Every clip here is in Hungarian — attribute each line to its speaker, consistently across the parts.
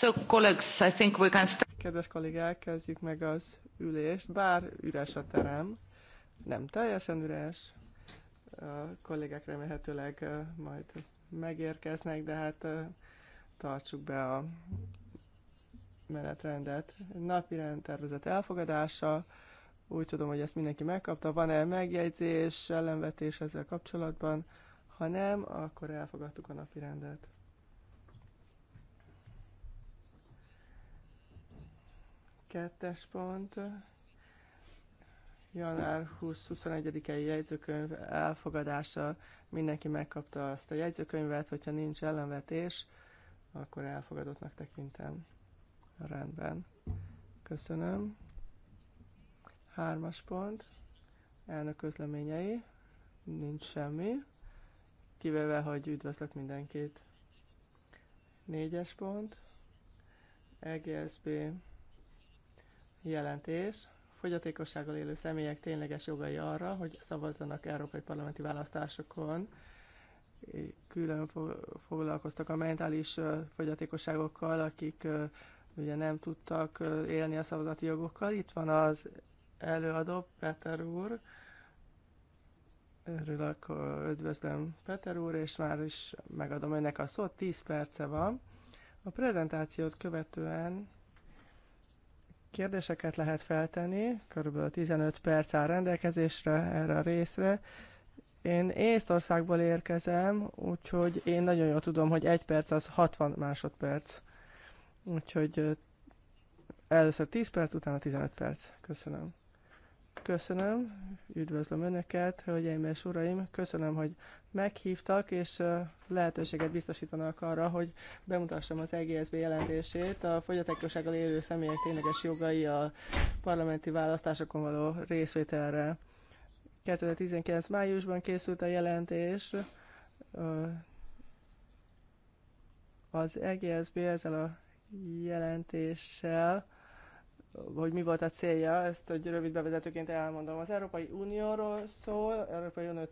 Speaker 1: So, colleagues, I think we can start. Kedves kollégák, kezdjük meg az ülést, bár üres a terem, nem teljesen üres. A kollégák remélhetőleg majd megérkeznek, de hát tartsuk be a menetrendet. Napi rendtervezet elfogadása, úgy tudom, hogy ezt mindenki megkapta. Van-e megjegyzés, ellenvetés ezzel kapcsolatban? Ha nem, akkor elfogadtuk a napi rendet. Kettes pont. Január 20-21-i jegyzőkönyv elfogadása. Mindenki megkapta azt a jegyzőkönyvet, hogyha nincs ellenvetés, akkor elfogadottnak tekintem. Rendben. Köszönöm. Hármas pont. Elnök közleményei. Nincs semmi. Kivéve, hogy üdvözlök mindenkit. Négyes pont. EGSB jelentés fogyatékossággal élő személyek tényleges jogai arra, hogy szavazzanak európai parlamenti választásokon. Külön foglalkoztak a mentális fogyatékosságokkal, akik ugye nem tudtak élni a szavazati jogokkal. Itt van az előadó Peter úr. Örülök, üdvözlöm Peter úr, és már is megadom önnek a szót, 10 perce van. A prezentációt követően Kérdéseket lehet feltenni, körülbelül 15 perc áll rendelkezésre erre a részre. Én Észtországból érkezem, úgyhogy én nagyon jól tudom, hogy egy perc az 60 másodperc. Úgyhogy először 10 perc, utána 15 perc. Köszönöm. Köszönöm, üdvözlöm Önöket, hölgyeim és uraim, köszönöm, hogy meghívtak, és lehetőséget biztosítanak arra, hogy bemutassam az EGSB jelentését, a fogyatékossággal élő személyek tényleges jogai a parlamenti választásokon való részvételre. 2019. májusban készült a jelentés, az EGSB ezzel a jelentéssel hogy mi volt a célja, ezt egy rövid bevezetőként elmondom. Az Európai Unióról szól, Európai Unió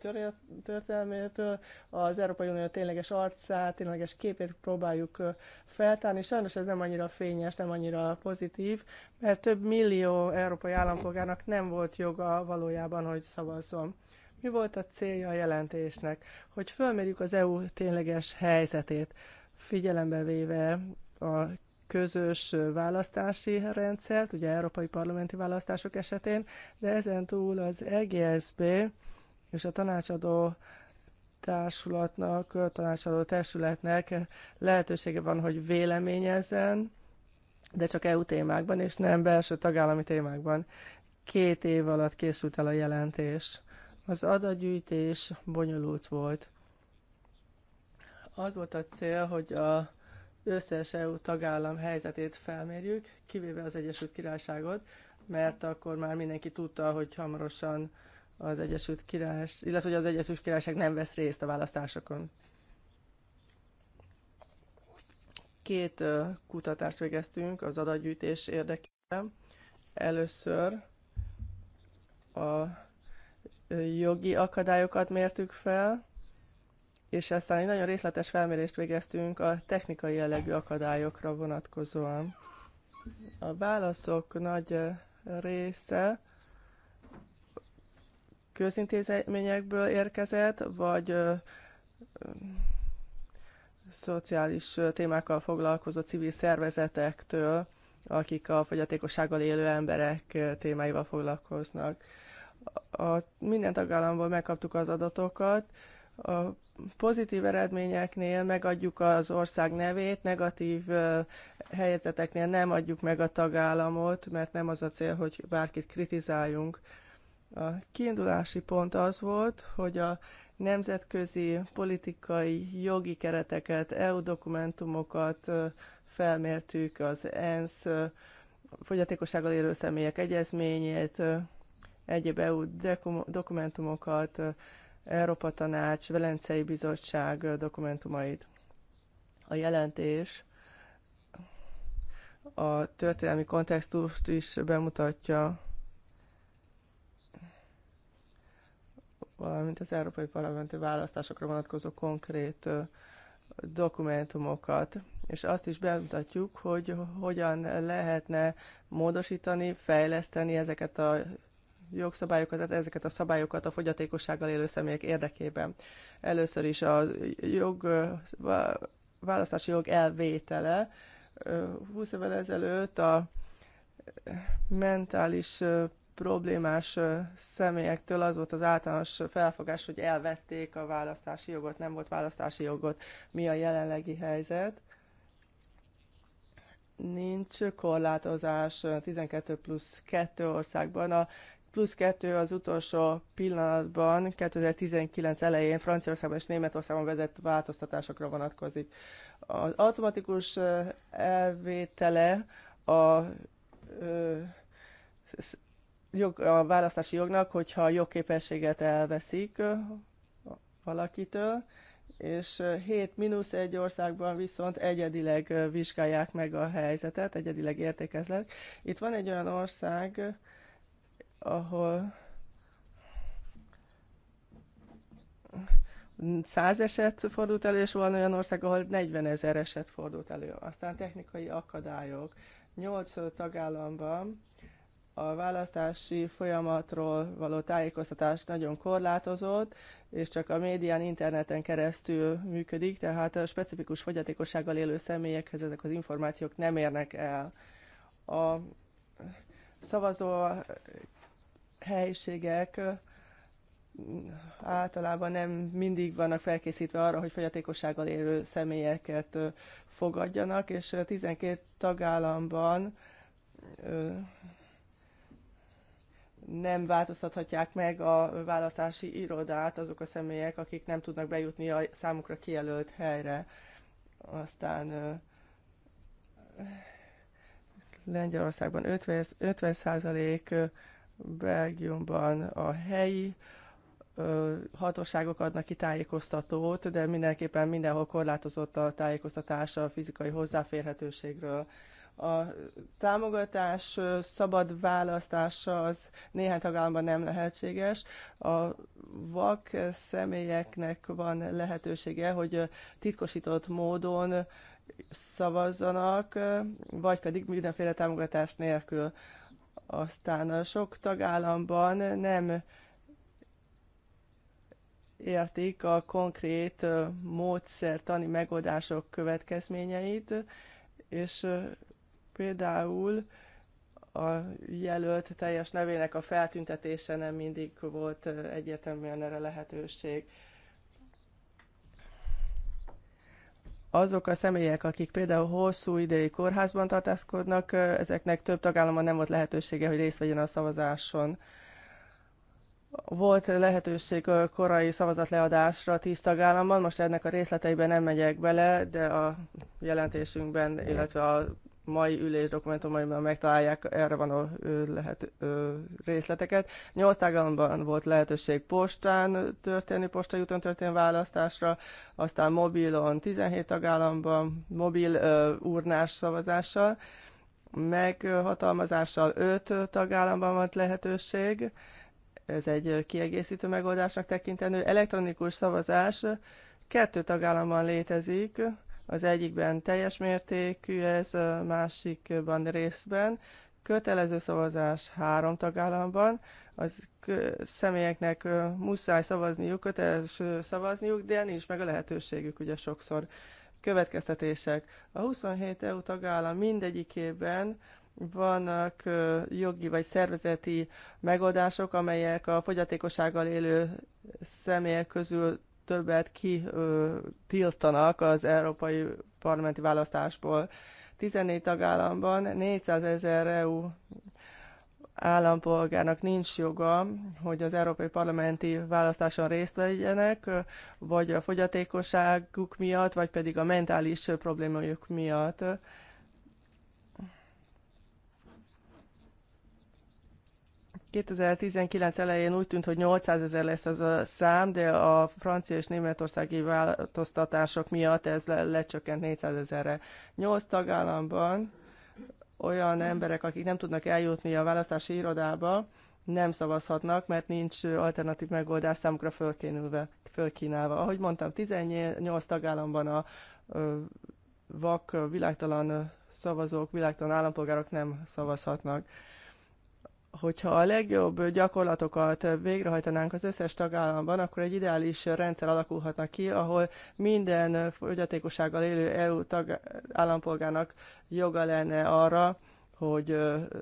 Speaker 1: történelméről, az Európai Unió tényleges arcát, tényleges képét próbáljuk feltárni. Sajnos ez nem annyira fényes, nem annyira pozitív, mert több millió európai állampolgárnak nem volt joga valójában, hogy szavazzon. Mi volt a célja a jelentésnek? Hogy fölmérjük az EU tényleges helyzetét, figyelembe véve a közös választási rendszert, ugye európai parlamenti választások esetén, de ezen túl az EGSB és a tanácsadó társulatnak, a tanácsadó testületnek lehetősége van, hogy véleményezzen, de csak EU témákban, és nem belső tagállami témákban. Két év alatt készült el a jelentés. Az adatgyűjtés bonyolult volt. Az volt a cél, hogy a összes EU tagállam helyzetét felmérjük, kivéve az Egyesült Királyságot, mert akkor már mindenki tudta, hogy hamarosan az Egyesült királys, illetve hogy az Egyesült Királyság nem vesz részt a választásokon. Két kutatást végeztünk az adatgyűjtés érdekében. Először a jogi akadályokat mértük fel, és aztán egy nagyon részletes felmérést végeztünk a technikai jellegű akadályokra vonatkozóan. A válaszok nagy része közintézményekből érkezett, vagy szociális témákkal foglalkozó civil szervezetektől, akik a fogyatékossággal élő emberek témáival foglalkoznak. A, minden tagállamból megkaptuk az adatokat, a pozitív eredményeknél megadjuk az ország nevét, negatív helyzeteknél nem adjuk meg a tagállamot, mert nem az a cél, hogy bárkit kritizáljunk. A kiindulási pont az volt, hogy a nemzetközi politikai jogi kereteket, EU dokumentumokat felmértük, az ENSZ fogyatékossággal élő személyek egyezményét, egyéb EU dokumentumokat, Európa Tanács, Velencei Bizottság dokumentumait. A jelentés a történelmi kontextust is bemutatja, valamint az európai parlamenti választásokra vonatkozó konkrét dokumentumokat, és azt is bemutatjuk, hogy hogyan lehetne módosítani, fejleszteni ezeket a jogszabályokat, ezeket a szabályokat a fogyatékossággal élő személyek érdekében. Először is a jog, választási jog elvétele. 20 évvel ezelőtt a mentális problémás személyektől az volt az általános felfogás, hogy elvették a választási jogot, nem volt választási jogot. Mi a jelenlegi helyzet? Nincs korlátozás 12 plusz 2 országban a plusz kettő az utolsó pillanatban, 2019 elején Franciaországban és Németországban vezett változtatásokra vonatkozik. Az automatikus elvétele a, jog, a választási jognak, hogyha a jogképességet elveszik valakitől, és 7 mínusz egy országban viszont egyedileg vizsgálják meg a helyzetet, egyedileg értékezlet. Itt van egy olyan ország, ahol száz eset fordult elő, és van olyan ország, ahol 40 ezer eset fordult elő. Aztán technikai akadályok. Nyolc tagállamban a választási folyamatról való tájékoztatás nagyon korlátozott, és csak a médián, interneten keresztül működik, tehát a specifikus fogyatékossággal élő személyekhez ezek az információk nem érnek el. A szavazó helyiségek általában nem mindig vannak felkészítve arra, hogy fogyatékossággal élő személyeket fogadjanak, és 12 tagállamban nem változtathatják meg a választási irodát azok a személyek, akik nem tudnak bejutni a számukra kijelölt helyre. Aztán Lengyelországban 50, 50 Belgiumban a helyi hatóságok adnak ki tájékoztatót, de mindenképpen mindenhol korlátozott a tájékoztatás a fizikai hozzáférhetőségről. A támogatás szabad választása az néhány tagállamban nem lehetséges. A vak személyeknek van lehetősége, hogy titkosított módon szavazzanak, vagy pedig mindenféle támogatás nélkül. Aztán a sok tagállamban nem értik a konkrét módszertani megoldások következményeit, és például a jelölt teljes nevének a feltüntetése nem mindig volt egyértelműen erre lehetőség. azok a személyek, akik például hosszú ideig kórházban tartászkodnak, ezeknek több tagállamban nem volt lehetősége, hogy részt vegyen a szavazáson. Volt lehetőség korai szavazatleadásra tíz tagállamban, most ennek a részleteiben nem megyek bele, de a jelentésünkben, illetve a mai ülés dokumentumaiban megtalálják, erre van a lehet, ö, részleteket. Nyolc tagállamban volt lehetőség postán történni, postai úton történni választásra, aztán mobilon 17 tagállamban, mobil ö, urnás szavazással, hatalmazással 5 tagállamban volt lehetőség, ez egy kiegészítő megoldásnak tekintenő. Elektronikus szavazás kettő tagállamban létezik, az egyikben teljes mértékű ez, a másikban részben. Kötelező szavazás három tagállamban, az személyeknek muszáj szavazniuk, kötelező szavazniuk, de nincs meg a lehetőségük ugye sokszor. Következtetések. A 27 EU tagállam mindegyikében vannak jogi vagy szervezeti megoldások, amelyek a fogyatékossággal élő személyek közül többet ki ö, tiltanak az európai parlamenti választásból. 14 tagállamban 400 ezer EU állampolgárnak nincs joga, hogy az európai parlamenti választáson részt vegyenek, vagy a fogyatékosságuk miatt, vagy pedig a mentális problémájuk miatt. 2019 elején úgy tűnt, hogy 800 ezer lesz az a szám, de a francia és németországi változtatások miatt ez le- lecsökkent 400 ezerre. 8 tagállamban olyan emberek, akik nem tudnak eljutni a választási irodába, nem szavazhatnak, mert nincs alternatív megoldás számukra fölkínálva. Ahogy mondtam, 18 tagállamban a vak, világtalan szavazók, világtalan állampolgárok nem szavazhatnak hogyha a legjobb gyakorlatokat végrehajtanánk az összes tagállamban, akkor egy ideális rendszer alakulhatna ki, ahol minden fogyatékossággal élő EU tag állampolgárnak joga lenne arra, hogy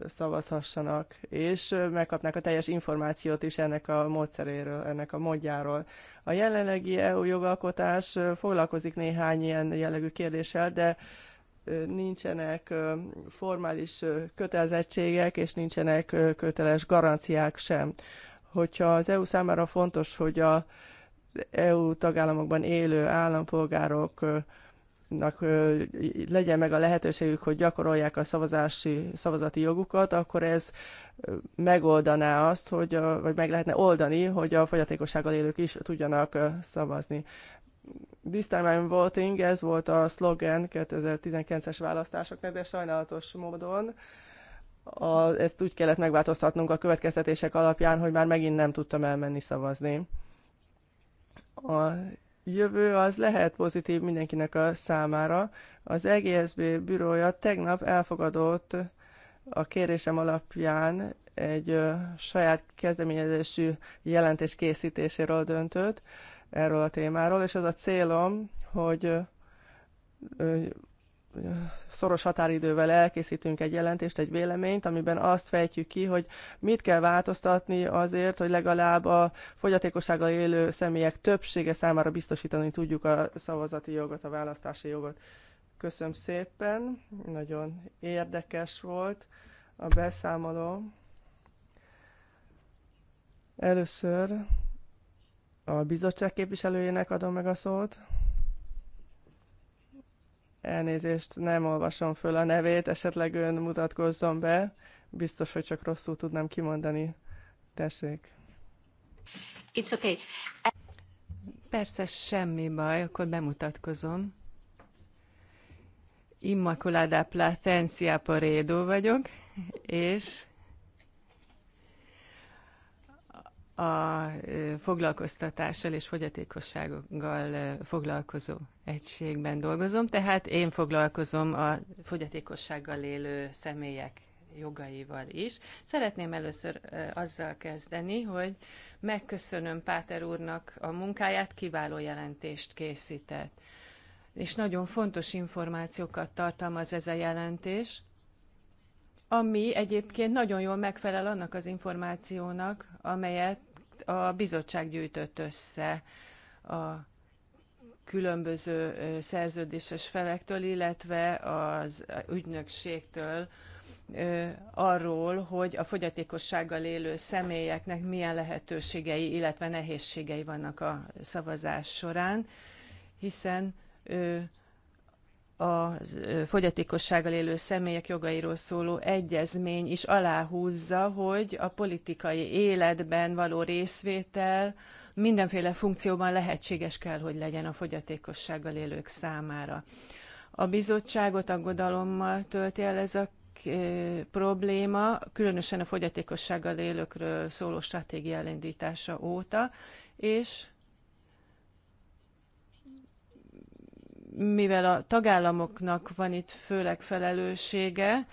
Speaker 1: szavazhassanak, és megkapnák a teljes információt is ennek a módszeréről, ennek a módjáról. A jelenlegi EU jogalkotás foglalkozik néhány ilyen jellegű kérdéssel, de nincsenek formális kötelezettségek, és nincsenek köteles garanciák sem. Hogyha az EU számára fontos, hogy a EU tagállamokban élő állampolgárok legyen meg a lehetőségük, hogy gyakorolják a szavazási, szavazati jogukat, akkor ez megoldaná azt, hogy, vagy meg lehetne oldani, hogy a fogyatékossággal élők is tudjanak szavazni. This time I'm voting, ez volt a szlogen 2019-es választásoknak, de sajnálatos módon a, ezt úgy kellett megváltoztatnunk a következtetések alapján, hogy már megint nem tudtam elmenni szavazni. A jövő az lehet pozitív mindenkinek a számára. Az EGSB bürója tegnap elfogadott a kérésem alapján egy ö, saját kezdeményezésű jelentés készítéséről döntött, erről a témáról, és az a célom, hogy szoros határidővel elkészítünk egy jelentést, egy véleményt, amiben azt fejtjük ki, hogy mit kell változtatni azért, hogy legalább a fogyatékossággal élő személyek többsége számára biztosítani tudjuk a szavazati jogot, a választási jogot. Köszönöm szépen, nagyon érdekes volt a beszámoló. Először a bizottság képviselőjének adom meg a szót. Elnézést, nem olvasom föl a nevét, esetleg ön mutatkozzon be. Biztos, hogy csak rosszul tudnám kimondani. Tessék. It's okay. Persze semmi baj, akkor bemutatkozom.
Speaker 2: Immaculada Platencia Paredo vagyok, és a foglalkoztatással és fogyatékossággal foglalkozó egységben dolgozom, tehát én foglalkozom a fogyatékossággal élő személyek jogaival is. Szeretném először azzal kezdeni, hogy megköszönöm Páter úrnak a munkáját, kiváló jelentést készített. És nagyon fontos információkat tartalmaz ez a jelentés, ami egyébként nagyon jól megfelel annak az információnak, amelyet a bizottság gyűjtött össze a különböző szerződéses felektől, illetve az ügynökségtől arról, hogy a fogyatékossággal élő személyeknek milyen lehetőségei, illetve nehézségei vannak a szavazás során, hiszen a fogyatékossággal élő személyek jogairól szóló egyezmény is aláhúzza, hogy a politikai életben való részvétel mindenféle funkcióban lehetséges kell, hogy legyen a fogyatékossággal élők számára. A bizottságot aggodalommal tölti el ez a probléma, különösen a fogyatékossággal élőkről szóló stratégia elindítása óta, és mivel a tagállamoknak van itt főleg felelőssége,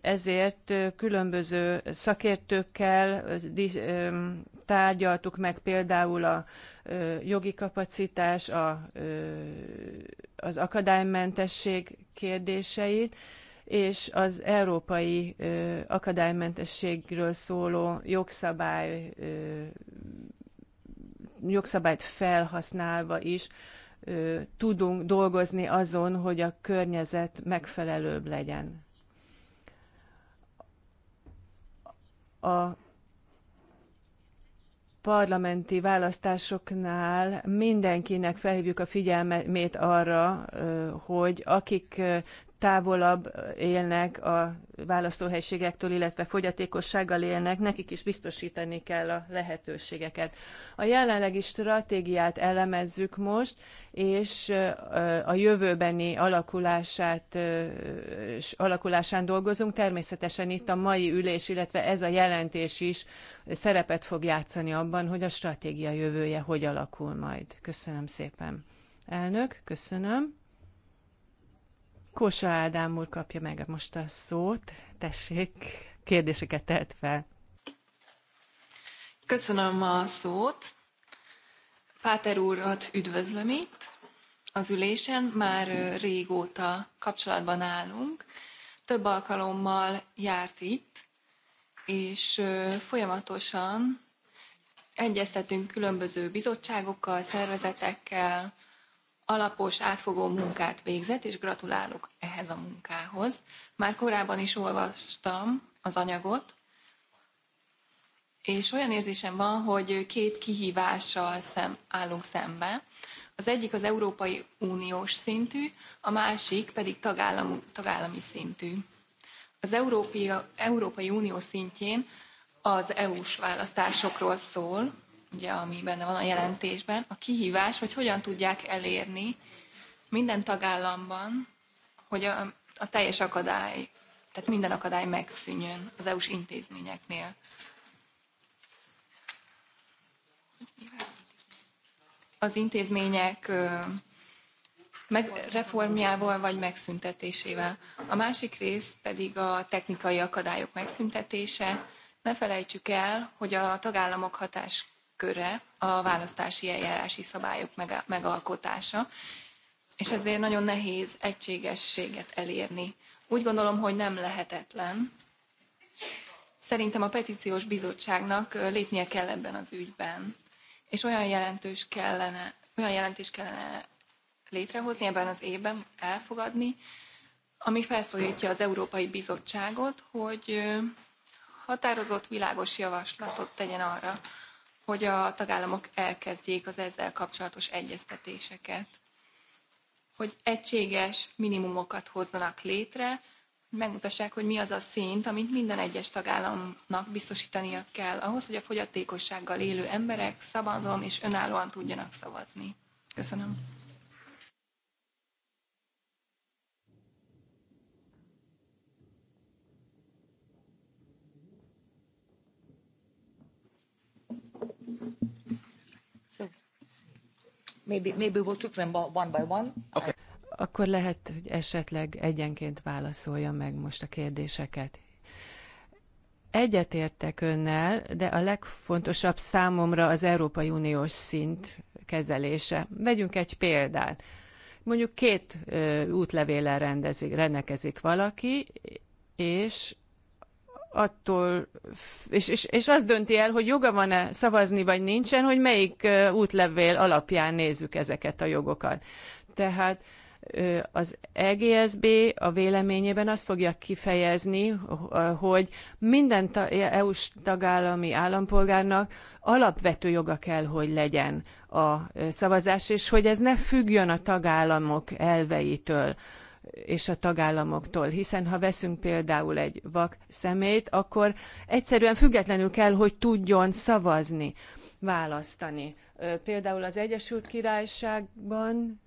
Speaker 2: ezért különböző szakértőkkel tárgyaltuk meg például a jogi kapacitás, a, az akadálymentesség kérdéseit, és az európai akadálymentességről szóló jogszabály, jogszabályt felhasználva is tudunk dolgozni azon, hogy a környezet megfelelőbb legyen. A parlamenti választásoknál mindenkinek felhívjuk a figyelmét arra, hogy akik távolabb élnek a választóhelységektől, illetve fogyatékossággal élnek, nekik is biztosítani kell a lehetőségeket. A jelenlegi stratégiát elemezzük most, és a jövőbeni alakulását, alakulásán dolgozunk. Természetesen itt a mai ülés, illetve ez a jelentés is szerepet fog játszani abban, hogy a stratégia jövője hogy alakul majd. Köszönöm szépen. Elnök, köszönöm. Kosa Ádám úr kapja meg most a szót. Tessék, kérdéseket tehet fel.
Speaker 3: Köszönöm a szót. Páter úrat üdvözlöm itt az ülésen. Már régóta kapcsolatban állunk. Több alkalommal járt itt, és folyamatosan egyeztetünk különböző bizottságokkal, szervezetekkel, alapos, átfogó munkát végzett, és gratulálok ehhez a munkához. Már korábban is olvastam az anyagot, és olyan érzésem van, hogy két kihívással szem, állunk szembe. Az egyik az Európai Uniós szintű, a másik pedig tagállam, tagállami szintű. Az Európai, Európai Unió szintjén az EU-s választásokról szól, ugye, ami benne van a jelentésben, a kihívás, hogy hogyan tudják elérni minden tagállamban, hogy a, a teljes akadály, tehát minden akadály megszűnjön az EU-s intézményeknél. Az intézmények meg reformjával vagy megszüntetésével. A másik rész pedig a technikai akadályok megszüntetése. Ne felejtsük el, hogy a tagállamok hatás köre a választási eljárási szabályok megalkotása, és ezért nagyon nehéz egységességet elérni. Úgy gondolom, hogy nem lehetetlen. Szerintem a petíciós bizottságnak lépnie kell ebben az ügyben, és olyan jelentős kellene, olyan jelentés kellene létrehozni ebben az évben, elfogadni, ami felszólítja az Európai Bizottságot, hogy határozott, világos javaslatot tegyen arra, hogy a tagállamok elkezdjék az ezzel kapcsolatos egyeztetéseket, hogy egységes minimumokat hozzanak létre, megmutassák, hogy mi az a szint, amit minden egyes tagállamnak biztosítania kell ahhoz, hogy a fogyatékossággal élő emberek szabadon és önállóan tudjanak szavazni. Köszönöm. Maybe, maybe we'll took them one by one.
Speaker 2: Okay. Akkor lehet, hogy esetleg egyenként válaszolja meg most a kérdéseket. Egyetértek önnel, de a legfontosabb számomra az Európai Uniós szint kezelése. Vegyünk egy példát. Mondjuk két ö, útlevéllel rendezik, rendelkezik valaki, és attól, és, és, és az dönti el, hogy joga van-e szavazni, vagy nincsen, hogy melyik útlevél alapján nézzük ezeket a jogokat. Tehát az EGSB a véleményében azt fogja kifejezni, hogy minden EU-s e tagállami állampolgárnak alapvető joga kell, hogy legyen a szavazás, és hogy ez ne függjön a tagállamok elveitől és a tagállamoktól. Hiszen ha veszünk például egy vak szemét, akkor egyszerűen függetlenül kell, hogy tudjon szavazni, választani. Például az Egyesült Királyságban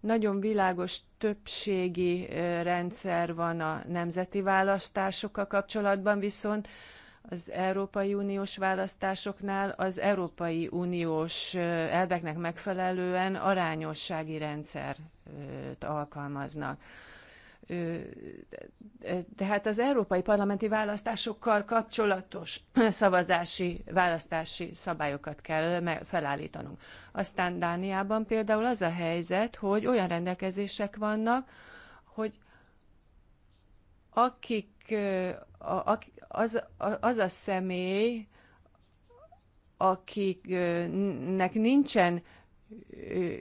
Speaker 2: nagyon világos többségi rendszer van a nemzeti választásokkal kapcsolatban, viszont az Európai Uniós választásoknál az Európai Uniós elveknek megfelelően arányossági rendszert alkalmaznak. Tehát az európai parlamenti választásokkal kapcsolatos szavazási, választási szabályokat kell felállítanunk. Aztán Dániában például az a helyzet, hogy olyan rendelkezések vannak, hogy akik, a, az, az a személy, akiknek nincsen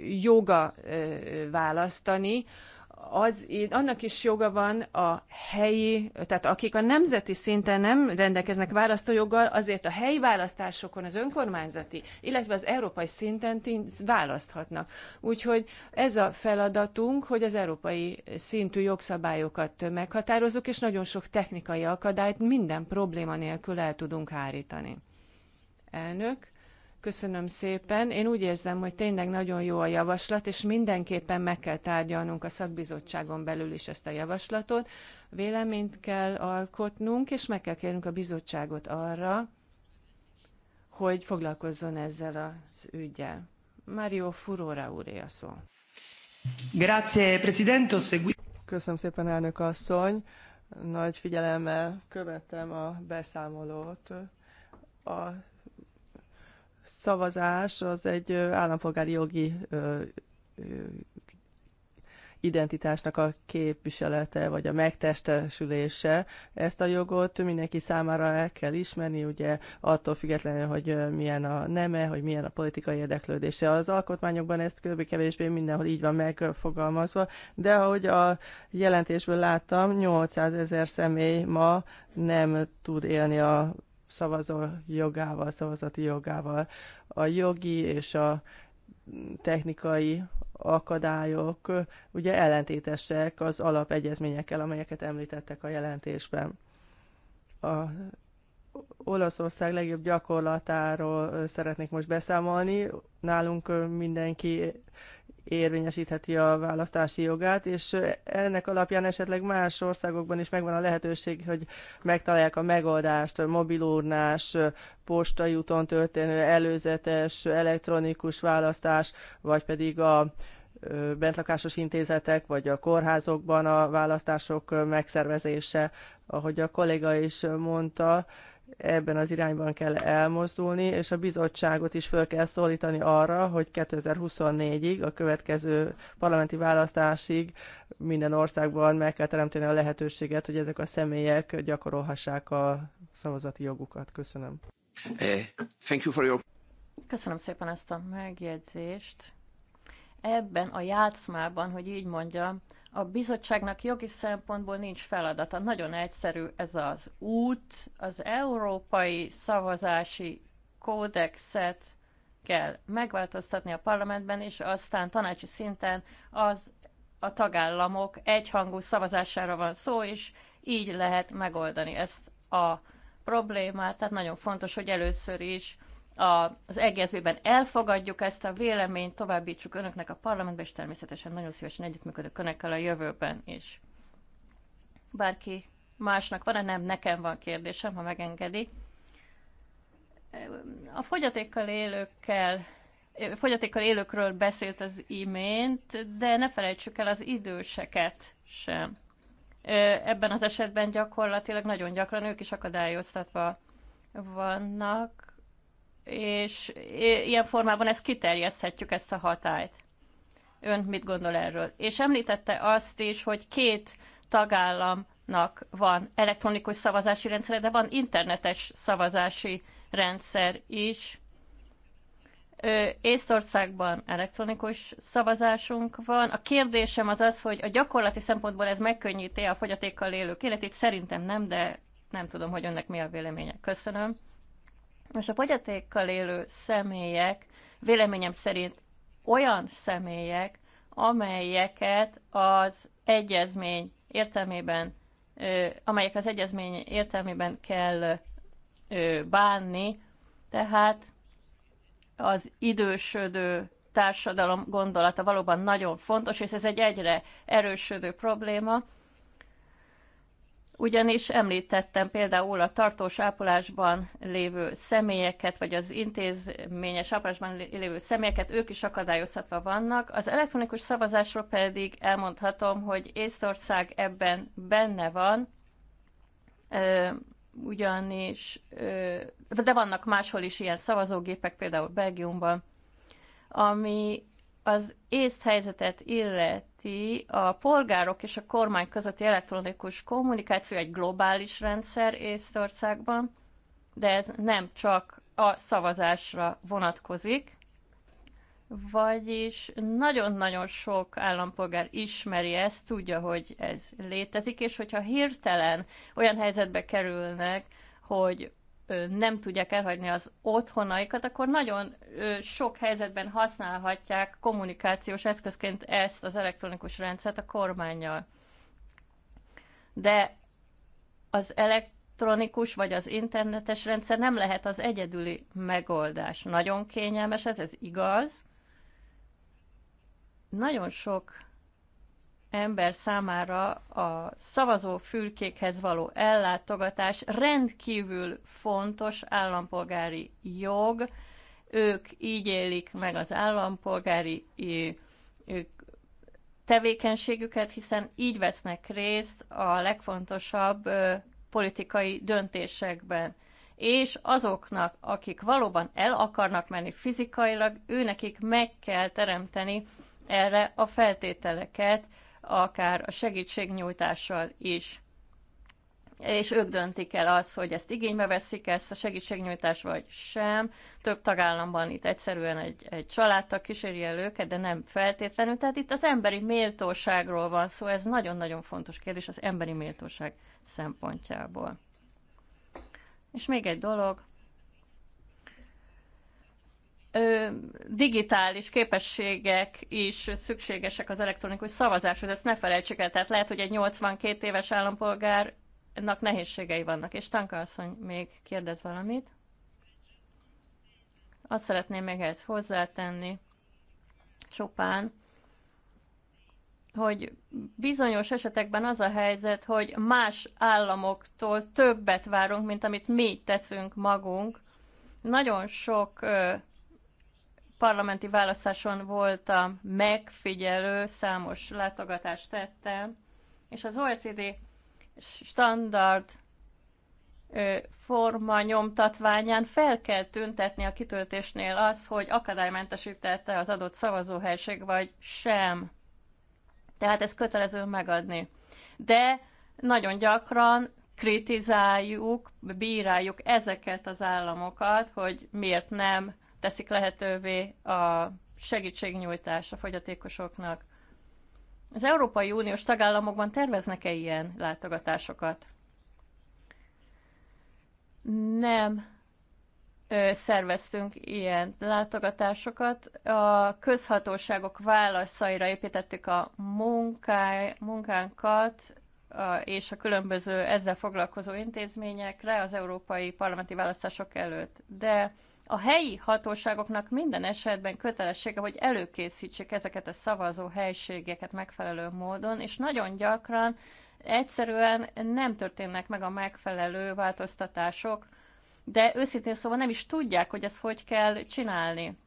Speaker 2: joga választani, az, annak is joga van a helyi, tehát akik a nemzeti szinten nem rendelkeznek választójoggal, azért a helyi választásokon az önkormányzati, illetve az európai szinten választhatnak. Úgyhogy ez a feladatunk, hogy az európai szintű jogszabályokat meghatározunk, és nagyon sok technikai akadályt minden probléma nélkül el tudunk hárítani. Elnök, Köszönöm szépen. Én úgy érzem, hogy tényleg nagyon jó a javaslat, és mindenképpen meg kell tárgyalnunk a szakbizottságon belül is ezt a javaslatot. Véleményt kell alkotnunk, és meg kell kérnünk a bizottságot arra, hogy foglalkozzon ezzel az ügyel. Mario Furora úré a szó.
Speaker 1: Grazie, Presidente. Köszönöm szépen, elnök asszony. Nagy figyelemmel követtem a beszámolót. A szavazás az egy állampolgári jogi identitásnak a képviselete, vagy a megtestesülése. Ezt a jogot mindenki számára el kell ismerni, ugye attól függetlenül, hogy milyen a neme, hogy milyen a politikai érdeklődése. Az alkotmányokban ezt kb. kevésbé mindenhol így van megfogalmazva, de ahogy a jelentésből láttam, 800 ezer személy ma nem tud élni a szavazó jogával, szavazati jogával. A jogi és a technikai akadályok ugye ellentétesek az alapegyezményekkel, amelyeket említettek a jelentésben. A Olaszország legjobb gyakorlatáról szeretnék most beszámolni. Nálunk mindenki érvényesítheti a választási jogát, és ennek alapján esetleg más országokban is megvan a lehetőség, hogy megtalálják a megoldást, mobilurnás, postai úton történő előzetes elektronikus választás, vagy pedig a bentlakásos intézetek, vagy a kórházokban a választások megszervezése. Ahogy a kolléga is mondta, ebben az irányban kell elmozdulni, és a bizottságot is föl kell szólítani arra, hogy 2024-ig, a következő parlamenti választásig minden országban meg kell teremteni a lehetőséget, hogy ezek a személyek gyakorolhassák a szavazati jogukat. Köszönöm.
Speaker 4: Eh, thank you for your...
Speaker 1: Köszönöm
Speaker 5: szépen ezt a megjegyzést. Ebben a játszmában, hogy így mondjam, a bizottságnak jogi szempontból nincs feladata. Nagyon egyszerű ez az út. Az európai szavazási kódexet kell megváltoztatni a parlamentben, és aztán tanácsi szinten az a tagállamok egyhangú szavazására van szó, és így lehet megoldani ezt a problémát. Tehát nagyon fontos, hogy először is az EGSZB-ben elfogadjuk ezt a véleményt, továbbítsuk önöknek a parlamentbe, és természetesen nagyon szívesen együttműködök önökkel a jövőben is. Bárki másnak van-e? Nem, nekem van kérdésem, ha megengedi. A fogyatékkal élőkkel fogyatékkal élőkről beszélt az imént, de ne felejtsük el az időseket sem. Ebben az esetben gyakorlatilag nagyon gyakran ők is akadályoztatva vannak, és ilyen formában ezt kiterjeszthetjük, ezt a hatályt. Ön mit gondol erről? És említette azt is, hogy két tagállamnak van elektronikus szavazási rendszere, de van internetes szavazási rendszer is. Észtországban elektronikus szavazásunk van. A kérdésem az az, hogy a gyakorlati szempontból ez megkönnyíti a fogyatékkal élők életét. Szerintem nem, de nem tudom, hogy önnek mi a véleménye. Köszönöm. Most a fogyatékkal élő személyek véleményem szerint olyan személyek, amelyeket az egyezmény értelmében, amelyek az egyezmény értelmében kell bánni, tehát az idősödő társadalom gondolata valóban nagyon fontos, és ez egy egyre erősödő probléma, ugyanis említettem például a tartós ápolásban lévő személyeket, vagy az intézményes ápolásban lévő személyeket, ők is akadályozhatva vannak. Az elektronikus szavazásról pedig elmondhatom, hogy Észtország ebben benne van, ugyanis, de vannak máshol is ilyen szavazógépek, például Belgiumban, ami az észt helyzetet illet, illeti, a polgárok és a kormány közötti elektronikus kommunikáció egy globális rendszer Észtországban, de ez nem csak a szavazásra vonatkozik, vagyis nagyon-nagyon sok állampolgár ismeri ezt, tudja, hogy ez létezik, és hogyha hirtelen olyan helyzetbe kerülnek, hogy nem tudják elhagyni az otthonaikat, akkor nagyon sok helyzetben használhatják kommunikációs eszközként ezt az elektronikus rendszert a kormányjal. De az elektronikus vagy az internetes rendszer nem lehet az egyedüli megoldás. Nagyon kényelmes ez, ez igaz. Nagyon sok ember számára a szavazó fülkékhez való ellátogatás rendkívül fontos állampolgári jog. Ők így élik meg az állampolgári tevékenységüket, hiszen így vesznek részt a legfontosabb politikai döntésekben. És azoknak, akik valóban el akarnak menni fizikailag, őnekik meg kell teremteni erre a feltételeket, akár a segítségnyújtással is. És ők döntik el azt, hogy ezt igénybe veszik ezt a segítségnyújtást, vagy sem. Több tagállamban itt egyszerűen egy, egy családtag kíséri el őket, de nem feltétlenül. Tehát itt az emberi méltóságról van szó, ez nagyon-nagyon fontos kérdés az emberi méltóság szempontjából. És még egy dolog, digitális képességek is szükségesek az elektronikus szavazáshoz, ezt ne felejtsük el. Tehát lehet, hogy egy 82 éves állampolgárnak nehézségei vannak. És Tanka asszony még kérdez valamit. Azt szeretném még ehhez hozzátenni csupán, hogy bizonyos esetekben az a helyzet, hogy más államoktól többet várunk, mint amit mi teszünk magunk. Nagyon sok parlamenti választáson volt a megfigyelő, számos látogatást tette, és az OECD standard forma nyomtatványán fel kell tüntetni a kitöltésnél az, hogy akadálymentesítette az adott szavazóhelység, vagy sem. Tehát ez kötelező megadni. De nagyon gyakran kritizáljuk, bíráljuk ezeket az államokat, hogy miért nem teszik lehetővé a segítségnyújtás a fogyatékosoknak. Az Európai Uniós tagállamokban terveznek-e ilyen látogatásokat? Nem szerveztünk ilyen látogatásokat. A közhatóságok válaszaira építettük a munkáj, munkánkat, és a különböző ezzel foglalkozó intézményekre az európai parlamenti választások előtt. De a helyi hatóságoknak minden esetben kötelessége, hogy előkészítsék ezeket a szavazó helységeket megfelelő módon, és nagyon gyakran egyszerűen nem történnek meg a megfelelő változtatások, de őszintén szóval nem is tudják, hogy ezt hogy kell csinálni.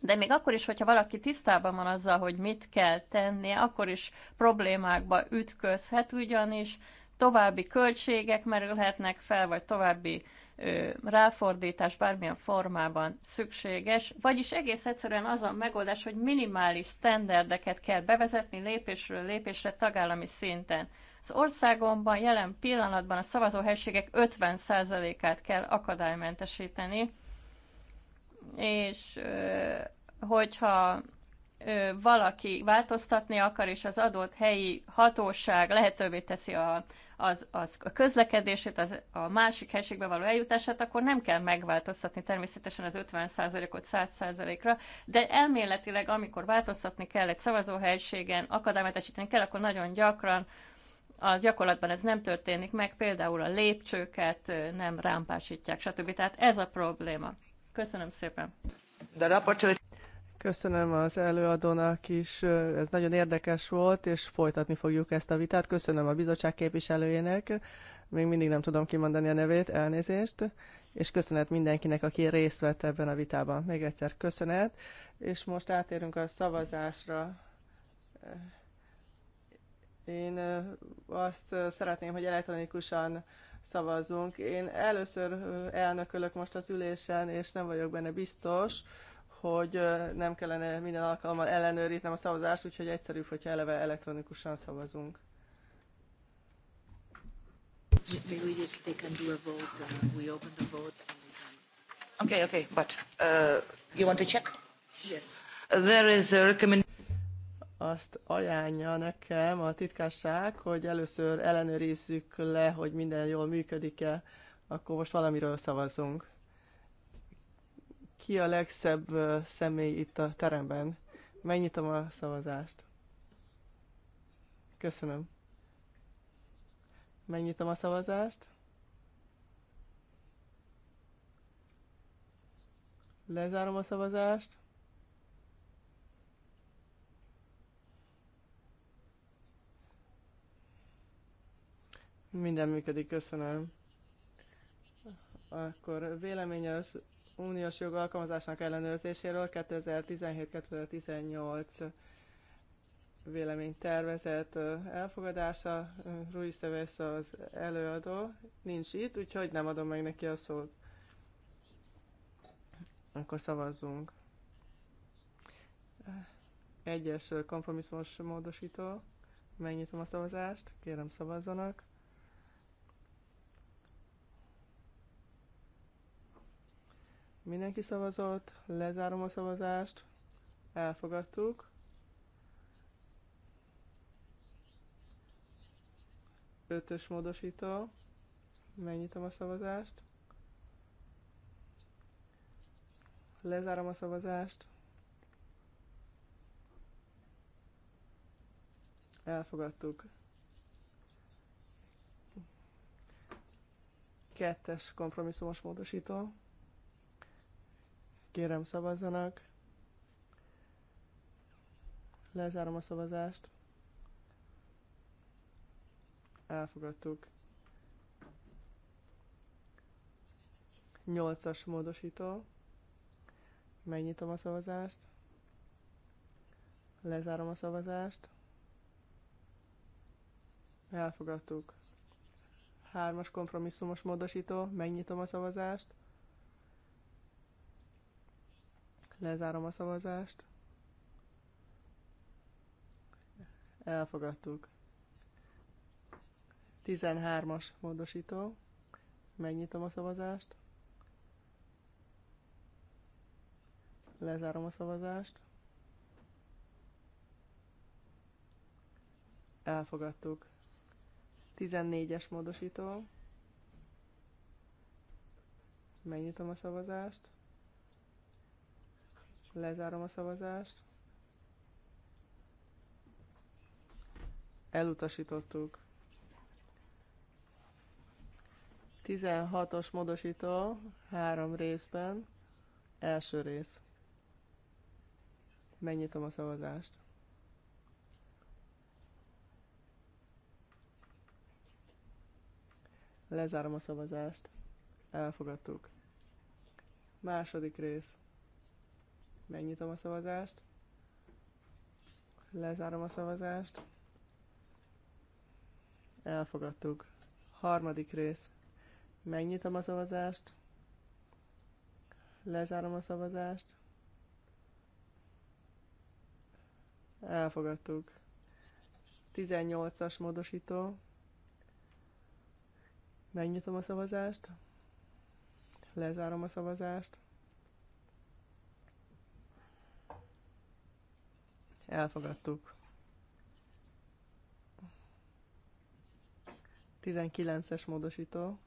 Speaker 5: De még akkor is, hogyha valaki tisztában van azzal, hogy mit kell tennie, akkor is problémákba ütközhet, ugyanis további költségek merülhetnek fel, vagy további ráfordítás bármilyen formában szükséges, vagyis egész egyszerűen az a megoldás, hogy minimális standardeket kell bevezetni lépésről lépésre tagállami szinten. Az országomban jelen pillanatban a szavazóhelységek 50%-át kell akadálymentesíteni, és hogyha valaki változtatni akar, és az adott helyi hatóság lehetővé teszi a az, az a közlekedését, az, a másik helységbe való eljutását, akkor nem kell megváltoztatni természetesen az 50%-ot 100%-ra, de elméletileg, amikor változtatni kell egy szavazóhelységen, akadálymentesíteni kell, akkor nagyon gyakran a gyakorlatban ez nem történik meg, például a lépcsőket nem rámpásítják, stb. Tehát ez a probléma. Köszönöm szépen.
Speaker 1: Köszönöm az előadónak is, ez nagyon érdekes volt, és folytatni fogjuk ezt a vitát. Köszönöm a bizottság képviselőjének, még mindig nem tudom kimondani a nevét, elnézést, és köszönet mindenkinek, aki részt vett ebben a vitában. Még egyszer köszönet, és most átérünk a szavazásra. Én azt szeretném, hogy elektronikusan szavazunk. Én először elnökölök most az ülésen, és nem vagyok benne biztos, hogy nem kellene minden alkalommal ellenőriznem a szavazást, úgyhogy egyszerűbb, hogyha eleve elektronikusan szavazunk.
Speaker 3: Uh, okay, okay, but uh, you want to check? Yes. Uh, there is a recommend azt ajánlja nekem
Speaker 1: a titkásság, hogy először ellenőrizzük le, hogy minden jól működik-e, akkor most valamiről szavazunk. Ki a legszebb személy itt a teremben? Megnyitom a szavazást. Köszönöm. Megnyitom a szavazást. Lezárom a szavazást. Minden működik, köszönöm. Akkor vélemény az uniós jogalkalmazásnak ellenőrzéséről 2017-2018 véleménytervezet elfogadása. Ruiz Tevez az előadó, nincs itt, úgyhogy nem adom meg neki a szót. Akkor szavazzunk. Egyes kompromisszumos módosító. Megnyitom a szavazást, kérem szavazzanak. Mindenki szavazott, lezárom a szavazást, elfogadtuk. Ötös módosító, megnyitom a szavazást. Lezárom a szavazást. Elfogadtuk. Kettes kompromisszumos módosító. Kérem szavazzanak. Lezárom a szavazást. Elfogadtuk. 8-as módosító. Megnyitom a szavazást. Lezárom a szavazást. Elfogadtuk. Hármas kompromisszumos módosító. Megnyitom a szavazást. Lezárom a szavazást. Elfogadtuk. 13-as módosító. Megnyitom a szavazást. Lezárom a szavazást. Elfogadtuk. 14-es módosító. Megnyitom a szavazást. Lezárom a szavazást. Elutasítottuk. 16-os módosító három részben. Első rész. Megnyitom a szavazást. Lezárom a szavazást. Elfogadtuk. Második rész. Megnyitom a szavazást. Lezárom a szavazást. Elfogadtuk. Harmadik rész. Megnyitom a szavazást. Lezárom a szavazást. Elfogadtuk. 18-as módosító. Megnyitom a szavazást. Lezárom a szavazást. Elfogadtuk. 19-es módosító.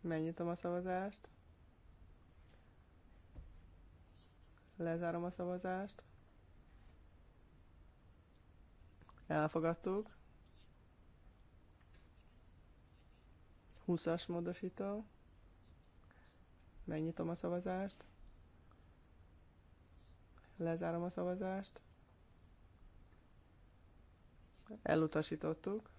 Speaker 1: Megnyitom a szavazást. Lezárom a szavazást. Elfogadtuk. 20-as módosító. Megnyitom a szavazást. Lezárom a szavazást. Elutasítottuk.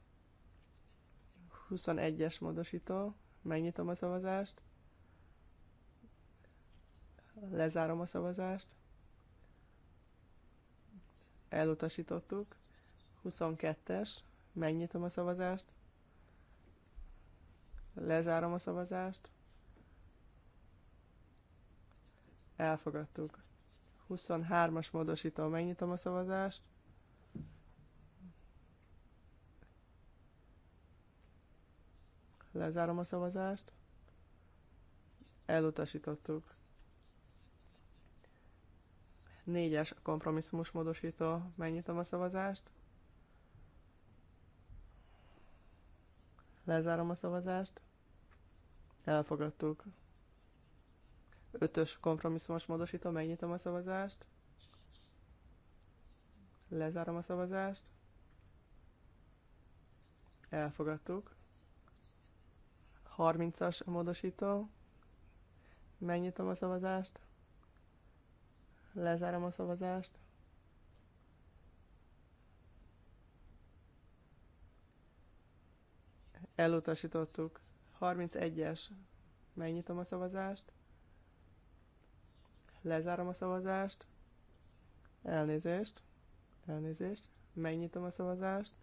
Speaker 1: 21-es módosító. Megnyitom a szavazást. Lezárom a szavazást. Elutasítottuk. 22-es. Megnyitom a szavazást. Lezárom a szavazást. Elfogadtuk. 23-as módosító, megnyitom a szavazást. Lezárom a szavazást. Elutasítottuk. Négyes kompromisszumos módosító, megnyitom a szavazást. Lezárom a szavazást. Elfogadtuk. Ötös kompromisszumos módosítom, megnyitom a szavazást. Lezárom a szavazást. Elfogadtuk. 30-as módosító. Megnyitom a szavazást. Lezárom a szavazást. Elutasítottuk. 31-es. Megnyitom a szavazást. Lezárom a szavazást. Elnézést. Elnézést. Megnyitom a szavazást.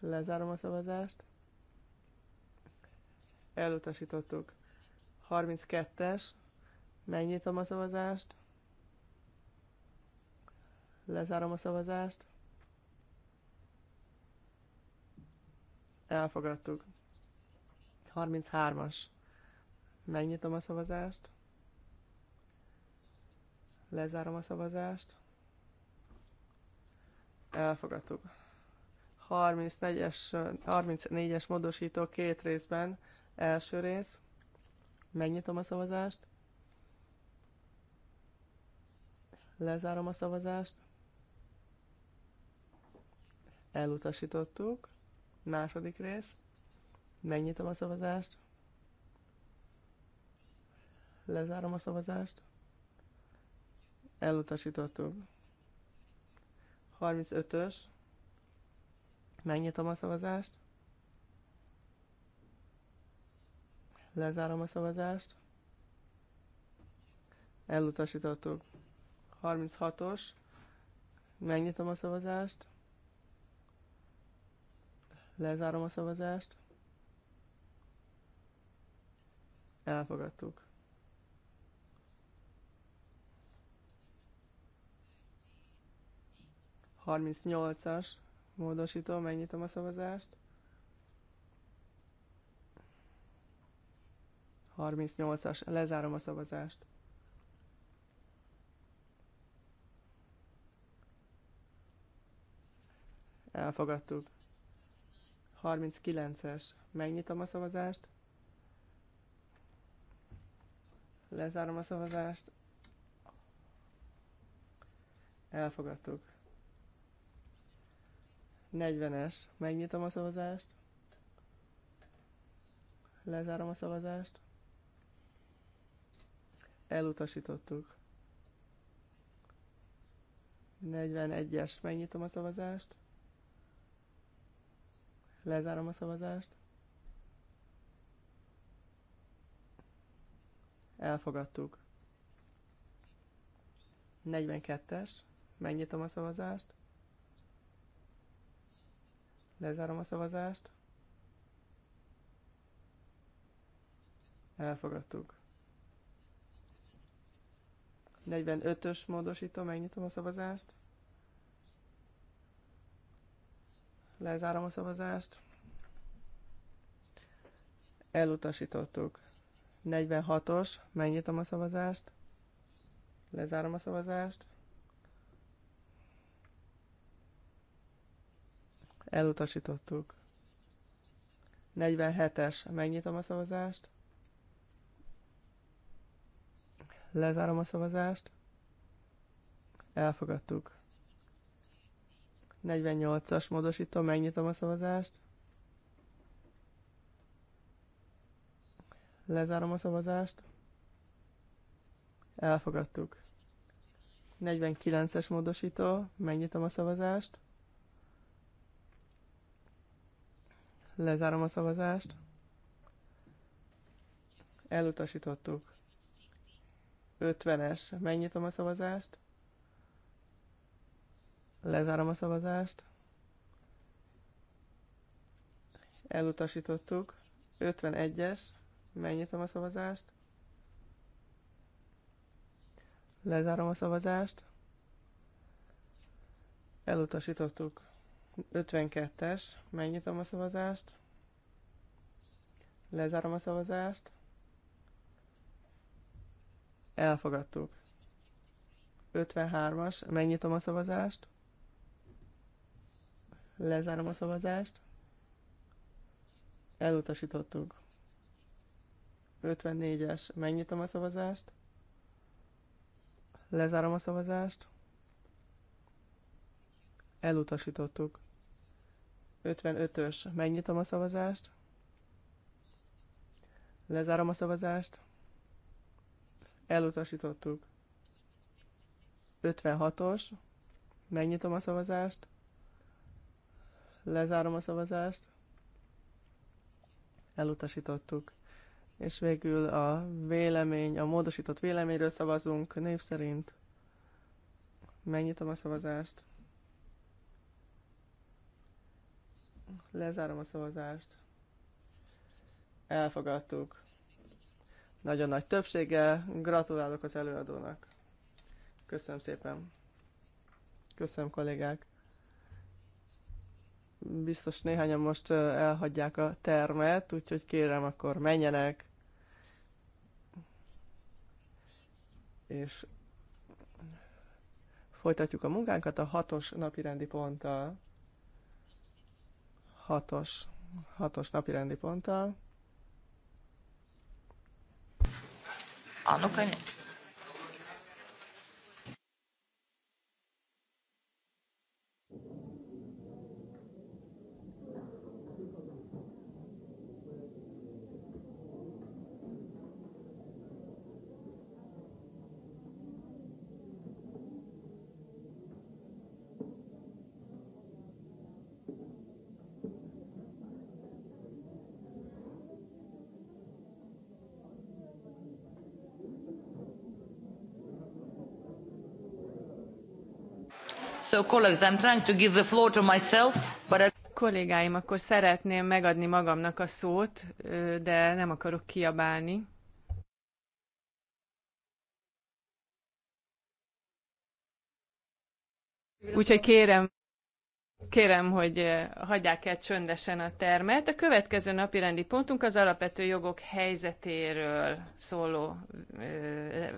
Speaker 1: Lezárom a szavazást. Elutasítottuk. 32-es. Megnyitom a szavazást. Lezárom a szavazást. Elfogadtuk. 33-as. Megnyitom a szavazást. Lezárom a szavazást. Elfogadtuk. 34-es, 34-es módosító két részben. Első rész. Megnyitom a szavazást. Lezárom a szavazást. Elutasítottuk. Második rész. Megnyitom a szavazást. Lezárom a szavazást. Elutasítottuk. 35-ös. Megnyitom a szavazást. Lezárom a szavazást. Elutasítottuk. 36-os. Megnyitom a szavazást. Lezárom a szavazást. Elfogadtuk. 38-as módosító, megnyitom a szavazást. 38-as, lezárom a szavazást. Elfogadtuk. 39-es, megnyitom a szavazást. Lezárom a szavazást. Elfogadtuk. 40-es. Megnyitom a szavazást. Lezárom a szavazást. Elutasítottuk. 41-es. Megnyitom a szavazást. Lezárom a szavazást. Elfogadtuk. 42-es. Megnyitom a szavazást. Lezárom a szavazást. Elfogadtuk. 45-ös módosító, megnyitom a szavazást. Lezárom a szavazást. Elutasítottuk. 46-os, megnyitom a szavazást. Lezárom a szavazást. Elutasítottuk. 47-es. Megnyitom a szavazást. Lezárom a szavazást. Elfogadtuk. 48-as módosítom, megnyitom a szavazást. Lezárom a szavazást. Elfogadtuk. 49-es módosító, megnyitom a szavazást. Lezárom a szavazást. Elutasítottuk. 50-es. Megnyitom a szavazást. Lezárom a szavazást. Elutasítottuk. 51-es. Megnyitom a szavazást. Lezárom a szavazást. Elutasítottuk. 52-es, megnyitom a szavazást, lezárom a szavazást, elfogadtuk. 53-as, megnyitom a szavazást, lezárom a szavazást, elutasítottuk. 54-es, megnyitom a szavazást, lezárom a szavazást, elutasítottuk. 55-ös. Megnyitom a szavazást. Lezárom a szavazást. Elutasítottuk. 56-os. Megnyitom a szavazást. Lezárom a szavazást. Elutasítottuk. És végül a vélemény, a módosított véleményről szavazunk név szerint. Megnyitom a szavazást. Lezárom a szavazást. Elfogadtuk. Nagyon nagy többséggel gratulálok az előadónak. Köszönöm szépen. Köszönöm, kollégák. Biztos néhányan most elhagyják a termet, úgyhogy kérem, akkor menjenek. És folytatjuk a munkánkat a hatos napi rendi ponttal hatos, hatos napi rendi ponttal.
Speaker 3: Annak
Speaker 2: Kollégáim, akkor szeretném megadni magamnak a szót, de nem akarok kiabálni. Úgyhogy kérem, Kérem, hogy eh, hagyják el csöndesen a termet. A következő napi rendi pontunk az alapvető jogok helyzetéről szóló eh,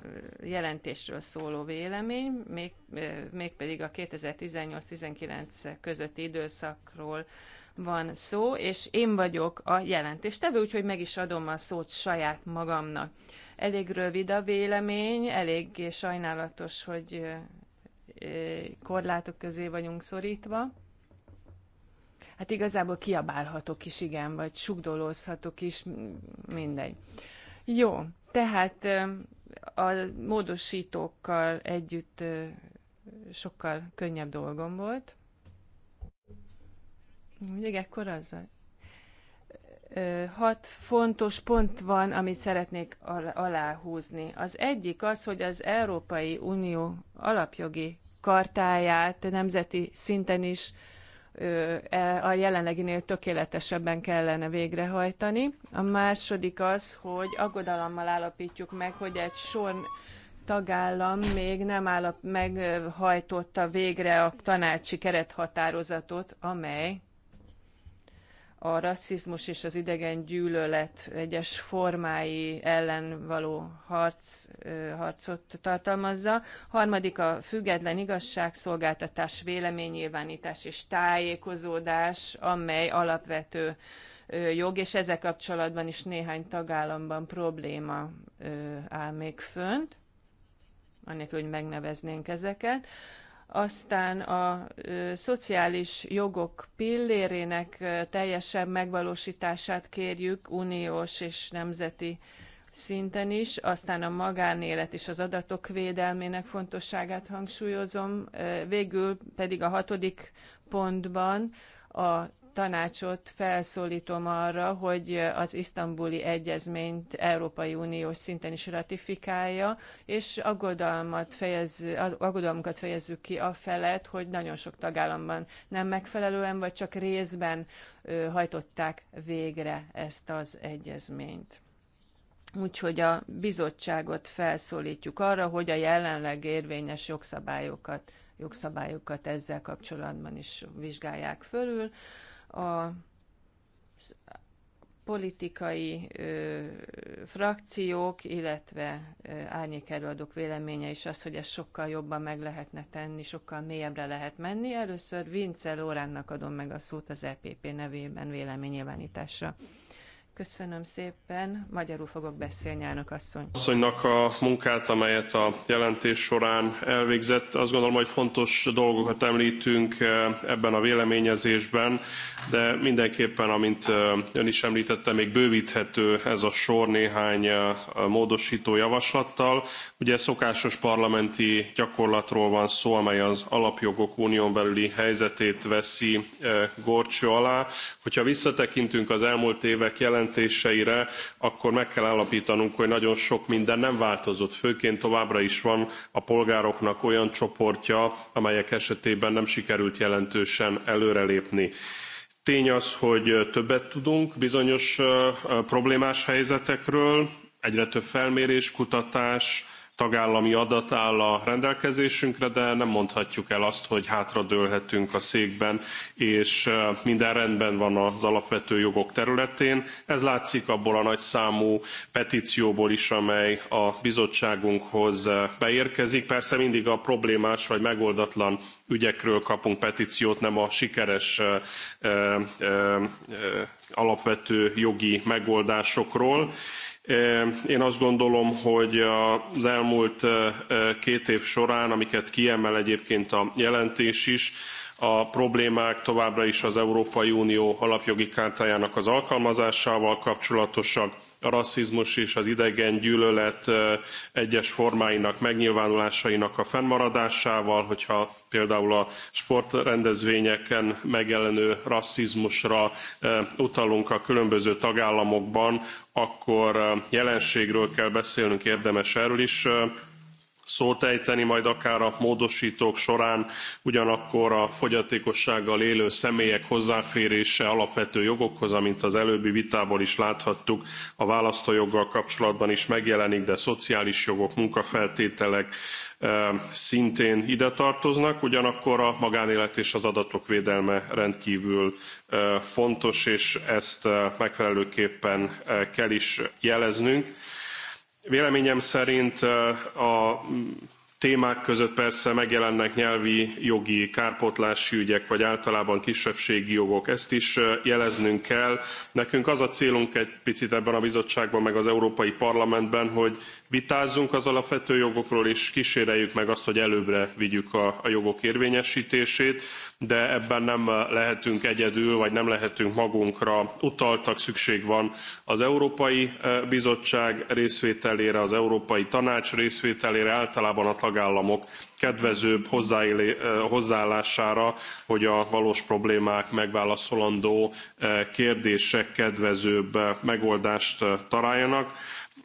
Speaker 2: jelentésről szóló vélemény, még, eh, mégpedig a 2018-19 közötti időszakról van szó, és én vagyok a jelentéstevő, úgyhogy meg is adom a szót saját magamnak. Elég rövid a vélemény, elég sajnálatos, hogy korlátok közé vagyunk szorítva hát igazából kiabálhatok is, igen, vagy sugdolózhatok is, mindegy. Jó, tehát a módosítókkal együtt sokkal könnyebb dolgom volt. Mindig ekkor az a... Hat fontos pont van, amit szeretnék aláhúzni. Az egyik az, hogy az Európai Unió alapjogi kartáját nemzeti szinten is E, a jelenleginél tökéletesebben kellene végrehajtani. A második az, hogy aggodalommal állapítjuk meg, hogy egy sor tagállam még nem állap, meghajtotta végre a tanácsi kerethatározatot, amely a rasszizmus és az idegen gyűlölet egyes formái ellen való harc, harcot tartalmazza. Harmadik a független igazságszolgáltatás, véleménynyilvánítás és tájékozódás, amely alapvető jog, és ezzel kapcsolatban is néhány tagállamban probléma áll még fönt, anélkül, hogy megneveznénk ezeket aztán a szociális jogok pillérének teljesebb megvalósítását kérjük uniós és nemzeti szinten is, aztán a magánélet és az adatok védelmének fontosságát hangsúlyozom, végül pedig a hatodik pontban a tanácsot felszólítom arra, hogy az isztambuli egyezményt Európai Uniós szinten is ratifikálja, és aggodalmat fejez, aggodalmunkat fejezzük ki a felett, hogy nagyon sok tagállamban nem megfelelően, vagy csak részben hajtották végre ezt az egyezményt. Úgyhogy a bizottságot felszólítjuk arra, hogy a jelenleg érvényes jogszabályokat jogszabályokat ezzel kapcsolatban is vizsgálják fölül a politikai ö, frakciók, illetve ö, árnyékelőadók véleménye is az, hogy ezt sokkal jobban meg lehetne tenni, sokkal mélyebbre lehet menni. Először Vince Lóránnak adom meg a szót az EPP nevében véleménynyilvánításra. Köszönöm szépen, magyarul fogok beszélni, elnök asszony.
Speaker 4: Asszonynak a munkát, amelyet a jelentés során elvégzett, azt gondolom, hogy fontos dolgokat említünk eh, ebben a véleményezésben, de mindenképpen, amint eh, ön is említette, még bővíthető ez a sor néhány eh, módosító javaslattal. Ugye szokásos parlamenti gyakorlatról van szó, amely az alapjogok unión belüli helyzetét veszi gorcső alá. Hogyha visszatekintünk az elmúlt évek jelent jelentéseire, akkor meg kell állapítanunk, hogy nagyon sok minden nem változott. Főként továbbra is van a polgároknak olyan csoportja, amelyek esetében nem sikerült jelentősen előrelépni. Tény az, hogy többet tudunk bizonyos problémás helyzetekről, egyre több felmérés, kutatás, tagállami adat áll a rendelkezésünkre, de nem mondhatjuk el azt, hogy hátradőlhetünk a székben, és minden rendben van az alapvető jogok területén. Ez látszik abból a nagy számú petícióból is, amely a bizottságunkhoz beérkezik. Persze mindig a problémás vagy megoldatlan ügyekről kapunk petíciót, nem a sikeres alapvető jogi megoldásokról. Eh, én azt gondolom, hogy az elmúlt eh, eh, két év során, amiket kiemel egyébként a jelentés is, a problémák továbbra is az Európai Unió alapjogi kártájának az alkalmazásával kapcsolatosak, a rasszizmus és az idegen gyűlölet egyes formáinak, megnyilvánulásainak a fennmaradásával, hogyha például a sportrendezvényeken megjelenő rasszizmusra utalunk a különböző tagállamokban, akkor jelenségről kell beszélnünk, érdemes erről is szót ejteni, majd akár a módosítók során, ugyanakkor a fogyatékossággal élő személyek hozzáférése alapvető jogokhoz, amint az előbbi vitából is láthattuk, a választójoggal kapcsolatban is megjelenik, de szociális jogok, munkafeltételek, szintén ide tartoznak, ugyanakkor a magánélet és az adatok védelme rendkívül fontos, és ezt megfelelőképpen kell is jeleznünk. Véleményem szerint a témák között persze megjelennek nyelvi, jogi, kárpotlási ügyek, vagy általában kisebbségi jogok. Ezt is jeleznünk kell. Nekünk az a célunk egy picit ebben a bizottságban, meg az Európai Parlamentben, hogy vitázzunk az alapvető jogokról, és kíséreljük meg azt, hogy előbbre vigyük a, a jogok érvényesítését, de ebben nem lehetünk egyedül, vagy nem lehetünk magunkra utaltak, szükség van az Európai eh, Bizottság részvételére, az Európai Tanács részvételére, általában a tagállamok kedvezőbb eh, hozzáállására, hogy a valós problémák megválaszolandó eh, kérdések kedvezőbb megoldást találjanak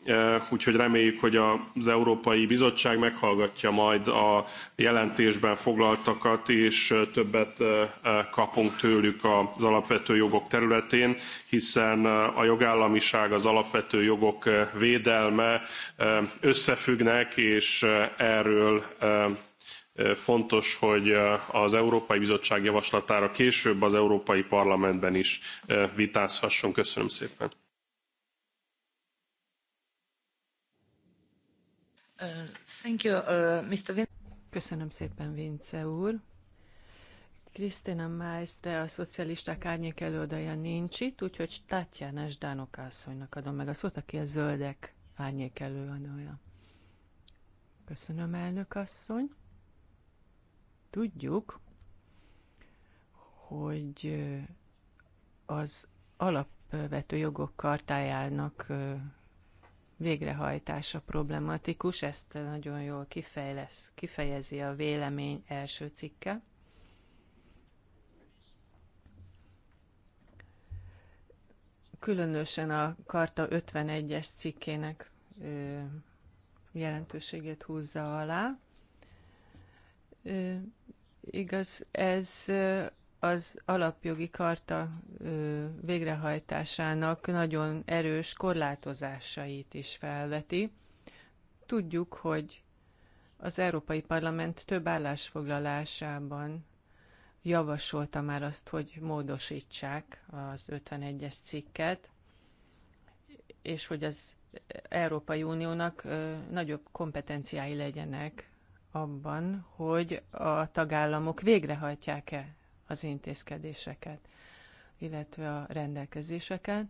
Speaker 4: Eh, úgyhogy reméljük, hogy az Európai Bizottság meghallgatja majd a jelentésben foglaltakat, és eh, többet eh, kapunk tőlük az alapvető jogok területén, hiszen a jogállamiság, az alapvető jogok védelme összefüggnek, és erről fontos, hogy az Európai Bizottság javaslatára később az Európai Parlamentben is vitázhasson. Köszönöm szépen.
Speaker 2: Uh, Köszönöm szépen, Vince úr. Krisztina de a szocialisták árnyék előadója nincs itt, úgyhogy Tatjana Zsdánoka asszonynak adom meg a szót, aki a zöldek árnyék előadója. Köszönöm, elnök asszony. Tudjuk, hogy az alapvető jogok kartájának végrehajtása problematikus, ezt nagyon jól kifejlesz, kifejezi a vélemény első cikke. Különösen a Karta 51-es cikkének ö, jelentőségét húzza alá. Ö, igaz, ez az alapjogi karta végrehajtásának nagyon erős korlátozásait is felveti. Tudjuk, hogy az Európai Parlament több állásfoglalásában javasolta már azt, hogy módosítsák az 51-es cikket, és hogy az Európai Uniónak nagyobb kompetenciái legyenek abban, hogy a tagállamok végrehajtják-e az intézkedéseket, illetve a rendelkezéseket.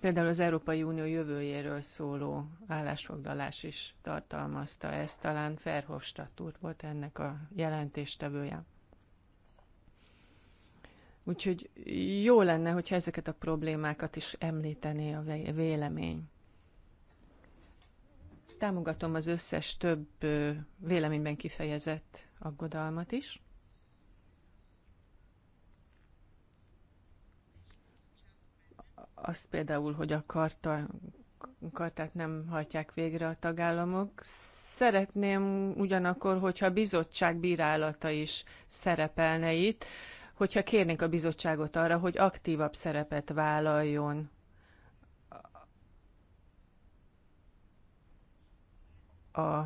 Speaker 2: Például az Európai Unió jövőjéről szóló állásfoglalás is tartalmazta ezt, talán Ferhofstadt volt ennek a jelentéstevője. Úgyhogy jó lenne, hogyha ezeket a problémákat is említené a vélemény. Támogatom az összes több véleményben kifejezett aggodalmat is. azt például, hogy a karta, kartát nem hajtják végre a tagállamok. Szeretném ugyanakkor, hogyha a bizottság bírálata is szerepelne itt, hogyha kérnénk a bizottságot arra, hogy aktívabb szerepet vállaljon a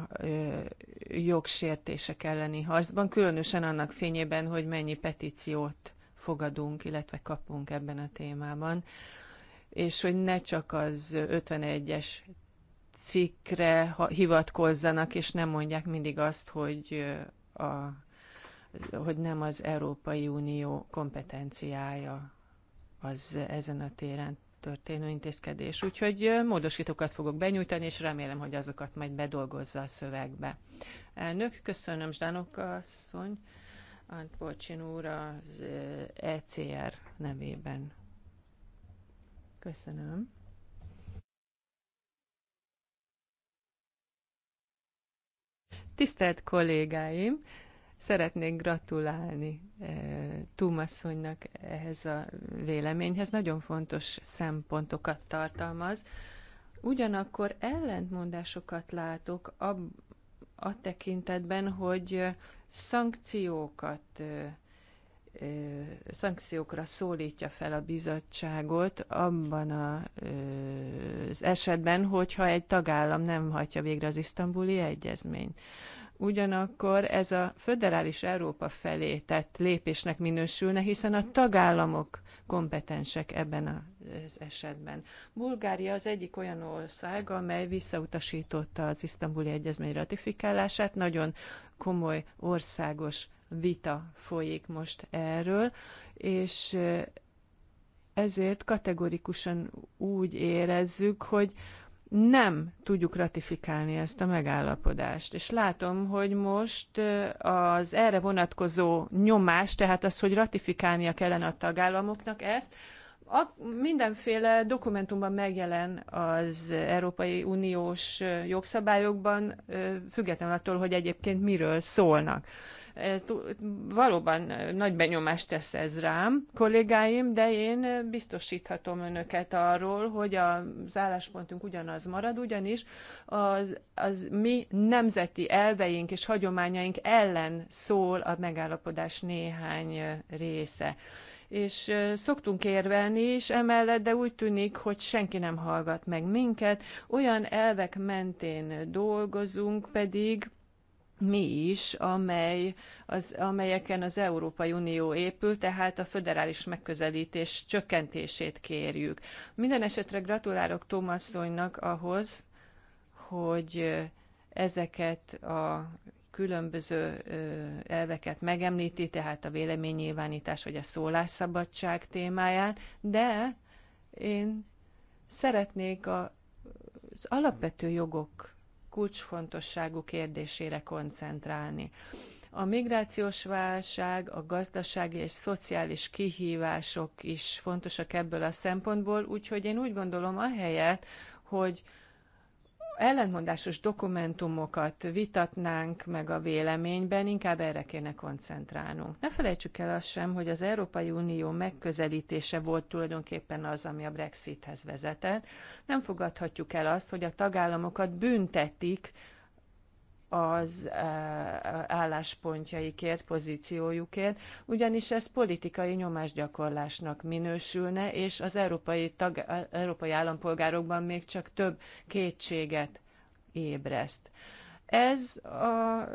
Speaker 2: jogsértések elleni harcban, különösen annak fényében, hogy mennyi petíciót fogadunk, illetve kapunk ebben a témában és hogy ne csak az 51-es cikkre hivatkozzanak, és nem mondják mindig azt, hogy, a, hogy nem az Európai Unió kompetenciája az ezen a téren történő intézkedés. Úgyhogy módosítókat fogok benyújtani, és remélem, hogy azokat majd bedolgozza a szövegbe. Elnök, köszönöm Zsdánok asszony, Ant hát, úr az ECR nevében Köszönöm. Tisztelt kollégáim, szeretnék gratulálni e, eh, Túmasszonynak ehhez a véleményhez. Nagyon fontos szempontokat tartalmaz. Ugyanakkor ellentmondásokat látok a, a tekintetben, hogy eh, szankciókat e, szankciókra szólítja fel a bizottságot abban a, az esetben, hogyha egy tagállam nem hagyja végre az isztambuli egyezményt. Ugyanakkor ez a föderális Európa felé tett lépésnek minősülne, hiszen a tagállamok kompetensek ebben az esetben. Bulgária az egyik olyan ország, amely visszautasította az isztambuli egyezmény ratifikálását, nagyon komoly országos vita folyik most erről, és ezért kategorikusan úgy érezzük, hogy nem tudjuk ratifikálni ezt a megállapodást. És látom, hogy most az erre vonatkozó nyomás, tehát az, hogy ratifikálnia kellene a tagállamoknak ezt, a, mindenféle dokumentumban megjelen az Európai Uniós jogszabályokban, függetlenül attól, hogy egyébként miről szólnak valóban nagy benyomást tesz ez rám, kollégáim, de én biztosíthatom önöket arról, hogy az álláspontunk ugyanaz marad, ugyanis az, az mi nemzeti elveink és hagyományaink ellen szól a megállapodás néhány része és szoktunk érvelni is emellett, de úgy tűnik, hogy senki nem hallgat meg minket. Olyan elvek mentén dolgozunk pedig, mi is, amely, az, amelyeken az Európai Unió épül, tehát a föderális megközelítés csökkentését kérjük. Minden esetre gratulálok Tomasszonynak ahhoz, hogy ezeket a különböző elveket megemlíti, tehát a véleménynyilvánítás vagy a szólásszabadság témáját, de én szeretnék a, az alapvető jogok kulcsfontosságú kérdésére koncentrálni. A migrációs válság, a gazdasági és szociális kihívások is fontosak ebből a szempontból, úgyhogy én úgy gondolom ahelyett, hogy ellentmondásos dokumentumokat vitatnánk meg a véleményben, inkább erre kéne koncentrálnunk. Ne felejtsük el azt sem, hogy az Európai Unió megközelítése volt tulajdonképpen az, ami a Brexithez vezetett. Nem fogadhatjuk el azt, hogy a tagállamokat büntetik az eh, eh, álláspontjaikért, pozíciójukért, ugyanis ez politikai nyomásgyakorlásnak minősülne, és az európai, tag, eh, európai állampolgárokban még csak több kétséget ébreszt. Ez a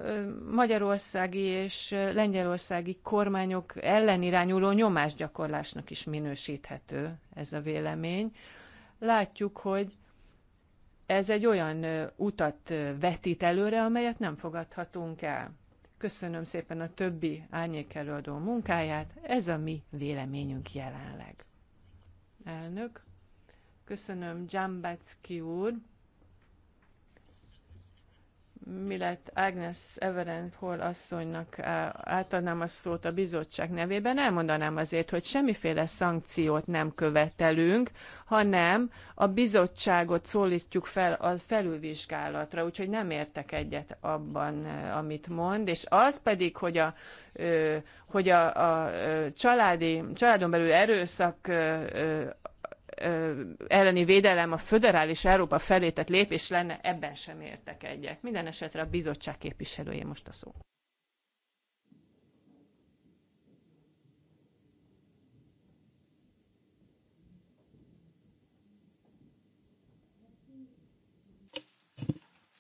Speaker 2: magyarországi és lengyelországi kormányok ellen irányuló nyomásgyakorlásnak is minősíthető ez a vélemény. Látjuk, hogy ez egy olyan utat vetít előre, amelyet nem fogadhatunk el. Köszönöm szépen a többi árnyékelőadó munkáját, ez a mi véleményünk jelenleg. Elnök, köszönöm Dzsambacki úr. Millet Agnes Everend Hall asszonynak átadnám a szót a bizottság nevében, elmondanám azért, hogy semmiféle szankciót nem követelünk, hanem a bizottságot szólítjuk fel a felülvizsgálatra, úgyhogy nem értek egyet abban, amit mond, és az pedig, hogy a, hogy a, a családi, családon belül erőszak elleni védelem a föderális Európa felé tett lépés lenne, ebben sem értek egyet. Minden esetre a bizottság képviselője most a szó.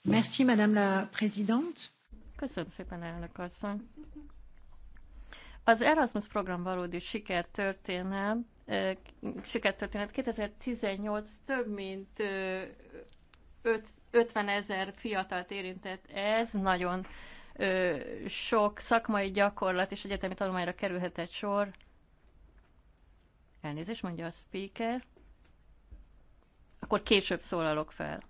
Speaker 5: Merci, Madame la Présidente. Köszönöm szépen, elnök asszony. Az Erasmus program valódi sikertörténet sikertörténet. 2018 több mint 50 ezer fiatalt érintett ez, nagyon sok szakmai gyakorlat és egyetemi tanulmányra kerülhetett sor. Elnézést, mondja a speaker. Akkor később szólalok fel.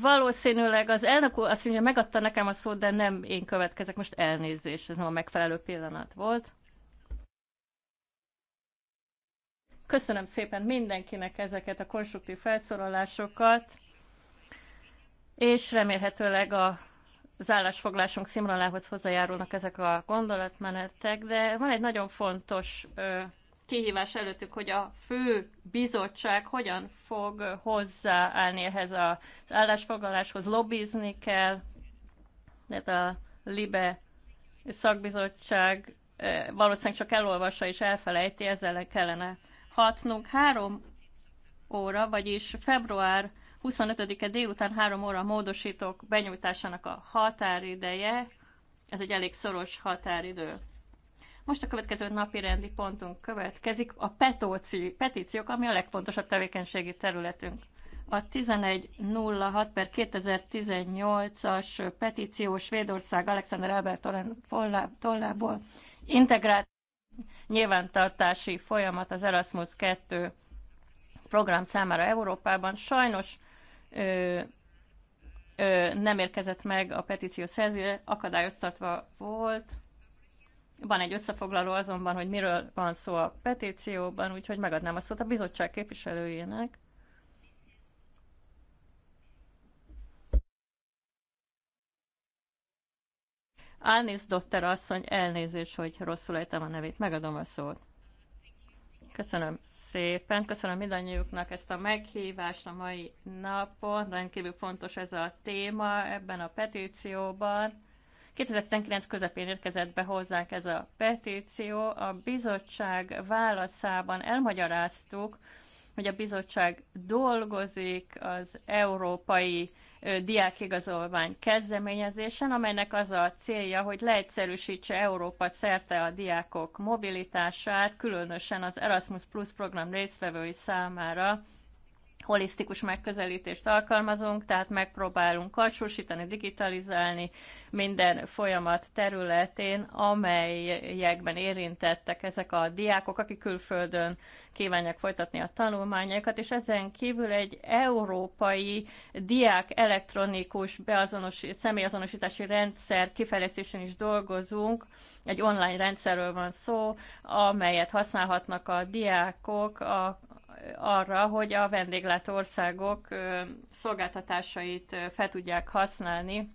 Speaker 5: valószínűleg az elnök úr azt mondja, megadta nekem a szót, de nem én következek, most elnézés, ez nem a megfelelő pillanat volt. Köszönöm szépen mindenkinek ezeket a konstruktív felszólalásokat, és remélhetőleg a az állásfoglásunk színvonalához hozzájárulnak ezek a gondolatmenetek, de van egy nagyon fontos ö, kihívás előttük, hogy a fő bizottság hogyan fog hozzáállni ehhez az állásfoglaláshoz, lobbizni kell, tehát a LIBE szakbizottság eh, valószínűleg csak elolvassa és elfelejti, ezzel kellene hatnunk. Három óra, vagyis február 25-e délután három óra módosítók benyújtásának a határideje, ez egy elég szoros határidő. Most a következő napi rendi pontunk következik, a petóci, petíciók, ami a legfontosabb tevékenységi területünk. A 1106 per 2018-as petíció Svédország Alexander Albert tollából integrált nyilvántartási folyamat az Erasmus 2 program számára Európában. Sajnos ö, ö, nem érkezett meg a petíció szerzője, akadályoztatva volt van egy összefoglaló azonban, hogy miről van szó a petícióban, úgyhogy megadnám a szót a bizottság képviselőjének. Alnis Dotter asszony, elnézés, hogy rosszul ejtem a nevét. Megadom a szót. Köszönöm szépen, köszönöm mindannyiuknak ezt a meghívást a mai napon. Rendkívül fontos ez a téma ebben a petícióban. 2019 közepén érkezett be hozzák ez a petíció. A bizottság válaszában elmagyaráztuk, hogy a bizottság dolgozik az európai diákigazolvány kezdeményezésen, amelynek az a célja, hogy leegyszerűsítse Európa szerte a diákok mobilitását, különösen az Erasmus Plus program résztvevői számára holisztikus megközelítést alkalmazunk, tehát megpróbálunk karcsúsítani, digitalizálni minden folyamat területén, amelyekben érintettek ezek a diákok, akik külföldön kívánják folytatni a tanulmányaikat, és ezen kívül egy európai diák elektronikus beazonos, személyazonosítási rendszer kifejlesztésén is dolgozunk, egy online rendszerről van szó, amelyet használhatnak a diákok a, arra, hogy a vendéglátországok szolgáltatásait fel tudják használni,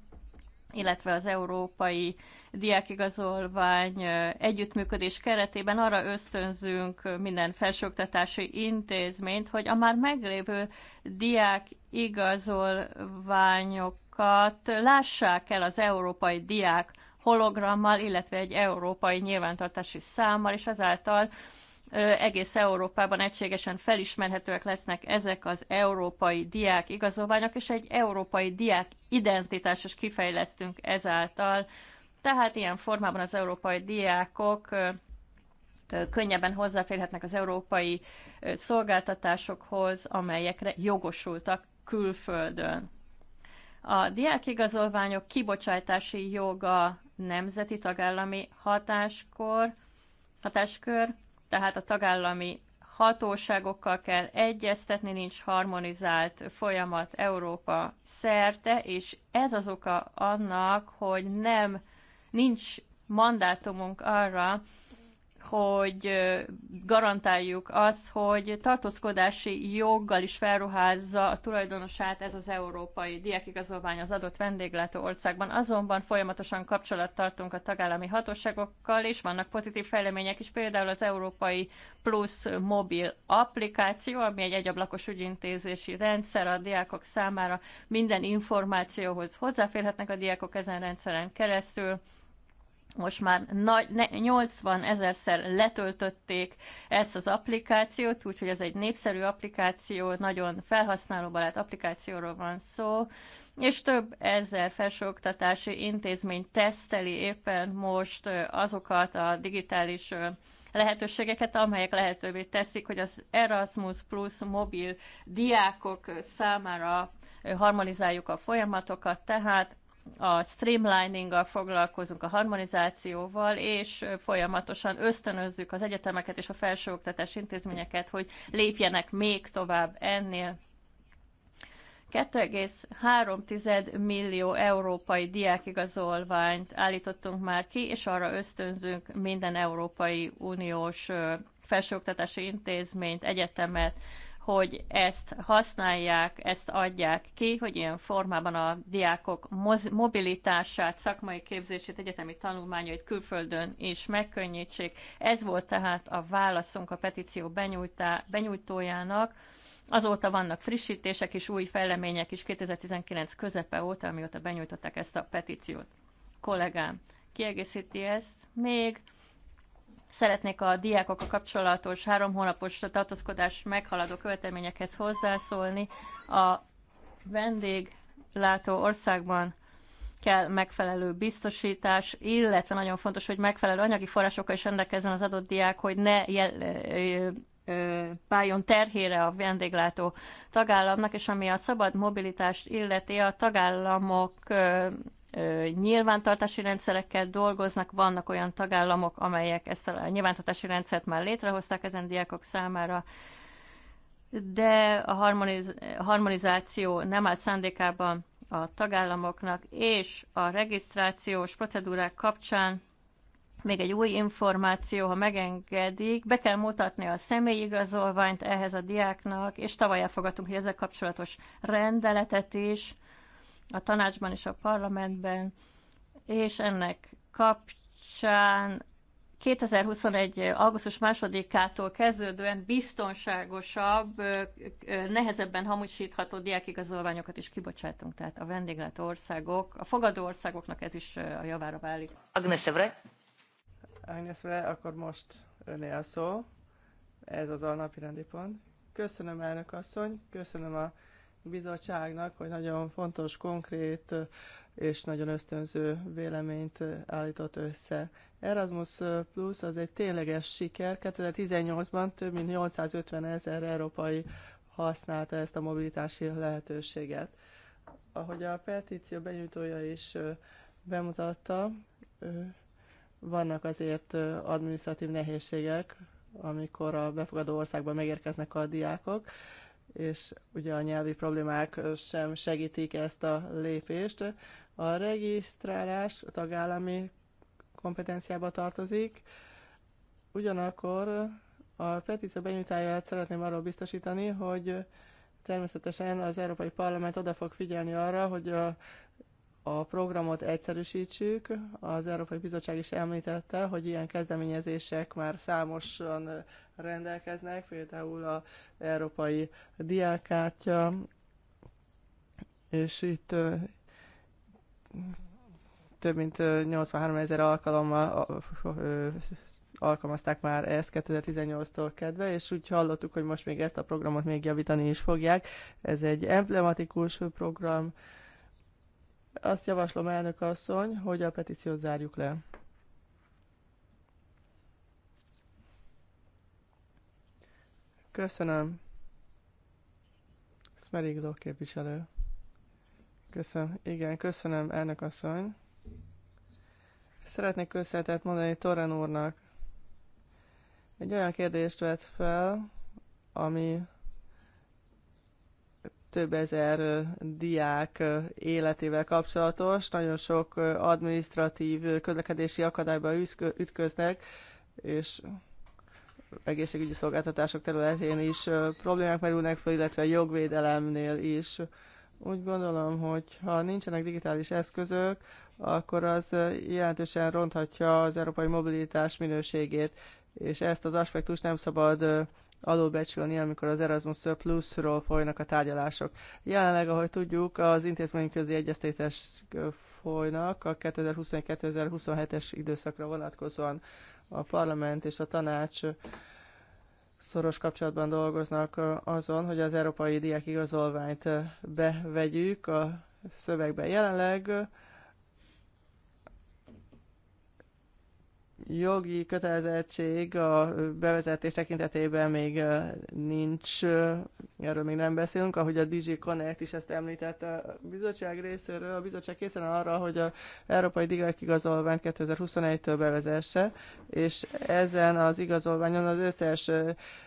Speaker 5: illetve az európai diákigazolvány együttműködés keretében arra ösztönzünk minden felsőoktatási intézményt, hogy a már meglévő diákigazolványokat lássák el az európai diák hologrammal, illetve egy európai nyilvántartási számmal, és ezáltal egész Európában egységesen felismerhetőek lesznek ezek az európai diák igazolványok, és egy európai diák identitásos kifejlesztünk ezáltal. Tehát ilyen formában az európai diákok könnyebben hozzáférhetnek az európai szolgáltatásokhoz, amelyekre jogosultak külföldön. A diákigazolványok kibocsátási joga nemzeti tagállami hatáskor, hatáskör, tehát a tagállami hatóságokkal kell egyeztetni, nincs harmonizált folyamat Európa szerte, és ez az oka annak, hogy nem nincs mandátumunk arra, hogy garantáljuk azt, hogy tartózkodási joggal is felruházza a tulajdonosát ez az európai diákigazolvány az adott vendéglátó országban. Azonban folyamatosan kapcsolat tartunk a tagállami hatóságokkal, és vannak pozitív fejlemények is, például az Európai Plus mobil applikáció, ami egy egyablakos ügyintézési rendszer a diákok számára minden információhoz hozzáférhetnek a diákok ezen rendszeren keresztül most már 80 ezerszer letöltötték ezt az applikációt, úgyhogy ez egy népszerű applikáció, nagyon felhasználóbarát applikációról van szó, és több ezer felsőoktatási intézmény teszteli éppen most azokat a digitális lehetőségeket, amelyek lehetővé teszik, hogy az Erasmus Plus mobil diákok számára harmonizáljuk a folyamatokat, tehát a streamlininggal foglalkozunk, a harmonizációval, és folyamatosan ösztönözzük az egyetemeket és a felsőoktatási intézményeket, hogy lépjenek még tovább ennél. 2,3 millió európai diákigazolványt állítottunk már ki, és arra ösztönzünk minden Európai Uniós felsőoktatási intézményt, egyetemet, hogy ezt használják, ezt adják ki, hogy ilyen formában a diákok mobilitását, szakmai képzését, egyetemi tanulmányait külföldön is megkönnyítsék. Ez volt tehát a válaszunk a petíció benyújtá, benyújtójának. Azóta vannak frissítések és új fejlemények is 2019 közepe óta, amióta benyújtották ezt a petíciót. Kollégám kiegészíti ezt még Szeretnék a diákok a kapcsolatos három hónapos tartózkodás meghaladó követelményekhez hozzászólni. A vendéglátó országban kell megfelelő biztosítás, illetve nagyon fontos, hogy megfelelő anyagi forrásokkal is rendelkezzen az adott diák, hogy ne jel, váljon terhére a vendéglátó tagállamnak, és ami a szabad mobilitást illeti, a tagállamok nyilvántartási rendszerekkel dolgoznak, vannak olyan tagállamok, amelyek ezt a nyilvántartási rendszert már létrehozták ezen diákok számára, de a harmoniz- harmonizáció nem állt szándékában a tagállamoknak, és a regisztrációs procedúrák kapcsán még egy új információ, ha megengedik, be kell mutatni a személyigazolványt ehhez a diáknak, és tavaly elfogadtunk hogy ezzel kapcsolatos rendeletet is, a tanácsban és a parlamentben, és ennek kapcsán 2021. augusztus másodikától kezdődően biztonságosabb, nehezebben hamisítható diákigazolványokat is kibocsátunk, tehát a vendéglátó országok, a fogadó országoknak ez is a javára válik.
Speaker 3: Agnes Evre?
Speaker 1: Agnes Evre, akkor most öné a szó. Ez az a napi rendi pont. Köszönöm, elnök asszony, köszönöm a bizottságnak, hogy nagyon fontos, konkrét és nagyon ösztönző véleményt állított össze. Erasmus Plus az egy tényleges siker. 2018-ban több mint 850 ezer európai használta ezt a mobilitási lehetőséget. Ahogy a petíció benyújtója is bemutatta, vannak azért administratív nehézségek, amikor a befogadó országban megérkeznek a diákok, és ugye a nyelvi problémák sem segítik ezt a lépést. A regisztrálás a tagállami kompetenciába tartozik, ugyanakkor a petíció benyújtáját szeretném arról biztosítani, hogy természetesen az Európai Parlament oda fog figyelni arra, hogy a a programot egyszerűsítsük. Az Európai Bizottság is említette, hogy ilyen kezdeményezések már számosan rendelkeznek, például az Európai Diákártya, és itt több mint 83 ezer alkalommal alkalmazták már ezt 2018-tól kedve, és úgy hallottuk, hogy most még ezt a programot még javítani is fogják. Ez egy emblematikus program, azt javaslom, elnök asszony, hogy a petíciót zárjuk le. Köszönöm. Smerigló képviselő. Köszönöm. Igen, köszönöm, elnök asszony. Szeretnék köszönetet mondani Torren úrnak. Egy olyan kérdést vett fel, ami több ezer diák életével kapcsolatos. Nagyon sok administratív közlekedési akadályba ütköznek, és egészségügyi szolgáltatások területén is problémák merülnek fel, illetve a jogvédelemnél is. Úgy gondolom, hogy ha nincsenek digitális eszközök, akkor az jelentősen ronthatja az európai mobilitás minőségét, és ezt az aspektust nem szabad alulbecsülni, amikor az Erasmus Plus-ról folynak a tárgyalások. Jelenleg, ahogy tudjuk, az intézményközi egyeztetés folynak a 2021-2027-es időszakra vonatkozóan a parlament és a tanács szoros kapcsolatban dolgoznak azon, hogy az európai diák igazolványt bevegyük a szövegbe jelenleg. jogi kötelezettség a bevezetés tekintetében még nincs, erről még nem beszélünk, ahogy a DG Connect is ezt említette a bizottság részéről. A bizottság készen arra, hogy a Európai Digitális Igazolványt 2021-től bevezesse, és ezen az igazolványon az összes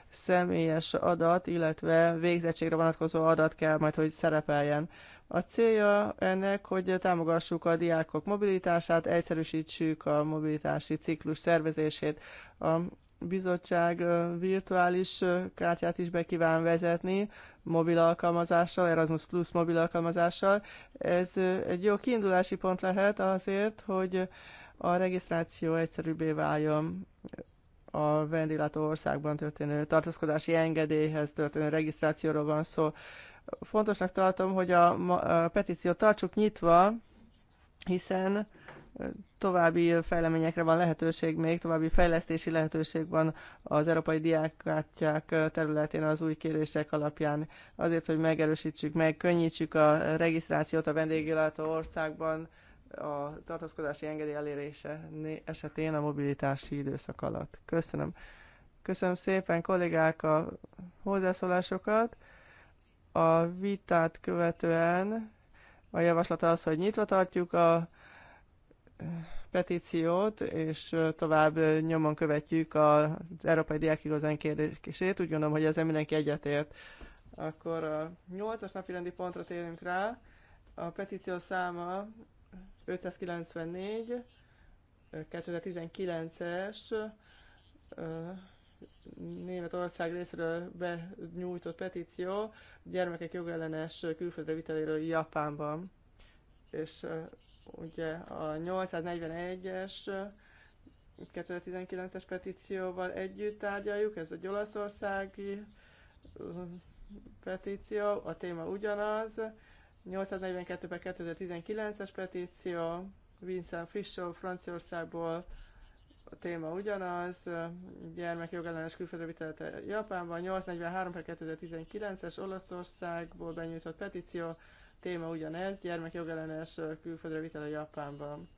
Speaker 1: személyes adat, illetve végzettségre vonatkozó adat kell majd, hogy szerepeljen. A célja ennek, hogy támogassuk a diákok mobilitását, egyszerűsítsük a mobilitási ciklus szervezését. A bizottság virtuális kártyát is be kíván vezetni mobil alkalmazással, Erasmus Plus mobil alkalmazással. Ez egy jó kiindulási pont lehet azért, hogy a regisztráció egyszerűbbé váljon a vendéglátó országban történő tartózkodási engedélyhez történő regisztrációról van szó fontosnak tartom, hogy a, a petíciót tartsuk nyitva, hiszen további fejleményekre van lehetőség még, további fejlesztési lehetőség van az európai diákkártyák területén az új kérések alapján. Azért, hogy megerősítsük meg, könnyítsük a regisztrációt a vendéglátó országban a tartózkodási engedély elérése esetén a mobilitási időszak alatt. Köszönöm. Köszönöm szépen kollégák a hozzászólásokat. A vitát követően a javaslat az, hogy nyitva tartjuk a eh, petíciót, és eh, tovább eh, nyomon követjük az Európai Diák Igazán kérdését. Úgy gondolom, hogy ezzel mindenki egyetért. Akkor a 8-as napi rendi pontra térünk rá. A petíció száma 594, 2019-es, Németország részéről benyújtott petíció gyermekek jogellenes külföldre viteléről Japánban. És ugye a 841-es 2019-es petícióval együtt tárgyaljuk, ez egy olaszországi petíció, a téma ugyanaz, 842-ben 2019-es petíció, Vincent Fischer Franciaországból a téma ugyanaz, gyermekjogellenes külföldre vitelte Japánban, 843 per 2019-es Olaszországból benyújtott petíció, téma ugyanez, gyermekjogellenes külföldre vitele Japánban.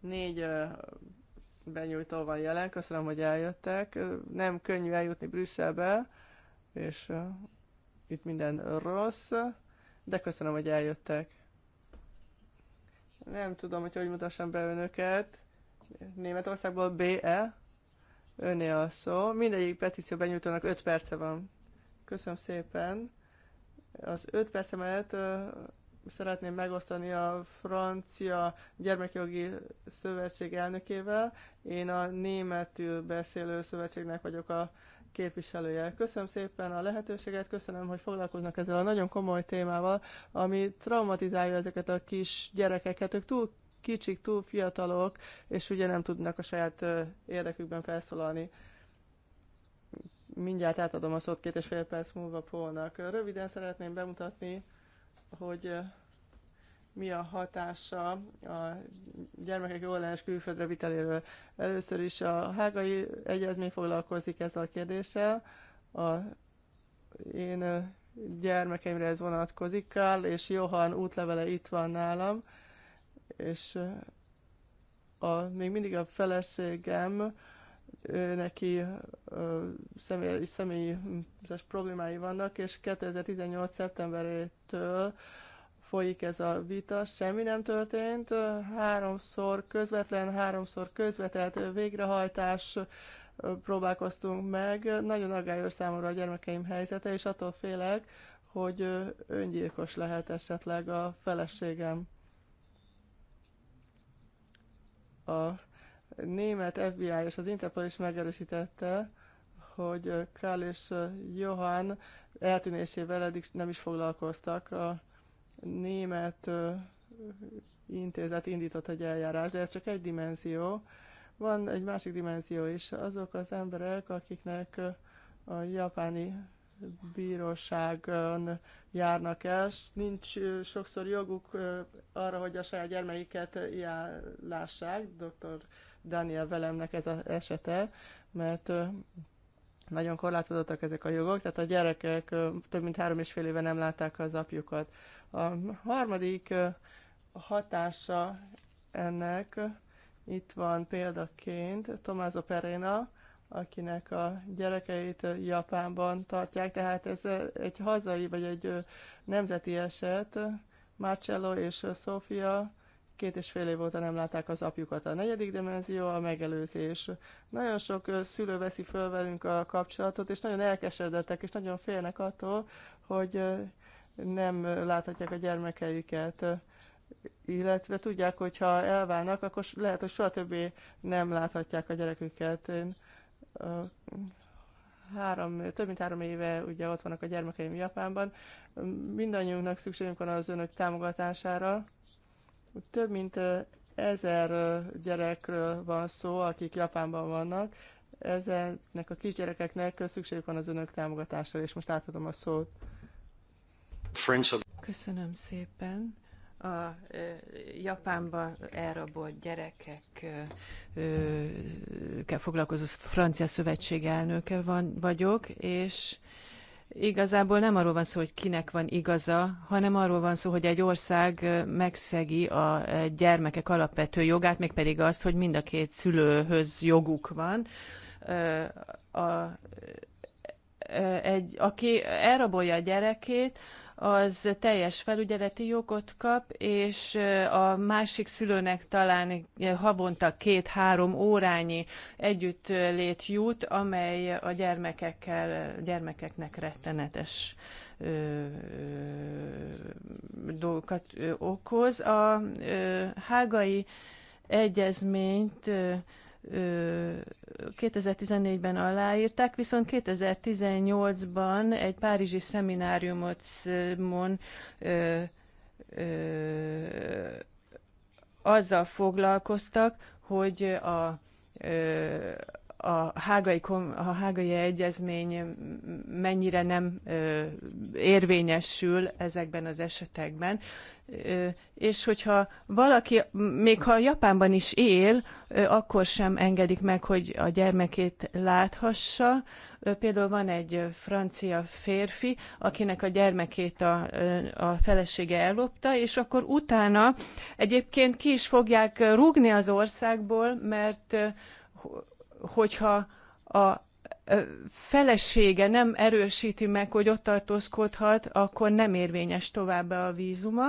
Speaker 1: Négy benyújtó van jelen, köszönöm, hogy eljöttek. Nem könnyű eljutni Brüsszelbe, és itt minden rossz, de köszönöm, hogy eljöttek. Nem tudom, hogy hogy mutassam be önöket. Németországból BE, öné a szó. Mindegyik petíció benyújtónak 5 perce van. Köszönöm szépen. Az 5 percemet szeretném megosztani a francia gyermekjogi szövetség elnökével. Én a németül beszélő szövetségnek vagyok a képviselője. Köszönöm szépen a lehetőséget, köszönöm, hogy foglalkoznak ezzel a nagyon komoly témával, ami traumatizálja ezeket a kis gyerekeket. Ők túl kicsik, túl fiatalok, és ugye nem tudnak a saját érdekükben felszólalni. Mindjárt átadom a szót két és fél perc múlva Pólnak. Röviden szeretném bemutatni, hogy mi a hatása a gyermekek jóllenes külföldre viteléről. Először is a hágai egyezmény foglalkozik ezzel a kérdéssel. A, én gyermekeimre ez vonatkozik, Kál és Johan útlevele itt van nálam, és a, még mindig a feleségem, ő, neki ö, személy, személyes problémái vannak, és 2018. szeptemberétől folyik ez a vita, semmi nem történt, háromszor közvetlen, háromszor közvetelt végrehajtás próbálkoztunk meg. Nagyon aggályos számomra a gyermekeim helyzete, és attól félek, hogy öngyilkos lehet esetleg a feleségem. A német FBI és az Interpol is megerősítette, hogy Karl és Johan eltűnésével eddig nem is foglalkoztak a német intézet indított egy eljárás, de ez csak egy dimenzió. Van egy másik dimenzió is. Azok az emberek, akiknek a japáni bíróságon járnak el, nincs sokszor joguk arra, hogy a saját gyermeiket lássák. Dr. Daniel Velemnek ez az esete, mert nagyon korlátozottak ezek a jogok, tehát a gyerekek több mint három és fél éve nem látták az apjukat. A harmadik hatása ennek itt van példaként Tomázo Perena, akinek a gyerekeit Japánban tartják, tehát ez egy hazai vagy egy nemzeti eset. Marcello és Sofia Két és fél év óta nem látták az apjukat. A negyedik dimenzió a megelőzés. Nagyon sok szülő veszi föl velünk a kapcsolatot, és nagyon elkeseredettek, és nagyon félnek attól, hogy nem láthatják a gyermekeiket illetve tudják, hogy ha elválnak, akkor lehet, hogy soha többé nem láthatják a gyereküket. Én, három, több mint három éve ugye ott vannak a gyermekeim Japánban. Mindannyiunknak szükségünk van az önök támogatására. Több mint ezer gyerekről van szó, akik Japánban vannak. Ezeknek a kisgyerekeknek szükségük van az önök támogatásra. és most átadom a szót. Köszönöm szépen a Japánban elrabolt
Speaker 2: gyerekekkel foglalkozó francia szövetség elnöke van, vagyok, és Igazából nem arról van szó, hogy kinek van igaza, hanem arról van szó, hogy egy ország megszegi a gyermekek alapvető jogát, mégpedig azt, hogy mind a két szülőhöz joguk van. A, egy, aki elrabolja a gyerekét, az teljes felügyeleti jogot kap, és a másik szülőnek talán havonta két-három órányi együttlét jut, amely a gyermekekkel, gyermekeknek rettenetes dolgokat okoz. A hágai egyezményt ö, 2014-ben aláírták, viszont 2018-ban egy párizsi szemináriumon azzal foglalkoztak, hogy a a hágai, a hágai egyezmény mennyire nem ö, érvényesül ezekben az esetekben. Ö, és hogyha valaki, még ha Japánban is él, ö, akkor sem engedik meg, hogy a gyermekét láthassa. Ö, például van egy francia férfi, akinek a gyermekét a, a felesége ellopta, és akkor utána egyébként ki is fogják rúgni az országból, mert hogyha a felesége nem erősíti meg, hogy ott tartózkodhat, akkor nem érvényes továbbá a vízuma,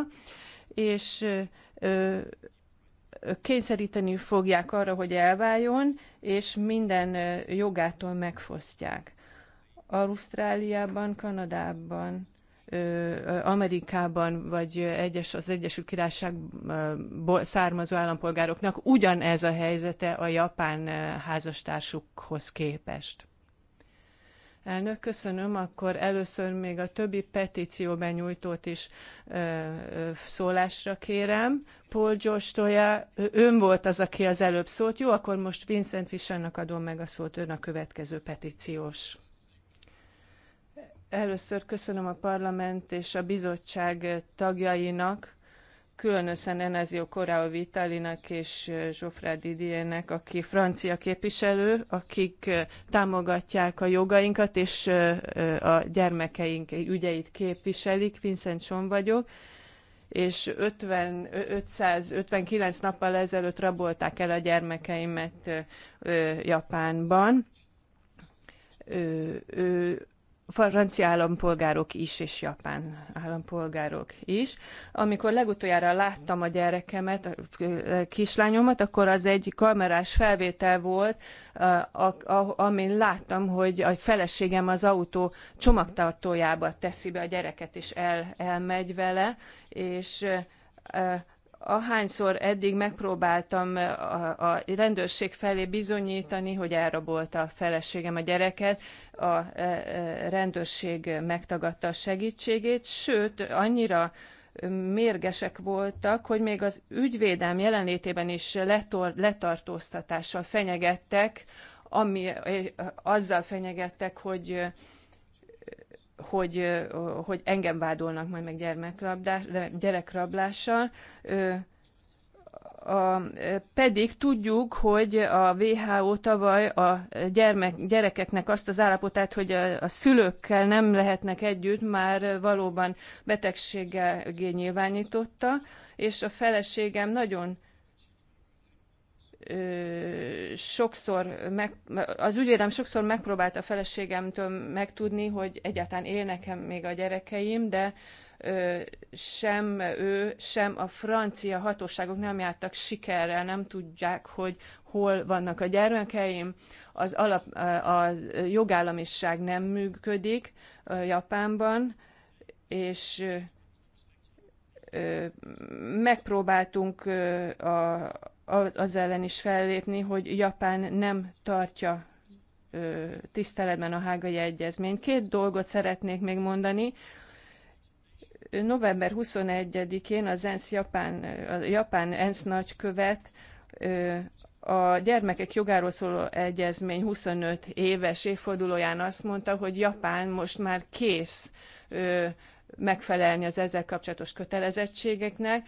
Speaker 2: és kényszeríteni fogják arra, hogy elváljon, és minden jogától megfosztják. Ausztráliában, Kanadában Amerikában vagy egyes, az Egyesült Királyságból származó állampolgároknak ugyanez a helyzete a japán házastársukhoz képest. Elnök, köszönöm. Akkor először még a többi petíció benyújtót is ö, ö, szólásra kérem. Paul Gyostoya, ön volt az, aki az előbb szólt. Jó, akkor most Vincent Visannak adom meg a szót, ön a következő petíciós. Először köszönöm a parlament és a bizottság tagjainak, különösen Enezio Corao Vitalinak és Zsofrá Didiernek, aki francia képviselő, akik támogatják a jogainkat, és a gyermekeink ügyeit képviselik. Vincent Son vagyok és 50, 559 nappal ezelőtt rabolták el a gyermekeimet Japánban. ő, francia állampolgárok is, és japán állampolgárok is. Amikor legutoljára láttam a gyerekemet, a kislányomat, akkor az egy kamerás felvétel volt, amin láttam, hogy a feleségem az autó csomagtartójába teszi be a gyereket, és el, elmegy vele, és ahányszor eddig megpróbáltam a, a rendőrség felé bizonyítani, hogy elrabolta a feleségem a gyereket, a rendőrség megtagadta a segítségét, sőt, annyira mérgesek voltak, hogy még az ügyvédem jelenlétében is letor, letartóztatással fenyegettek, ami, azzal fenyegettek, hogy hogy, hogy engem vádolnak majd meg gyerekrablással, a, pedig tudjuk, hogy a WHO tavaly a gyermek, gyerekeknek azt az állapotát, hogy a, a szülőkkel nem lehetnek együtt, már valóban betegséggel nyilvánította, és a feleségem nagyon sokszor meg, az ügyvédem sokszor megpróbálta a feleségemtől megtudni, hogy egyáltalán élnek-e még a gyerekeim, de ö, sem ő, sem a francia hatóságok nem jártak sikerrel, nem tudják, hogy hol vannak a gyermekeim. Az alap, a jogállamiság nem működik Japánban, és megpróbáltunk a, az ellen is fellépni, hogy Japán nem tartja tiszteletben a hágai egyezményt. Két dolgot szeretnék még mondani. November 21-én az ENSZ Japán, a Japán ENSZ nagykövet a gyermekek jogáról szóló egyezmény 25 éves évfordulóján azt mondta, hogy Japán most már kész megfelelni az ezzel kapcsolatos kötelezettségeknek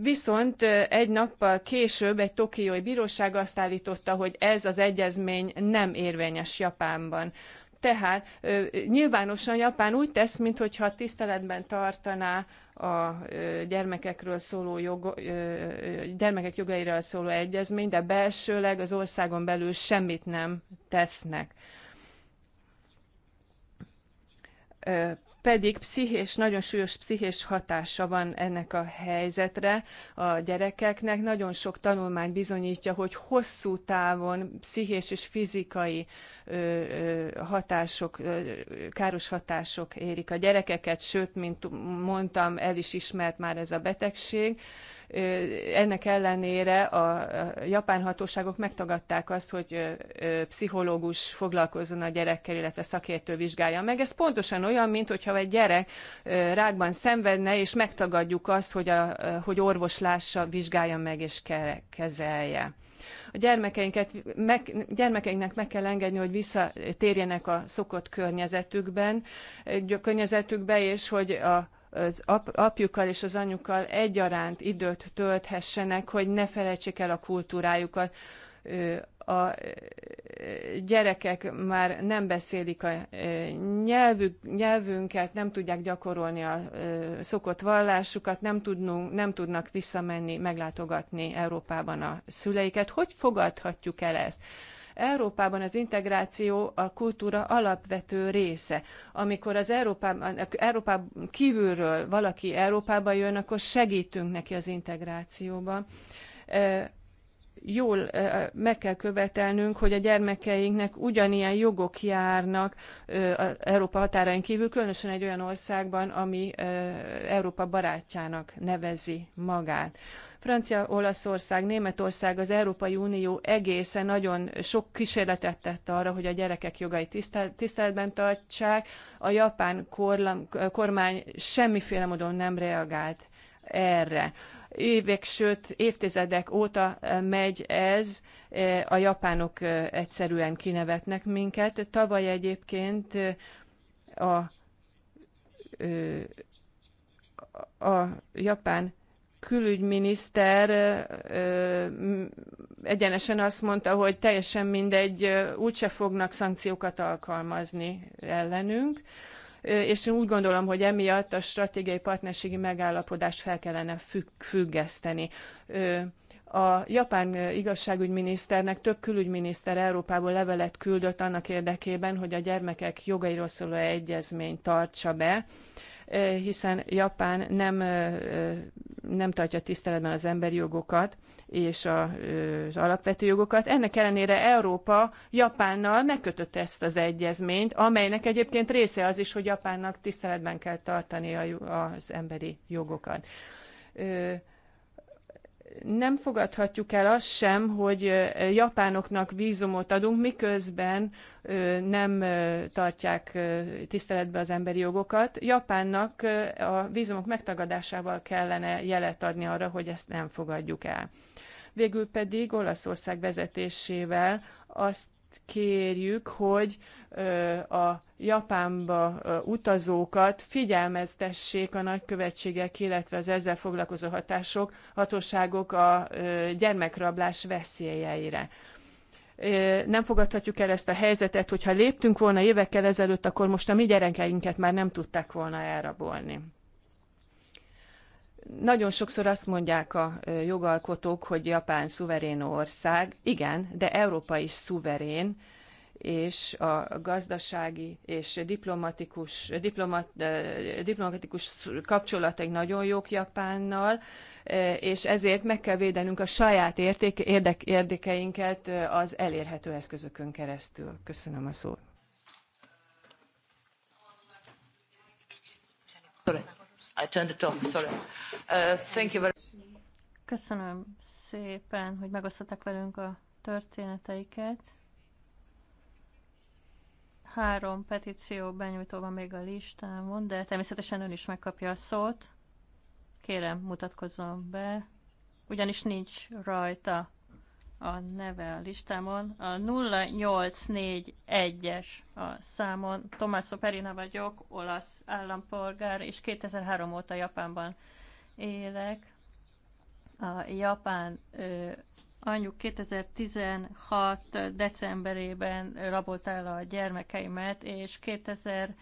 Speaker 2: Viszont egy nappal később egy tokiói bíróság azt állította, hogy ez az egyezmény nem érvényes Japánban. Tehát nyilvánosan Japán úgy tesz, mintha tiszteletben tartaná a gyermekekről szóló jog, gyermekek jogairól szóló egyezmény, de belsőleg az országon belül semmit nem tesznek pedig pszichés, nagyon súlyos pszichés hatása van ennek a helyzetre a gyerekeknek. Nagyon sok tanulmány bizonyítja, hogy hosszú távon pszichés és fizikai hatások, káros hatások érik a gyerekeket, sőt, mint mondtam, el is ismert már ez a betegség ennek ellenére a japán hatóságok megtagadták azt, hogy pszichológus foglalkozzon a gyerekkel, illetve szakértő vizsgálja meg. Ez pontosan olyan, mint hogyha egy gyerek rákban szenvedne, és megtagadjuk azt, hogy, a, hogy orvos lássa, vizsgálja meg és kezelje. A gyermekeinket, meg, gyermekeinknek meg kell engedni, hogy visszatérjenek a szokott környezetükben, környezetükbe, és hogy a az apjukkal és az anyukkal egyaránt időt tölthessenek, hogy ne felejtsék el a kultúrájukat. A gyerekek már nem beszélik a nyelvük, nyelvünket, nem tudják gyakorolni a szokott vallásukat, nem, tudnunk, nem tudnak visszamenni, meglátogatni Európában a szüleiket. Hogy fogadhatjuk el ezt? Európában az integráció a kultúra alapvető része. Amikor az Európában, Európában kívülről valaki Európába jön, akkor segítünk neki az integrációban jól meg kell követelnünk, hogy a gyermekeinknek ugyanilyen jogok járnak Európa határain kívül, különösen egy olyan országban, ami Európa barátjának nevezi magát. Francia, Olaszország, Németország, az Európai Unió egészen nagyon sok kísérletet tett arra, hogy a gyerekek jogait tiszteletben tartsák. A japán korlam, kormány semmiféle módon nem reagált erre. Évek, sőt évtizedek óta megy ez, e, a japánok e, egyszerűen kinevetnek minket. Tavaly egyébként e, a, a japán külügyminiszter egyenesen azt mondta, hogy teljesen mindegy, úgyse fognak szankciókat alkalmazni ellenünk, és én úgy gondolom, hogy emiatt a stratégiai partnerségi megállapodást fel kellene függ, függeszteni. A japán igazságügyminiszternek több külügyminiszter Európából levelet küldött annak érdekében, hogy a gyermekek jogairól szóló egyezményt tartsa be hiszen Japán nem, nem tartja tiszteletben az emberi jogokat és az alapvető jogokat. Ennek ellenére Európa Japánnal megkötötte ezt az egyezményt, amelynek egyébként része az is, hogy Japánnak tiszteletben kell tartani az emberi jogokat nem fogadhatjuk el azt sem, hogy japánoknak vízumot adunk, miközben nem tartják tiszteletbe az emberi jogokat. Japánnak a vízumok megtagadásával kellene jelet adni arra, hogy ezt nem fogadjuk el. Végül pedig Olaszország vezetésével azt kérjük, hogy a Japánba utazókat figyelmeztessék a nagykövetségek, illetve az ezzel foglalkozó hatások, hatóságok a gyermekrablás veszélyeire nem fogadhatjuk el ezt a helyzetet, hogyha léptünk volna évekkel ezelőtt, akkor most a mi gyerekeinket már nem tudták volna elrabolni. Nagyon sokszor azt mondják a jogalkotók, hogy Japán szuverén ország. Igen, de Európa is szuverén és a gazdasági és diplomatikus, diplomat, diplomatikus kapcsolataink nagyon jók Japánnal, e, és ezért meg kell védenünk a saját érték, érdek, érdekeinket e, az elérhető eszközökön keresztül. Köszönöm a szót.
Speaker 3: Uh,
Speaker 5: Köszönöm szépen, hogy megosztották velünk a történeteiket. Három petíció benyújtó van még a listámon, de természetesen ön is megkapja a szót. Kérem, mutatkozzon be, ugyanis nincs rajta a neve a listámon. A 0841-es a számon. Tomászó Perina vagyok, olasz állampolgár, és 2003 óta Japánban élek. A japán ö, anyjuk 2016. decemberében rabolt el a gyermekeimet, és 2017.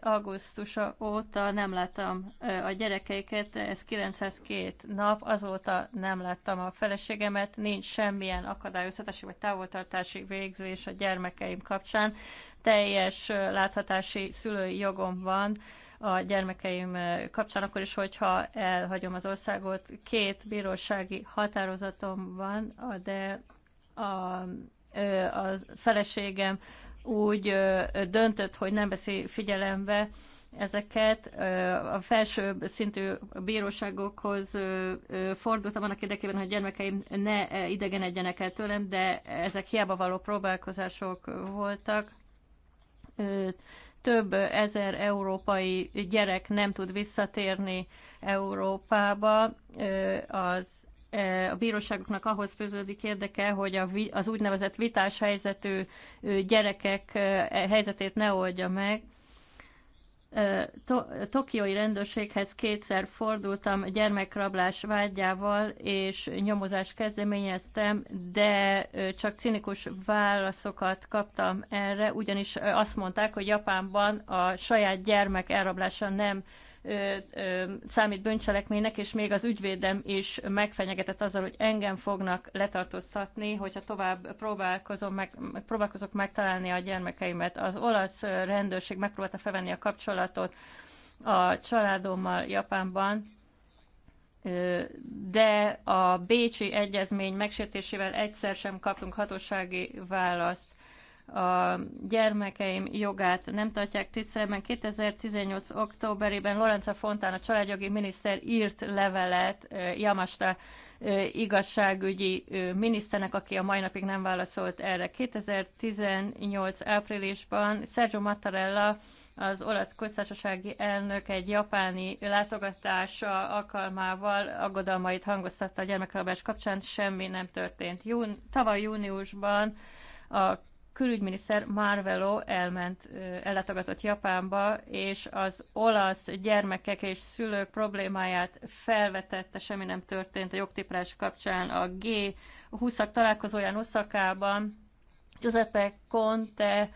Speaker 5: augusztusa óta nem láttam a gyerekeiket, ez 902 nap, azóta nem láttam a feleségemet, nincs semmilyen akadályozhatási vagy távoltartási végzés a gyermekeim kapcsán, teljes láthatási szülői jogom van, a gyermekeim kapcsán, akkor is, hogyha elhagyom az országot. Két bírósági határozatom van, de a, a feleségem úgy döntött, hogy nem veszi figyelembe ezeket. A felső szintű bíróságokhoz fordultam annak érdekében, hogy gyermekeim ne idegenedjenek el tőlem, de ezek hiába való próbálkozások voltak több ezer európai gyerek nem tud visszatérni Európába. Az, a bíróságoknak ahhoz főződik érdeke, hogy az úgynevezett vitás helyzetű gyerekek helyzetét ne oldja meg, to- tokiói rendőrséghez kétszer fordultam gyermekrablás vágyával, és nyomozást kezdeményeztem, de csak cinikus válaszokat kaptam erre, ugyanis azt mondták, hogy Japánban a saját gyermek elrablása nem számít bűncselekménynek, és még az ügyvédem is megfenyegetett azzal, hogy engem fognak letartóztatni, hogyha tovább próbálkozom meg, próbálkozok megtalálni a gyermekeimet. Az olasz rendőrség megpróbálta felvenni a kapcsolatot a családommal Japánban, de a Bécsi Egyezmény megsértésével egyszer sem kaptunk hatósági választ a gyermekeim jogát nem tartják tiszteletben. 2018. októberében Lorenza Fontán, a családjogi miniszter írt levelet Jamasta igazságügyi miniszternek, aki a mai napig nem válaszolt erre. 2018. áprilisban Sergio Mattarella, az olasz köztársasági elnök egy japáni látogatása alkalmával aggodalmait hangoztatta a gyermekrabás kapcsán, semmi nem történt. Jún, tavaly júniusban a külügyminiszter Marvelo elment, elletagadott Japánba, és az olasz gyermekek és szülők problémáját felvetette, semmi nem történt a jogtiprás kapcsán a g 20 találkozóján Oszakában. Giuseppe Conte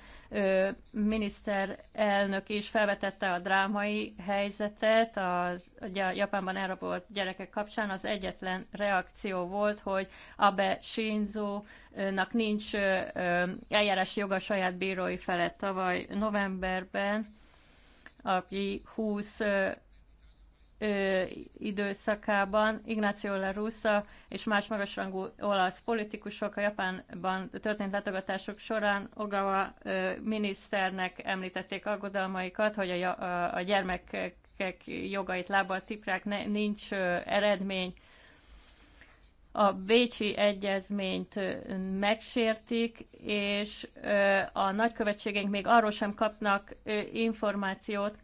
Speaker 5: miniszterelnök is felvetette a drámai helyzetet, az, ugye Japánban elrabolt gyerekek kapcsán az egyetlen reakció volt, hogy Abe Shinzo-nak nincs eljárási joga saját bírói felett tavaly novemberben, aki 20 ö, időszakában Ignacio La Russa és más magasrangú olasz politikusok a Japánban történt látogatások során Ogawa ö, miniszternek említették aggodalmaikat, hogy a, a, a gyermekek jogait lábbal tiprák, ne, nincs ö, eredmény. A Bécsi Egyezményt megsértik, és a nagykövetségeink még arról sem kapnak információt,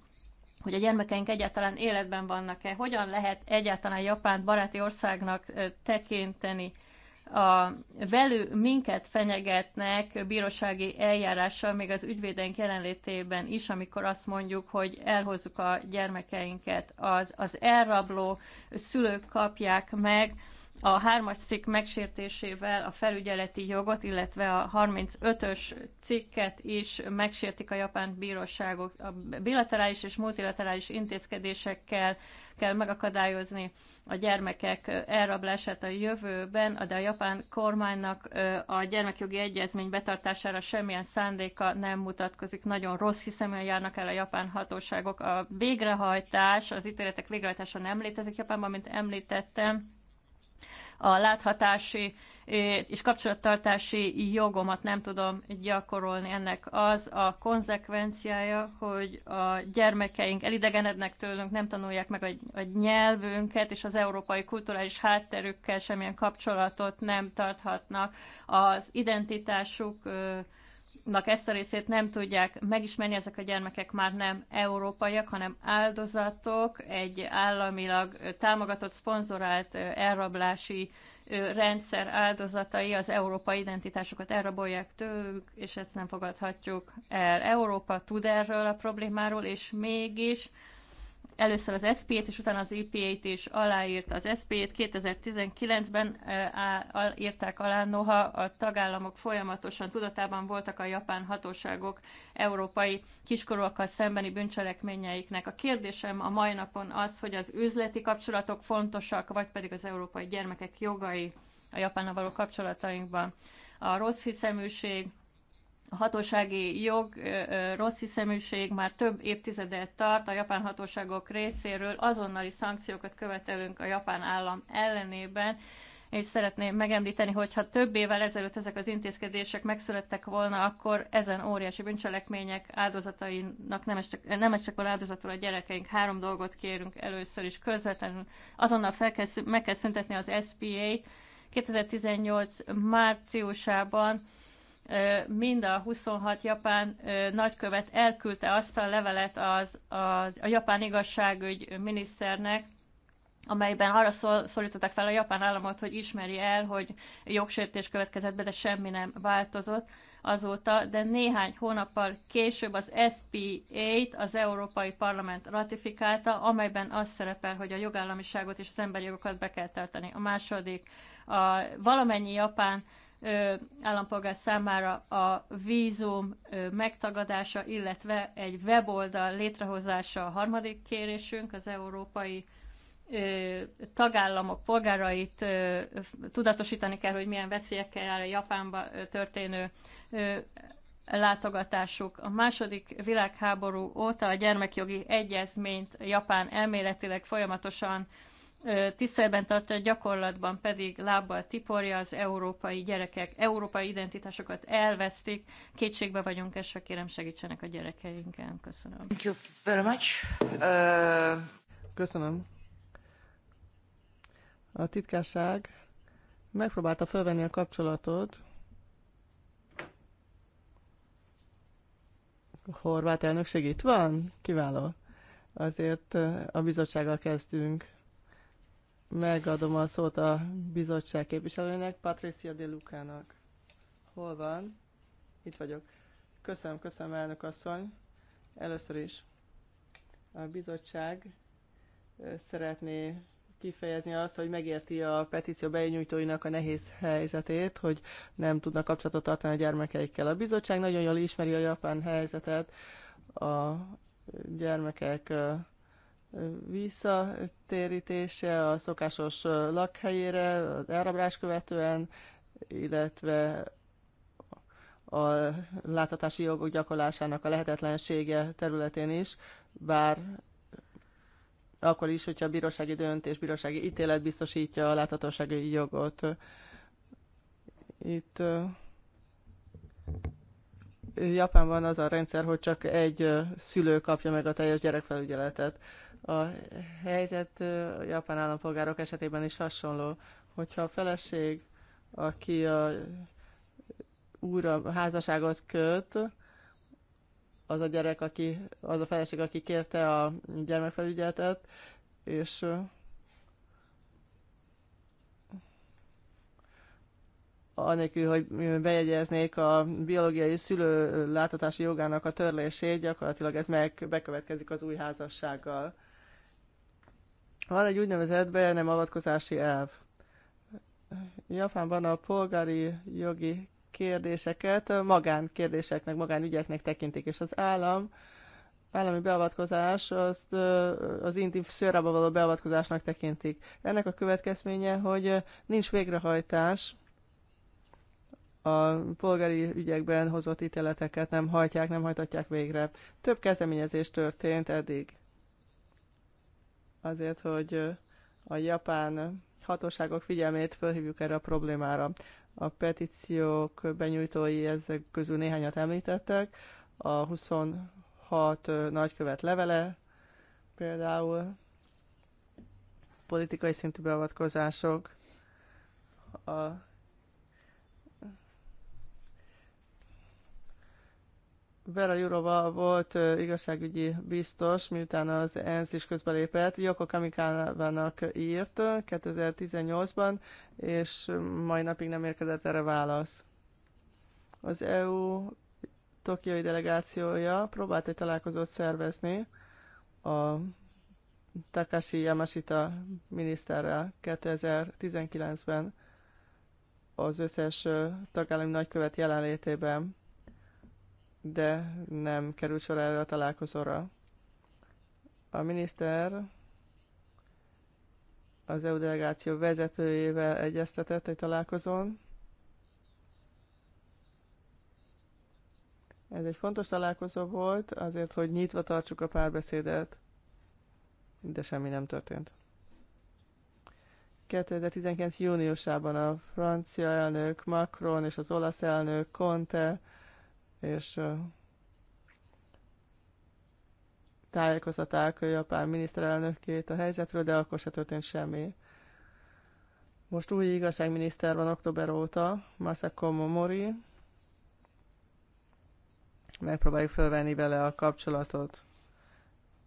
Speaker 5: hogy a gyermekeink egyáltalán életben vannak-e, hogyan lehet egyáltalán Japán baráti országnak tekinteni. A velő minket fenyegetnek bírósági eljárással, még az ügyvédeink jelenlétében is, amikor azt mondjuk, hogy elhozzuk a gyermekeinket. Az, az elrabló szülők kapják meg a hármas cikk megsértésével a felügyeleti jogot, illetve a 35-ös cikket is megsértik a japán bíróságok. A bilaterális és multilaterális intézkedésekkel kell megakadályozni a gyermekek elrablását a jövőben, de a japán kormánynak a gyermekjogi egyezmény betartására semmilyen szándéka nem mutatkozik. Nagyon rossz hiszeműen járnak el a japán hatóságok. A végrehajtás, az ítéletek végrehajtása nem létezik Japánban, mint említettem a láthatási eh, és kapcsolattartási jogomat nem tudom gyakorolni. Ennek az a konzekvenciája, hogy a gyermekeink elidegenednek tőlünk, nem tanulják meg a, a nyelvünket, és az európai kulturális hátterükkel semmilyen kapcsolatot nem tarthatnak. Az identitásuk eh, nak ezt a részét nem tudják megismerni, ezek a gyermekek már nem európaiak, hanem áldozatok egy államilag támogatott, szponzorált elrablási rendszer áldozatai az európai identitásokat elrabolják tőlük, és ezt nem fogadhatjuk el. Európa tud erről a problémáról, és mégis először az SP-t, és utána az EPA-t is aláírta. Az SP-t 2019-ben írták alá, noha a tagállamok folyamatosan tudatában voltak a japán hatóságok európai kiskorúakkal szembeni bűncselekményeiknek. A kérdésem a mai napon az, hogy az üzleti kapcsolatok fontosak, vagy pedig az európai gyermekek jogai a Japánnal való kapcsolatainkban. A rossz hiszeműség, a hatósági jog rossz hiszeműség már több évtizedet tart a japán hatóságok részéről. Azonnali szankciókat követelünk a japán állam ellenében, és szeretném megemlíteni, hogy ha több évvel ezelőtt ezek az intézkedések megszülettek volna, akkor ezen óriási bűncselekmények áldozatainak nem csak nem áldozatul a gyerekeink. Három dolgot kérünk először is közvetlenül. Azonnal fel kell, meg kell szüntetni az SPA-t. 2018 márciusában mind a 26 japán nagykövet elküldte azt a levelet az, az, a japán igazságügy miniszternek, amelyben arra szól, szólították fel a japán államot, hogy ismeri el, hogy jogsértés következett be, de semmi nem változott azóta, de néhány hónappal később az SP8 az Európai Parlament ratifikálta, amelyben az szerepel, hogy a jogállamiságot és az emberi jogokat be kell tartani. A második, a valamennyi japán állampolgár számára a vízum megtagadása, illetve egy weboldal létrehozása a harmadik kérésünk az európai tagállamok polgárait tudatosítani kell, hogy milyen veszélyekkel jár a Japánba történő látogatásuk. A második világháború óta a gyermekjogi egyezményt Japán elméletileg folyamatosan tiszteletben tartja, gyakorlatban pedig lábbal tiporja az európai gyerekek, európai identitásokat elvesztik. Kétségbe vagyunk esve, kérem segítsenek a gyerekeinken. Köszönöm.
Speaker 1: Thank you very much. Uh... Köszönöm. A titkárság megpróbálta felvenni a kapcsolatot horvát elnökség itt van? Kiváló. Azért a bizottsággal kezdünk. Megadom a szót a bizottság képviselőnek, Patricia de Lucának. Hol van? Itt vagyok. Köszönöm, köszönöm, elnök asszony. Először is a bizottság szeretné kifejezni azt, hogy megérti a petíció benyújtóinak a nehéz helyzetét, hogy nem tudnak kapcsolatot tartani a gyermekeikkel. A bizottság nagyon jól ismeri a japán helyzetet, a gyermekek visszatérítése a szokásos lakhelyére, az elrablás követően, illetve a láthatási jogok gyakorlásának a lehetetlensége területén is, bár akkor is, hogyha a bírósági döntés, bírósági ítélet biztosítja a láthatósági jogot. Itt Japánban az a rendszer, hogy csak egy szülő kapja meg a teljes gyerekfelügyeletet. A helyzet a japán állampolgárok esetében is hasonló. Hogyha a feleség, aki a úr a házasságot köt, az a gyerek, aki, az a feleség, aki kérte a gyermekfelügyeletet, és anélkül, hogy bejegyeznék a biológiai szülő látotási jogának a törlését, gyakorlatilag ez meg bekövetkezik az új házassággal. Van egy úgynevezett be nem avatkozási elv. Japánban a polgári jogi kérdéseket magán ügyeknek tekintik, és az állam állami beavatkozás az, az intim szférába való beavatkozásnak tekintik. Ennek a következménye, hogy nincs végrehajtás, a polgári ügyekben hozott ítéleteket nem hajtják, nem hajtatják végre. Több kezdeményezés történt eddig azért, hogy a japán hatóságok figyelmét felhívjuk erre a problémára. A petíciók benyújtói ezek közül néhányat említettek, a 26 nagykövet levele például, politikai szintű beavatkozások, a Vera Jurova volt igazságügyi biztos, miután az ENSZ is közbelépett, Joko Kamikávának írt 2018-ban, és mai napig nem érkezett erre válasz. Az EU tokiai delegációja próbált egy találkozót szervezni a Takashi Yamashita miniszterrel 2019-ben az összes tagállami nagykövet jelenlétében de nem került sor erre a találkozóra. A miniszter az EU delegáció vezetőjével egyeztetett egy találkozón. Ez egy fontos találkozó volt, azért, hogy nyitva tartsuk a párbeszédet, de semmi nem történt. 2019. júniusában a francia elnök Macron és az olasz elnök Conte és tájékoztatták a japán miniszterelnökét a helyzetről, de akkor se történt semmi. Most új igazságminiszter van október óta, Masako Momori. Megpróbáljuk felvenni vele a kapcsolatot.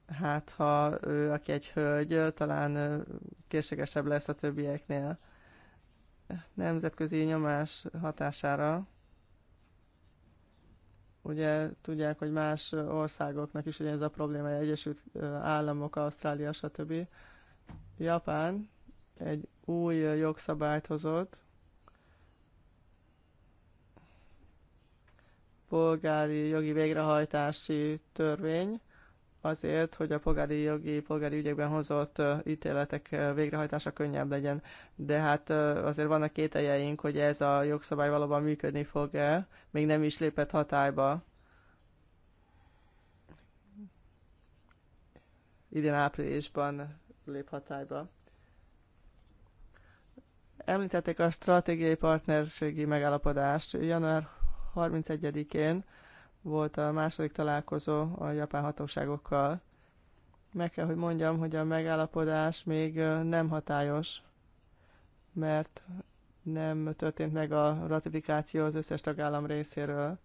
Speaker 1: Hát, ha ő, aki egy hölgy, talán készségesebb lesz a többieknél. Nemzetközi nyomás hatására Ugye tudják, hogy más országoknak is ugyanez a probléma, Egyesült Államok, Ausztrália, stb. Japán egy új jogszabályt hozott, polgári jogi végrehajtási törvény, azért, hogy a polgári jogi, polgári ügyekben hozott ítéletek végrehajtása könnyebb legyen. De hát azért vannak kételjeink, hogy ez a jogszabály valóban működni fog-e, még nem is lépett hatályba. Idén áprilisban lép hatályba. Említették a stratégiai partnerségi megállapodást. Január 31-én volt a második találkozó a japán hatóságokkal. Meg kell, hogy mondjam, hogy a megállapodás még nem hatályos, mert nem történt meg a ratifikáció az összes tagállam részéről.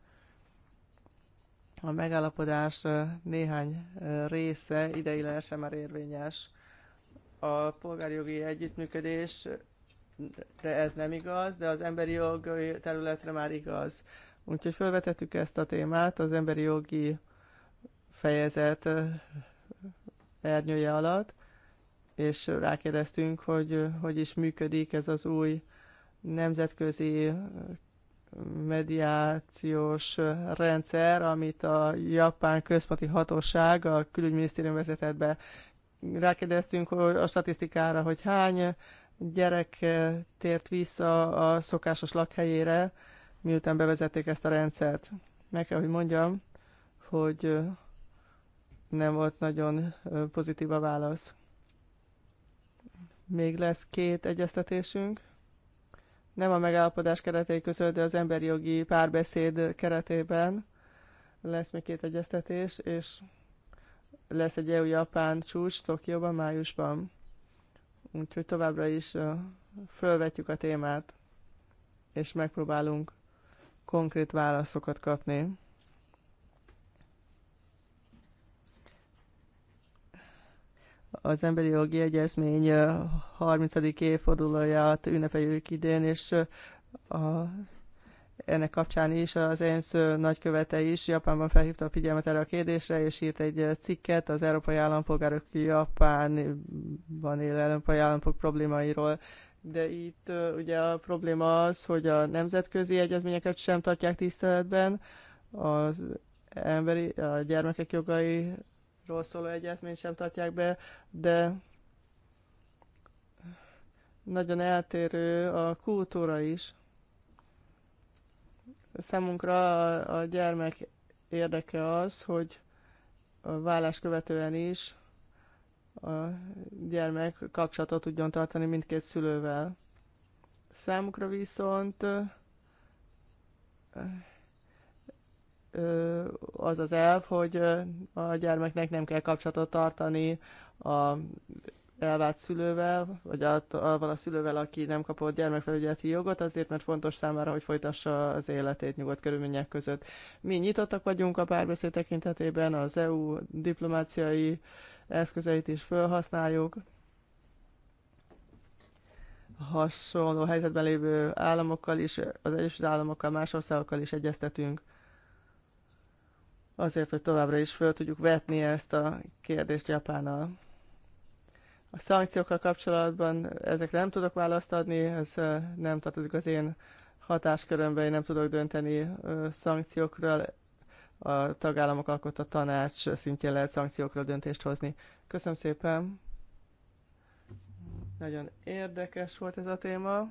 Speaker 1: A megállapodás néhány része ideiglenesen már érvényes. A polgárjogi együttműködésre ez nem igaz, de az emberi jog területre már igaz. Úgyhogy felvetettük ezt a témát az emberi jogi fejezet ernyője alatt, és rákérdeztünk, hogy hogy is működik ez az új nemzetközi mediációs rendszer, amit a japán központi hatóság, a külügyminisztérium vezetett be. Rákérdeztünk a statisztikára, hogy hány gyerek tért vissza a szokásos lakhelyére, miután bevezették ezt a rendszert. Meg kell, hogy mondjam, hogy nem volt nagyon pozitív a válasz. Még lesz két egyeztetésünk. Nem a megállapodás keretei között, de az emberi jogi párbeszéd keretében lesz még két egyeztetés, és lesz egy EU-Japán csúcs Tokióban májusban. Úgyhogy továbbra is fölvetjük a témát, és megpróbálunk konkrét válaszokat kapni. Az emberi jogi egyezmény 30. évfordulóját ünnepeljük idén, és a, ennek kapcsán is az ENSZ nagykövete is Japánban felhívta a figyelmet erre a kérdésre, és írt egy cikket az európai állampolgárok Japánban élő európai állampolgárok problémáiról de itt ugye a probléma az, hogy a nemzetközi egyezményeket sem tartják tiszteletben, az emberi, a gyermekek jogairól szóló egyezményt sem tartják be, de nagyon eltérő a kultúra is. Számunkra a, a gyermek érdeke az, hogy a vállás követően is a gyermek kapcsolatot tudjon tartani mindkét szülővel. Számukra viszont az az elv, hogy a gyermeknek nem kell kapcsolatot tartani a elvált szülővel, vagy avval a szülővel, aki nem kapott gyermekfelügyeleti jogot, azért, mert fontos számára, hogy folytassa az életét nyugodt körülmények között. Mi nyitottak vagyunk a párbeszéd tekintetében, az EU diplomáciai eszközeit is felhasználjuk. Hasonló helyzetben lévő államokkal is, az Egyesült Államokkal, más országokkal is egyeztetünk, azért, hogy továbbra is föl tudjuk vetni ezt a kérdést Japánnal. A szankciókkal kapcsolatban ezekre nem tudok választ adni, ez eh, nem tartozik az én hatáskörömbe, én nem tudok dönteni eh, szankciókról a tagállamok, alkotta tanács szintjén lehet szankciókra döntést hozni. Köszönöm szépen! Nagyon érdekes volt ez a téma,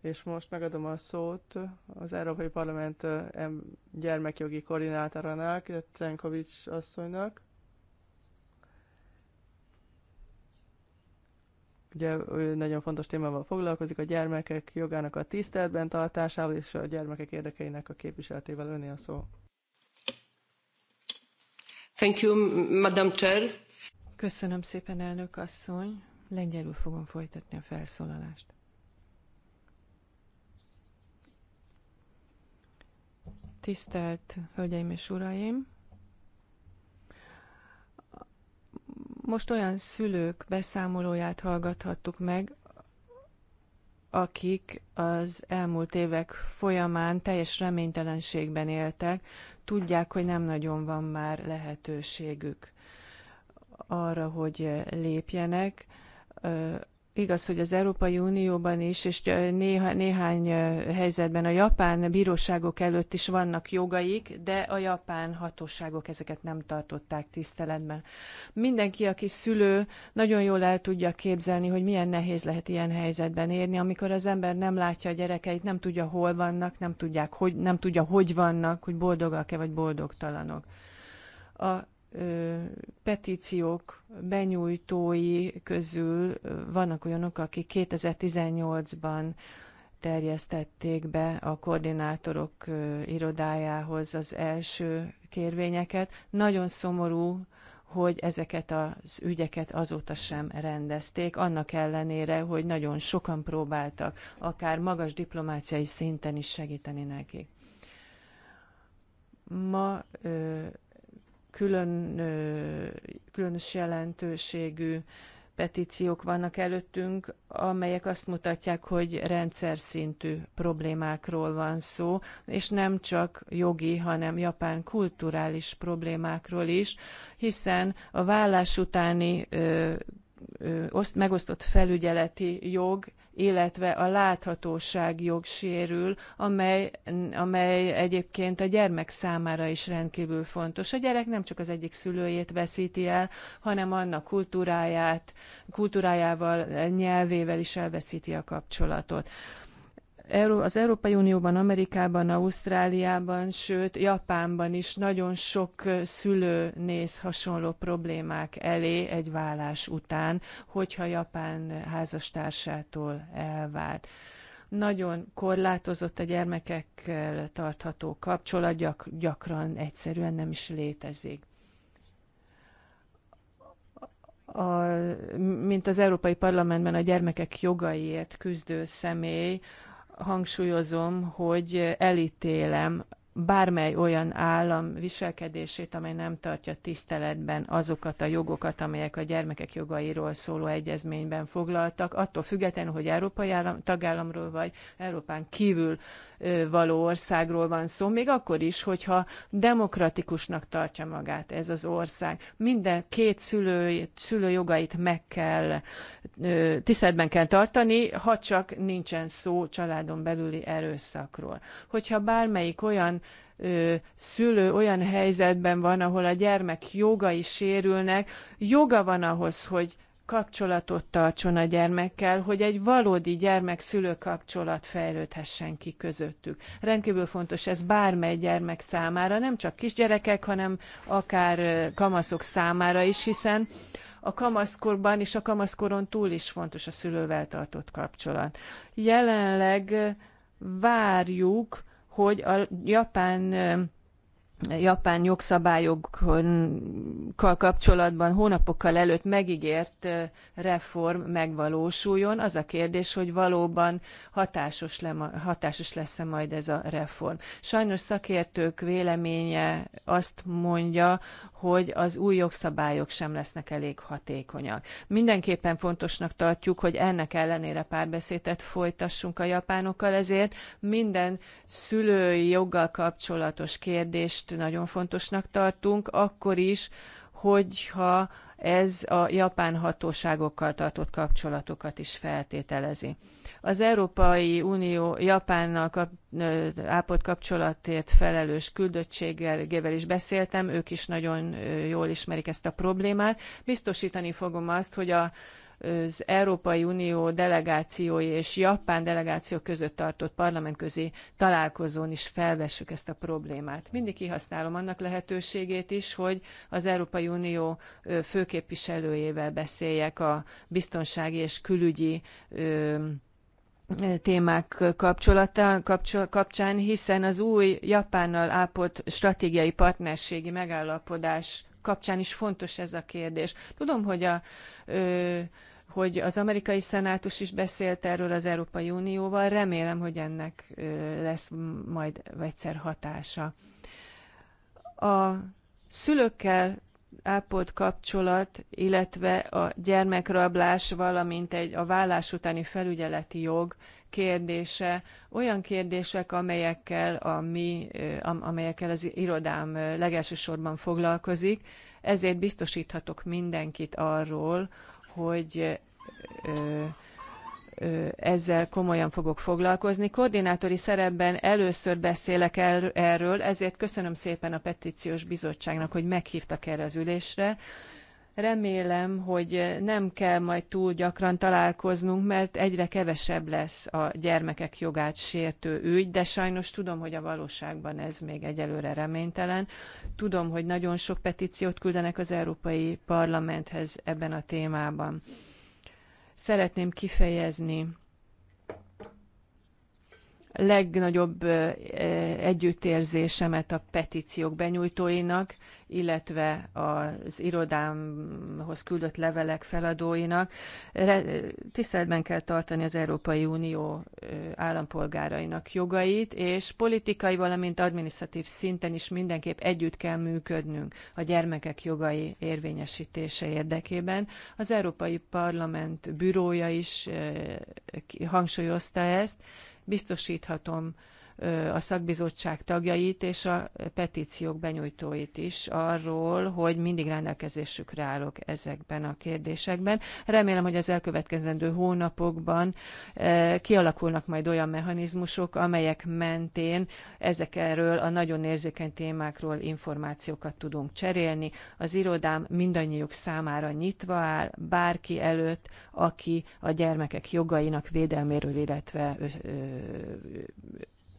Speaker 1: és most megadom a szót az Európai Parlament gyermekjogi koordinátorának, Cenkovics asszonynak. Ugye ő nagyon fontos témával foglalkozik, a gyermekek jogának a tiszteletben tartásával és a gyermekek érdekeinek a képviseletével öné a szó.
Speaker 2: Thank you, Madam Chair. Köszönöm szépen, elnök asszony. Lengyelül fogom folytatni a felszólalást. Tisztelt Hölgyeim és Uraim! Most olyan szülők beszámolóját hallgathattuk meg, akik az elmúlt évek folyamán teljes reménytelenségben éltek, tudják, hogy nem nagyon van már lehetőségük arra, hogy lépjenek. Igaz, hogy az Európai Unióban is, és néha, néhány helyzetben a japán bíróságok előtt is vannak jogaik, de a japán hatóságok ezeket nem tartották tiszteletben. Mindenki, aki szülő, nagyon jól el tudja képzelni, hogy milyen nehéz lehet ilyen helyzetben érni, amikor az ember nem látja a gyerekeit, nem tudja, hol vannak, nem, tudják, hogy, nem tudja, hogy vannak, hogy boldogak-e vagy boldogtalanok. A petíciók benyújtói közül vannak olyanok, akik 2018-ban terjesztették be a koordinátorok irodájához az első kérvényeket. Nagyon szomorú, hogy ezeket az ügyeket azóta sem rendezték, annak ellenére, hogy nagyon sokan próbáltak akár magas diplomáciai szinten is segíteni nekik. Ma külön, különös jelentőségű petíciók vannak előttünk, amelyek azt mutatják, hogy rendszer szintű problémákról van szó, és nem csak jogi, hanem japán kulturális problémákról is, hiszen a vállás utáni ö, ö, oszt, megosztott felügyeleti jog illetve a láthatóság jog sérül, amely, amely egyébként a gyermek számára is rendkívül fontos. A gyerek nem csak az egyik szülőjét veszíti el, hanem annak kultúráját, kultúrájával, nyelvével is elveszíti a kapcsolatot az Európai Unióban, Amerikában, Ausztráliában, sőt Japánban is nagyon sok szülő néz hasonló problémák elé egy vállás után, hogyha japán házastársától elvált. Nagyon korlátozott a gyermekekkel tartható kapcsolat, gyak, gyakran egyszerűen nem is létezik a, mint az Európai Parlamentben a gyermekek jogaiért küzdő személy, hangsúlyozom, hogy elítélem bármely olyan állam viselkedését, amely nem tartja tiszteletben azokat a jogokat, amelyek a gyermekek jogairól szóló egyezményben foglaltak, attól függetlenül, hogy európai állam, tagállamról vagy Európán kívül való országról van szó, még akkor is, hogyha demokratikusnak tartja magát ez az ország. Minden két szülő, szülő jogait meg kell, tiszteletben kell tartani, ha csak nincsen szó családon belüli erőszakról. Hogyha bármelyik olyan szülő olyan helyzetben van, ahol a gyermek jogai sérülnek, joga van ahhoz, hogy kapcsolatot tartson a gyermekkel, hogy egy valódi gyermek-szülő kapcsolat fejlődhessen ki közöttük. Rendkívül fontos ez bármely gyermek számára, nem csak kisgyerekek, hanem akár kamaszok számára is, hiszen a kamaszkorban és a kamaszkoron túl is fontos a szülővel tartott kapcsolat. Jelenleg várjuk, hogy a japán japán jogszabályokkal kapcsolatban hónapokkal előtt megígért reform megvalósuljon. Az a kérdés, hogy valóban hatásos, le, hatásos lesz-e majd ez a reform. Sajnos szakértők véleménye azt mondja, hogy az új jogszabályok sem lesznek elég hatékonyak. Mindenképpen fontosnak tartjuk, hogy ennek ellenére párbeszédet folytassunk a japánokkal, ezért minden szülői joggal kapcsolatos kérdést nagyon fontosnak tartunk, akkor is, hogyha ez a japán hatóságokkal tartott kapcsolatokat is feltételezi. Az Európai Unió Japánnal kap, ápolt kapcsolatért felelős küldöttséggel is beszéltem, ők is nagyon jól ismerik ezt a problémát. Biztosítani fogom azt, hogy a az Európai Unió delegációi és Japán delegáció között tartott parlamentközi találkozón is felvessük ezt a problémát. Mindig kihasználom annak lehetőségét is, hogy az Európai Unió főképviselőjével beszéljek a biztonsági és külügyi témák kapcsolata, kapcsol, kapcsán, hiszen az új Japánnal ápolt stratégiai partnerségi megállapodás kapcsán is fontos ez a kérdés. Tudom, hogy a ö, hogy az amerikai szenátus is beszélt erről az Európai Unióval, remélem, hogy ennek lesz majd egyszer hatása. A szülőkkel ápolt kapcsolat, illetve a gyermekrablás, valamint egy a vállás utáni felügyeleti jog kérdése, olyan kérdések, amelyekkel, a mi, amelyekkel az irodám legelsősorban foglalkozik, ezért biztosíthatok mindenkit arról, hogy ezzel komolyan fogok foglalkozni. Koordinátori szerepben először beszélek erről, ezért köszönöm szépen a petíciós bizottságnak, hogy meghívtak erre az ülésre. Remélem, hogy nem kell majd túl gyakran találkoznunk, mert egyre kevesebb lesz a gyermekek jogát sértő ügy, de sajnos tudom, hogy a valóságban ez még egyelőre reménytelen. Tudom, hogy nagyon sok petíciót küldenek az Európai Parlamenthez ebben a témában. Szeretném kifejezni legnagyobb együttérzésemet a petíciók benyújtóinak, illetve az irodámhoz küldött levelek feladóinak. Tiszteletben kell tartani az Európai Unió állampolgárainak jogait, és politikai, valamint adminisztratív szinten is mindenképp együtt kell működnünk a gyermekek jogai érvényesítése érdekében. Az Európai Parlament bürója is hangsúlyozta ezt, biztosíthatom a szakbizottság tagjait és a petíciók benyújtóit is arról, hogy mindig rendelkezésükre állok ezekben a kérdésekben. Remélem, hogy az elkövetkezendő hónapokban kialakulnak majd olyan mechanizmusok, amelyek mentén ezek erről a nagyon érzékeny témákról információkat tudunk cserélni. Az irodám mindannyiuk számára nyitva áll, bárki előtt, aki a gyermekek jogainak védelméről, illetve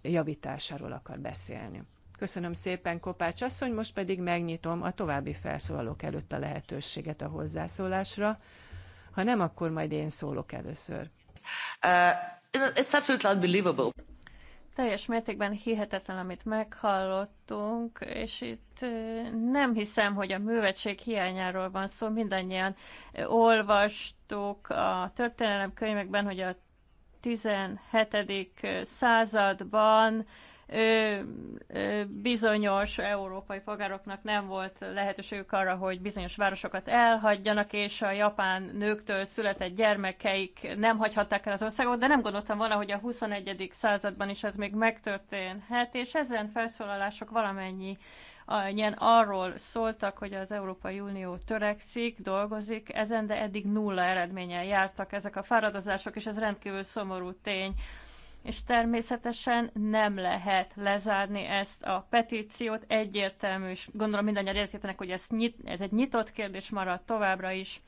Speaker 2: javításáról akar beszélni. Köszönöm szépen, Kopács asszony, most pedig megnyitom a további felszólalók előtt a lehetőséget a hozzászólásra. Ha nem, akkor majd én szólok először.
Speaker 3: Uh, it's absolutely unbelievable.
Speaker 5: Teljes mértékben hihetetlen, amit meghallottunk, és itt uh, nem hiszem, hogy a művetség hiányáról van szó. Mindannyian uh, olvastuk a könyvekben, hogy a 17. században bizonyos európai polgároknak nem volt lehetőségük arra, hogy bizonyos városokat elhagyjanak, és a japán nőktől született gyermekeik nem hagyhatták el az országot, de nem gondoltam volna, hogy a 21. században is ez még megtörténhet, és ezen felszólalások valamennyi ilyen arról szóltak, hogy az Európai Unió törekszik, dolgozik ezen, de eddig nulla eredménnyel jártak ezek a fáradozások, és ez rendkívül szomorú tény és természetesen nem lehet lezárni ezt a petíciót. Egyértelmű, és gondolom mindannyian értenek, hogy ez, nyit, ez egy nyitott kérdés marad továbbra is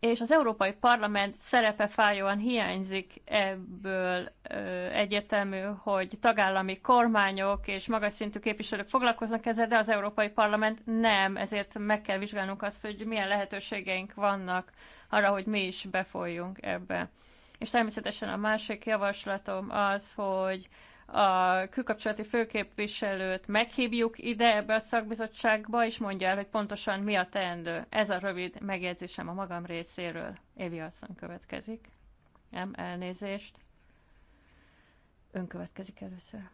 Speaker 5: és az Európai Parlament szerepe fájóan hiányzik ebből egyértelmű, hogy tagállami kormányok és magas szintű képviselők foglalkoznak ezzel, de az Európai Parlament nem, ezért meg kell vizsgálnunk azt, hogy milyen lehetőségeink vannak arra, hogy mi is befolyjunk ebbe. És természetesen a másik javaslatom az, hogy a külkapcsolati főképviselőt meghívjuk ide ebbe a szakbizottságba, és mondja el, hogy pontosan mi a teendő. Ez a rövid megjegyzésem a magam részéről. Évi asszony következik. Nem, elnézést. Ön következik először.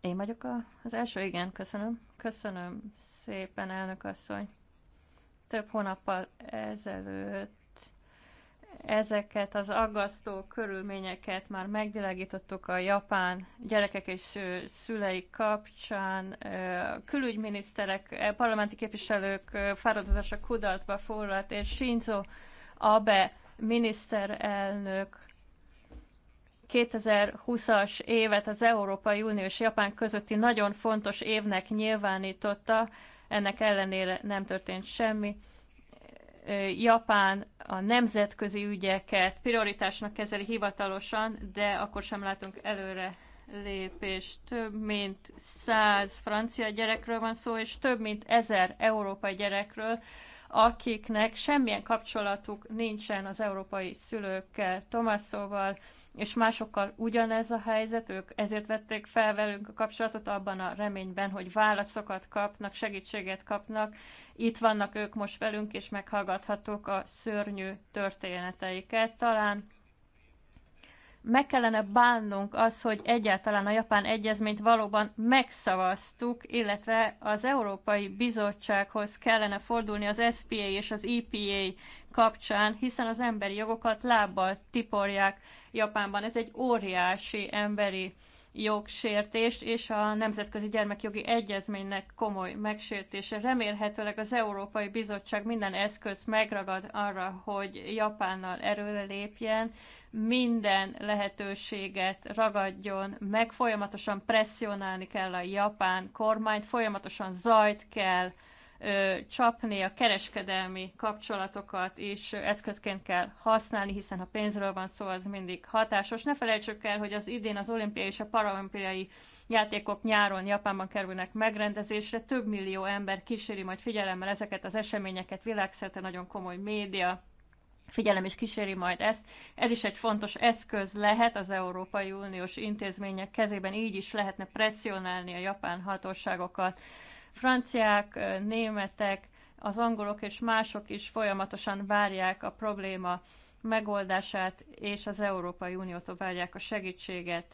Speaker 5: Én vagyok a, az első? Igen, köszönöm. Köszönöm szépen, elnök asszony. Több hónappal ezelőtt Ezeket az aggasztó körülményeket már megvilágítottuk a japán gyerekek és szüleik kapcsán. Külügyminiszterek, parlamenti képviselők fáradozása kudarcba forrat, és Shinzo Abe miniszterelnök 2020-as évet az Európai Unió és Japán közötti nagyon fontos évnek nyilvánította, ennek ellenére nem történt semmi. Japán a nemzetközi ügyeket prioritásnak kezeli hivatalosan, de akkor sem látunk előre lépést. Több mint száz francia gyerekről van szó, és több mint ezer európai gyerekről, akiknek semmilyen kapcsolatuk nincsen az európai szülőkkel. Tomaszóval és másokkal ugyanez a helyzet, ők ezért vették fel velünk a kapcsolatot abban a reményben, hogy válaszokat kapnak, segítséget kapnak. Itt vannak ők most velünk, és meghallgathatók a szörnyű történeteiket. Talán meg kellene bánnunk az, hogy egyáltalán a japán egyezményt valóban megszavaztuk, illetve az Európai Bizottsághoz kellene fordulni az SPA és az EPA kapcsán, hiszen az emberi jogokat lábbal tiporják Japánban. Ez egy óriási emberi jogsértést és a Nemzetközi Gyermekjogi Egyezménynek komoly megsértése. Remélhetőleg az Európai Bizottság minden eszközt megragad arra, hogy Japánnal erőre lépjen, minden lehetőséget ragadjon meg, folyamatosan presszionálni kell a japán kormányt, folyamatosan zajt kell csapni a kereskedelmi kapcsolatokat, és eszközként kell használni, hiszen ha pénzről van szó, az mindig hatásos. Ne felejtsük el, hogy az idén az olimpiai és a paralimpiai játékok nyáron Japánban kerülnek megrendezésre. Több millió ember kíséri majd figyelemmel ezeket az eseményeket, világszerte nagyon komoly média, figyelem is kíséri majd ezt. Ez is egy fontos eszköz lehet az Európai Uniós intézmények kezében, így is lehetne presszionálni a japán hatóságokat Franciák, németek, az angolok és mások is folyamatosan várják a probléma megoldását, és az Európai Uniótól várják a segítséget,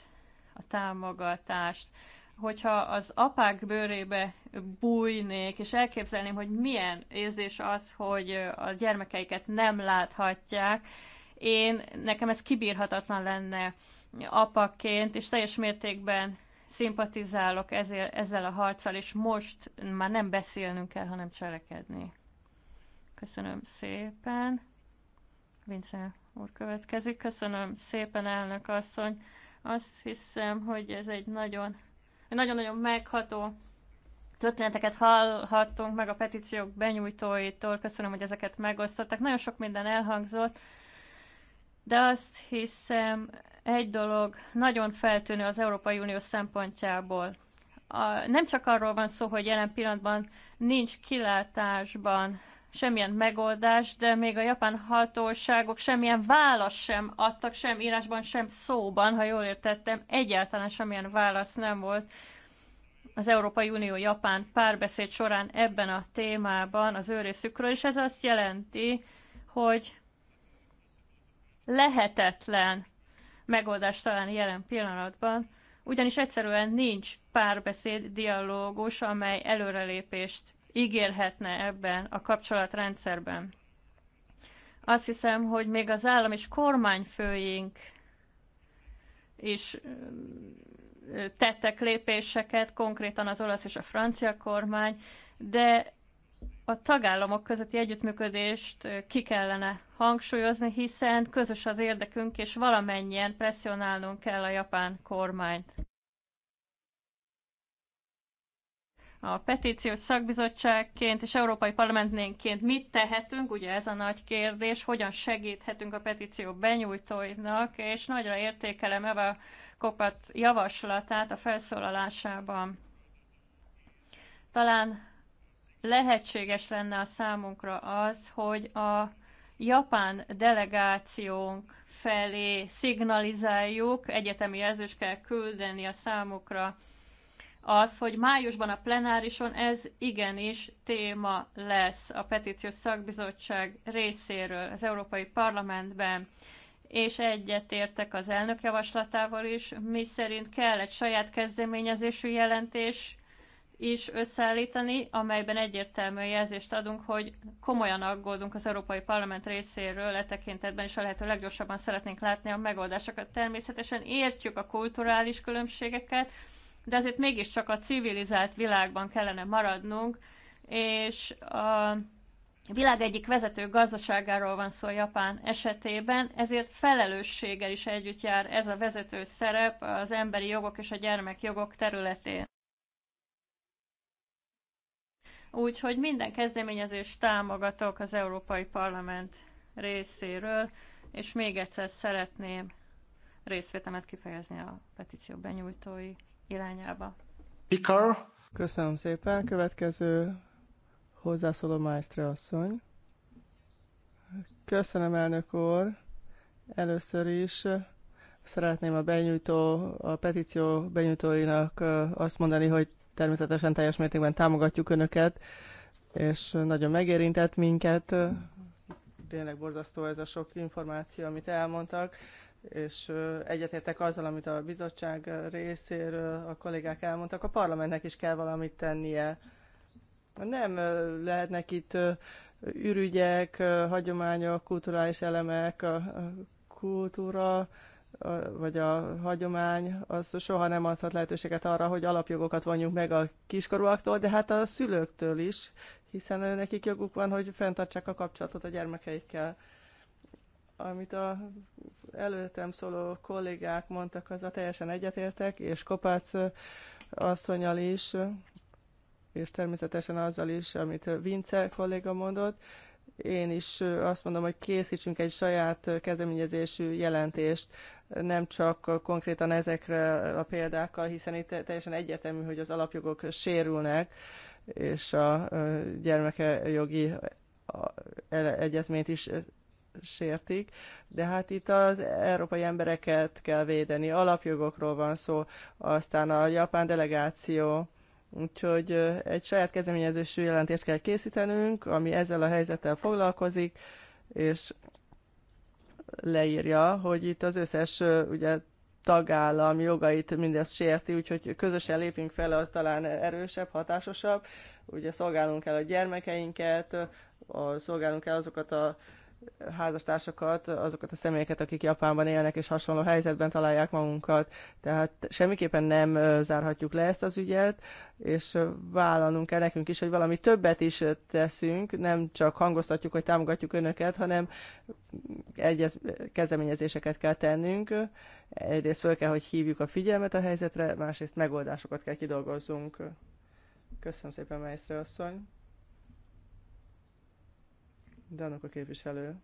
Speaker 5: a támogatást. Hogyha az apák bőrébe bújnék, és elképzelném, hogy milyen érzés az, hogy a gyermekeiket nem láthatják, én, nekem ez kibírhatatlan lenne apaként, és teljes mértékben szimpatizálok ezzel, ezzel a harccal, és most már nem beszélnünk kell, hanem cselekedni. Köszönöm szépen. Vince úr következik. Köszönöm szépen, elnök asszony. Azt hiszem, hogy ez egy nagyon, nagyon-nagyon megható történeteket hallhattunk meg a petíciók benyújtóitól. Köszönöm, hogy ezeket megosztották. Nagyon sok minden elhangzott, de azt hiszem, egy dolog nagyon feltűnő az Európai Unió szempontjából. A, nem csak arról van szó, hogy jelen pillanatban nincs kilátásban semmilyen megoldás, de még a japán hatóságok semmilyen választ sem adtak, sem írásban, sem szóban, ha jól értettem, egyáltalán semmilyen válasz nem volt az Európai Unió-Japán párbeszéd során ebben a témában az ő részükről, és ez azt jelenti, hogy lehetetlen megoldást találni jelen pillanatban, ugyanis egyszerűen nincs párbeszéd, dialógus, amely előrelépést ígérhetne ebben a kapcsolatrendszerben. Azt hiszem, hogy még az állam és kormányfőink is tettek lépéseket, konkrétan az olasz és a francia kormány, de a tagállamok közötti együttműködést ki kellene hangsúlyozni, hiszen közös az érdekünk, és valamennyien presszionálnunk kell a japán kormányt. A petíciós szakbizottságként és Európai Parlamentnénként mit tehetünk, ugye ez a nagy kérdés, hogyan segíthetünk a petíció benyújtóinak, és nagyra értékelem Eva Kopat javaslatát a felszólalásában. Talán lehetséges lenne a számunkra az, hogy a japán delegációnk felé szignalizáljuk, egyetemi jelzős kell küldeni a számukra az, hogy májusban a plenárison ez igenis téma lesz a petíciós szakbizottság részéről az Európai Parlamentben és egyetértek az elnök javaslatával is, mi szerint kell egy saját kezdeményezésű jelentés is összeállítani, amelyben egyértelműen jelzést adunk, hogy komolyan aggódunk az Európai Parlament részéről e tekintetben, és a lehető leggyorsabban szeretnénk látni a megoldásokat. Természetesen értjük a kulturális különbségeket, de azért mégiscsak a civilizált világban kellene maradnunk, és a világ egyik vezető gazdaságáról van szó Japán esetében, ezért felelősséggel is együtt jár ez a vezető szerep az emberi jogok és a gyermekjogok területén. Úgyhogy minden kezdeményezést támogatok az Európai Parlament részéről, és még egyszer szeretném részvétemet kifejezni a petíció benyújtói irányába.
Speaker 1: Picar Köszönöm szépen. Következő hozzászóló Maestre asszony. Köszönöm, elnök úr. Először is szeretném a benyújtó, a petíció benyújtóinak azt mondani, hogy Természetesen teljes mértékben támogatjuk Önöket, és nagyon megérintett minket. Tényleg borzasztó ez a sok információ, amit elmondtak, és egyetértek azzal, amit a bizottság részéről a kollégák elmondtak. A parlamentnek is kell valamit tennie. Nem lehetnek itt ürügyek, hagyományok, kulturális elemek, a kultúra vagy a hagyomány, az soha nem adhat lehetőséget arra, hogy alapjogokat vonjunk meg a kiskorúaktól, de hát a szülőktől is, hiszen nekik joguk van, hogy fenntartsák a kapcsolatot a gyermekeikkel. Amit a előttem szóló kollégák mondtak, az a teljesen egyetértek, és Kopácz asszonyal is, és természetesen azzal is, amit Vince kolléga mondott, én is azt mondom, hogy készítsünk egy saját kezdeményezésű jelentést nem csak konkrétan ezekre a példákkal, hiszen itt teljesen egyértelmű, hogy az alapjogok sérülnek, és a jogi e, egyezményt is sértik, de hát itt az európai embereket kell védeni, alapjogokról van szó, aztán a japán delegáció, úgyhogy egy saját kezdeményezésű jelentést kell készítenünk, ami ezzel a helyzettel foglalkozik, és leírja, hogy itt az összes ugye, tagállam jogait mindezt sérti, úgyhogy közösen lépünk fel, az talán erősebb, hatásosabb. Ugye szolgálunk el a gyermekeinket, a, szolgálunk el azokat a házastársakat, azokat a személyeket, akik Japánban élnek és hasonló helyzetben találják magunkat. Tehát semmiképpen nem zárhatjuk le ezt az ügyet, és vállalnunk kell nekünk is, hogy valami többet is teszünk, nem csak hangoztatjuk, hogy támogatjuk önöket, hanem egyes kezdeményezéseket kell tennünk. Egyrészt föl kell, hogy hívjuk a figyelmet a helyzetre, másrészt megoldásokat kell kidolgozzunk. Köszönöm szépen, Maestro asszony! Danok a képviselő.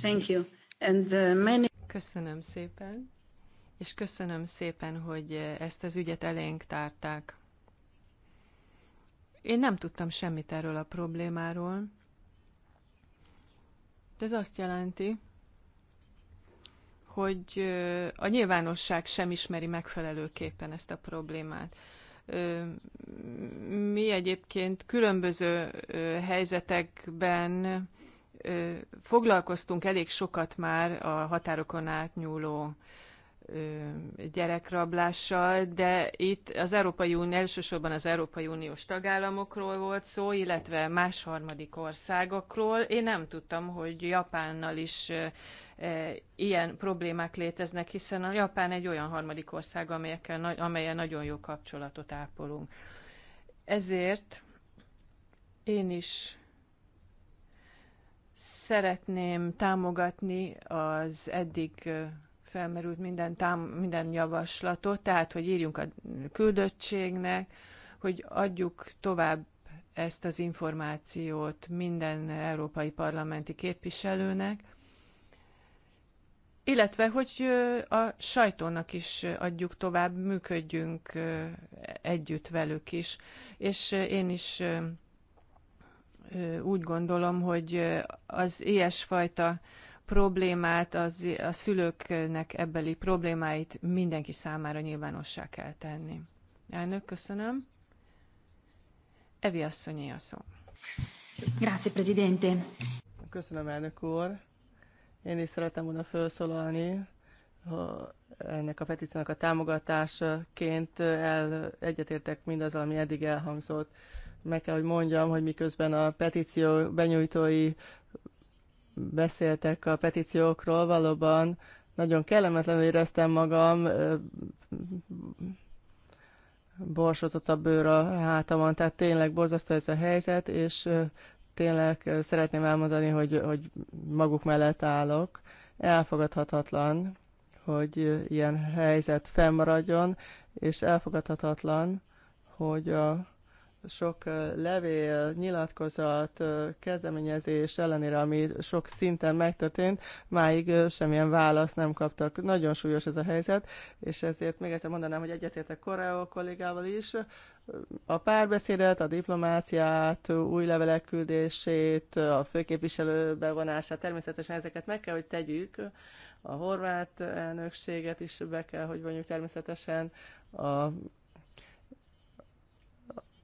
Speaker 2: Thank you. And uh, many... Köszönöm szépen, és köszönöm szépen, hogy eh, ezt az ügyet elénk tárták. Én nem tudtam semmit erről a problémáról. De ez azt jelenti, hogy eh, a nyilvánosság sem ismeri megfelelőképpen ezt a problémát mi egyébként különböző helyzetekben foglalkoztunk elég sokat már a határokon átnyúló gyerekrablással, de itt az Európai Unió, elsősorban az Európai Uniós tagállamokról volt szó, illetve más harmadik országokról. Én nem tudtam, hogy Japánnal is E, ilyen problémák léteznek, hiszen a Japán egy olyan harmadik ország, amelyekkel, amelyen nagyon jó kapcsolatot ápolunk. Ezért én is szeretném támogatni az eddig e, felmerült minden, tám, minden javaslatot, tehát hogy írjunk a küldöttségnek, hogy adjuk tovább ezt az információt minden európai parlamenti képviselőnek, illetve hogy a sajtónak is adjuk tovább, működjünk együtt velük is. És én is úgy gondolom, hogy az ilyesfajta problémát, az, a szülőknek ebbeli problémáit mindenki számára nyilvánossá kell tenni. Elnök, köszönöm.
Speaker 1: Evi asszonyi a szó.
Speaker 3: Grazie, Presidente.
Speaker 1: Köszönöm, elnök úr. Én is szeretem volna felszólalni ennek a petíciónak a támogatásaként el, egyetértek mindaz, ami eddig elhangzott. Meg kell, hogy mondjam, hogy miközben a petíció benyújtói beszéltek a petíciókról, valóban nagyon kellemetlenül éreztem magam, borsozott a bőr a hátamon, tehát tényleg borzasztó ez a helyzet, és tényleg szeretném elmondani, hogy, hogy maguk mellett állok. Elfogadhatatlan, hogy ilyen helyzet fennmaradjon, és elfogadhatatlan, hogy a sok levél, nyilatkozat, kezdeményezés ellenére, ami sok szinten megtörtént, máig semmilyen választ nem kaptak. Nagyon súlyos ez a helyzet, és ezért még egyszer mondanám, hogy egyetértek Koreó kollégával is, a párbeszédet, a diplomáciát, új levelek küldését, a főképviselő bevonását, természetesen ezeket meg kell, hogy tegyük. A horvát elnökséget is be kell, hogy vonjuk természetesen. A,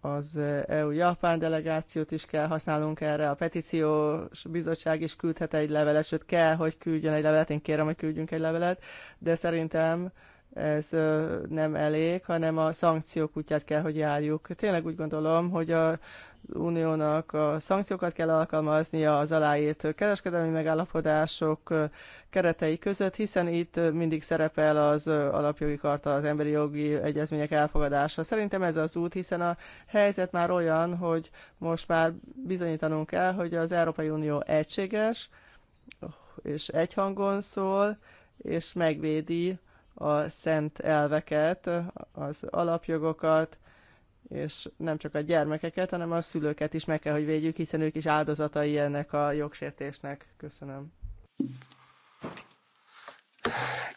Speaker 1: az EU-Japán delegációt is kell használnunk erre, a petíciós bizottság is küldhet egy levelet, sőt kell, hogy küldjön egy levelet, én kérem, hogy küldjünk egy levelet, de szerintem ez nem elég, hanem a szankciók útját kell, hogy járjuk. Tényleg úgy gondolom, hogy a uniónak a szankciókat kell alkalmaznia az aláírt kereskedelmi megállapodások keretei között, hiszen itt mindig szerepel az alapjogi karta, az emberi jogi egyezmények elfogadása. Szerintem ez az út, hiszen a helyzet már olyan, hogy most már bizonyítanunk kell, hogy az Európai Unió egységes és egyhangon szól, és megvédi a szent elveket, az alapjogokat, és nem csak a gyermekeket, hanem a szülőket is meg kell, hogy védjük, hiszen ők is áldozatai ennek a jogsértésnek. Köszönöm.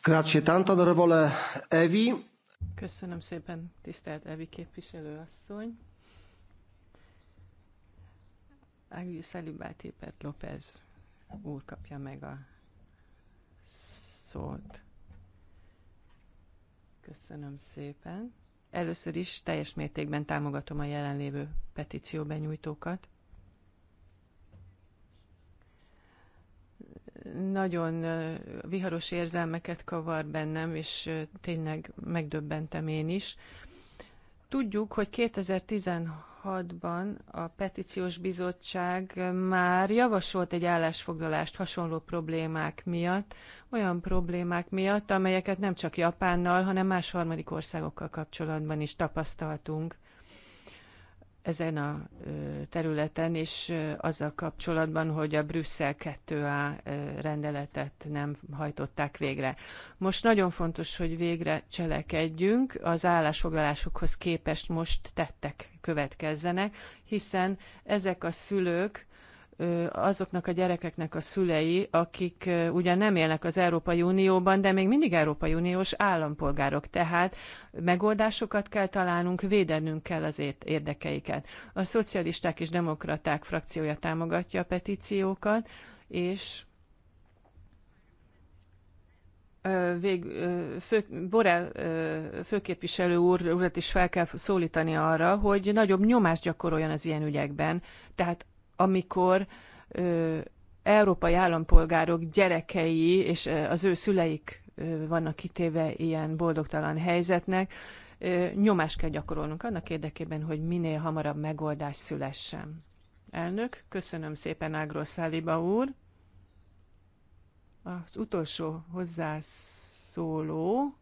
Speaker 4: Grazie
Speaker 3: tanto, Evi.
Speaker 1: Köszönöm szépen, tisztelt Evi képviselőasszony.
Speaker 2: Ágyú Szelibáti López úr kapja meg a szót. Köszönöm szépen. Először is teljes mértékben támogatom a jelenlévő petíció benyújtókat. Nagyon viharos érzelmeket kavar bennem, és tényleg megdöbbentem én is. Tudjuk, hogy 2016 2006-ban a petíciós bizottság már javasolt egy állásfoglalást hasonló problémák miatt, olyan problémák miatt, amelyeket nem csak Japánnal, hanem más harmadik országokkal kapcsolatban is tapasztaltunk ezen a területen, és azzal kapcsolatban, hogy a Brüsszel 2A rendeletet nem hajtották végre. Most nagyon fontos, hogy végre cselekedjünk, az állásfoglalásokhoz képest most tettek következzenek, hiszen ezek a szülők azoknak a gyerekeknek a szülei, akik ugyan nem élnek az Európai Unióban, de még mindig Európai Uniós állampolgárok. Tehát megoldásokat kell találnunk, védenünk kell az érdekeiket. A szocialisták és demokraták frakciója támogatja a petíciókat, és vég, fő, Borel főképviselő úr, urat is fel kell szólítani arra, hogy nagyobb nyomást gyakoroljon az ilyen ügyekben. Tehát amikor ö, európai állampolgárok gyerekei és az ő szüleik ö, vannak kitéve ilyen boldogtalan helyzetnek, ö, nyomást kell gyakorolnunk annak érdekében, hogy minél hamarabb megoldás szülessen. Elnök, köszönöm szépen Ágról Száliba úr. Az utolsó hozzászóló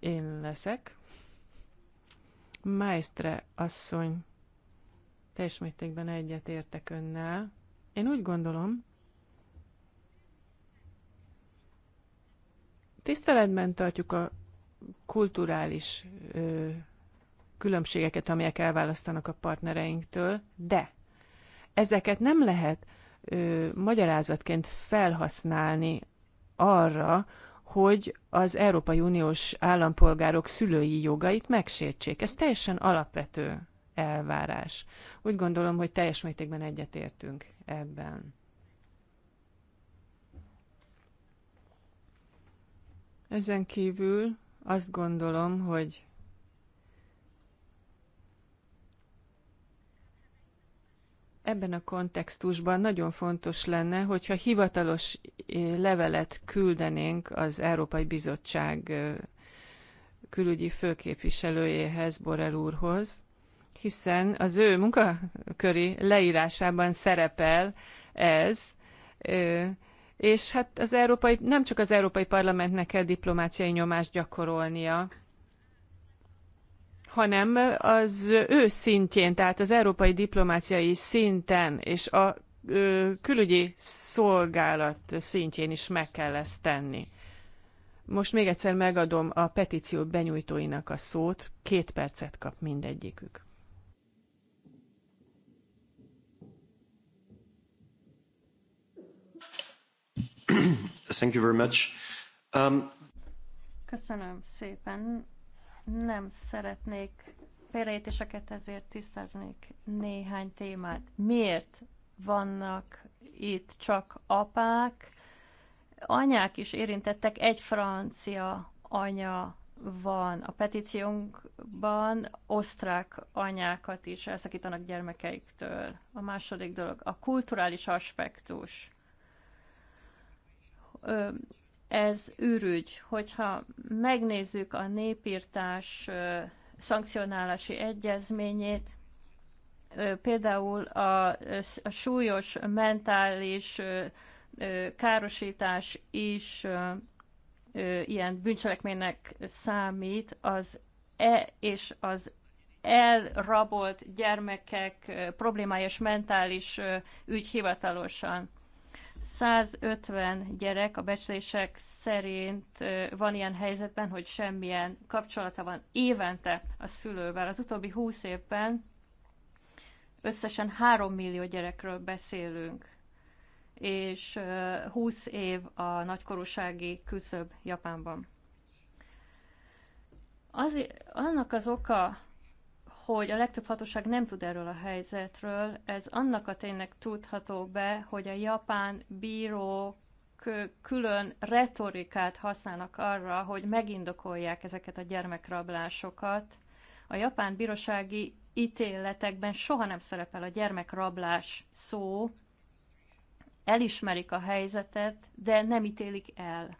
Speaker 2: én leszek. Maestre asszony, teljes mértékben egyet értek önnel. Én úgy gondolom, tiszteletben tartjuk a kulturális ö, különbségeket, amelyek elválasztanak a partnereinktől, de ezeket nem lehet ö, magyarázatként felhasználni arra, hogy az Európai Uniós állampolgárok szülői jogait megsértsék. Ez teljesen alapvető elvárás. Úgy gondolom, hogy teljes mértékben egyetértünk ebben. Ezen kívül azt gondolom, hogy ebben a kontextusban nagyon fontos lenne, hogyha hivatalos eh, levelet küldenénk az Európai Bizottság eh, külügyi főképviselőjéhez, Borel úrhoz, hiszen az ő munkaköri leírásában szerepel ez, eh, és hát az európai, nem csak az Európai Parlamentnek kell diplomáciai nyomást gyakorolnia hanem az ő szintjén, tehát az európai diplomáciai szinten és a külügyi szolgálat szintjén is meg kell ezt tenni. Most még egyszer megadom a petíció benyújtóinak a szót, két percet kap mindegyikük.
Speaker 3: Thank you very much. Um...
Speaker 5: Köszönöm szépen nem szeretnék félreértéseket, ezért tisztáznék néhány témát. Miért vannak itt csak apák? Anyák is érintettek, egy francia anya van a petíciónkban, osztrák anyákat is elszakítanak gyermekeiktől. A második dolog, a kulturális aspektus. Ö, ez űrügy. Hogyha megnézzük a népírtás szankcionálási egyezményét, például a, a súlyos mentális károsítás is ilyen bűncselekménynek számít, az E és az elrabolt gyermekek problémája és mentális ügy hivatalosan 150 gyerek a becslések szerint van ilyen helyzetben, hogy semmilyen kapcsolata van évente a szülővel. Az utóbbi 20 évben összesen 3 millió gyerekről beszélünk, és 20 év a nagykorúsági küszöb Japánban. Az, annak az oka, hogy a legtöbb hatóság nem tud erről a helyzetről. Ez annak a ténynek tudható be, hogy a japán bíró külön retorikát használnak arra, hogy megindokolják ezeket a gyermekrablásokat. A japán bírósági ítéletekben soha nem szerepel a gyermekrablás szó, elismerik a helyzetet, de nem ítélik el.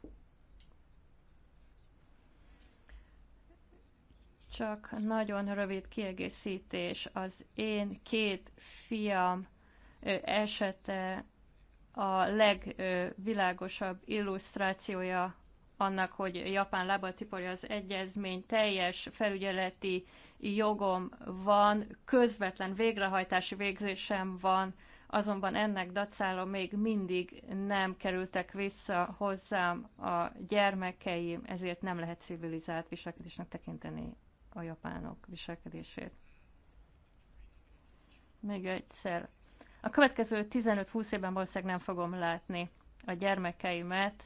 Speaker 5: Csak nagyon rövid kiegészítés. Az én két fiam esete a legvilágosabb illusztrációja annak, hogy Japán lábatiporja az egyezmény, teljes felügyeleti jogom van, közvetlen végrehajtási végzésem van, azonban ennek dacála még mindig nem kerültek vissza hozzám a gyermekeim, ezért nem lehet civilizált viselkedésnek tekinteni a japánok viselkedését. Még egyszer. A következő 15-20 évben valószínűleg nem fogom látni a gyermekeimet,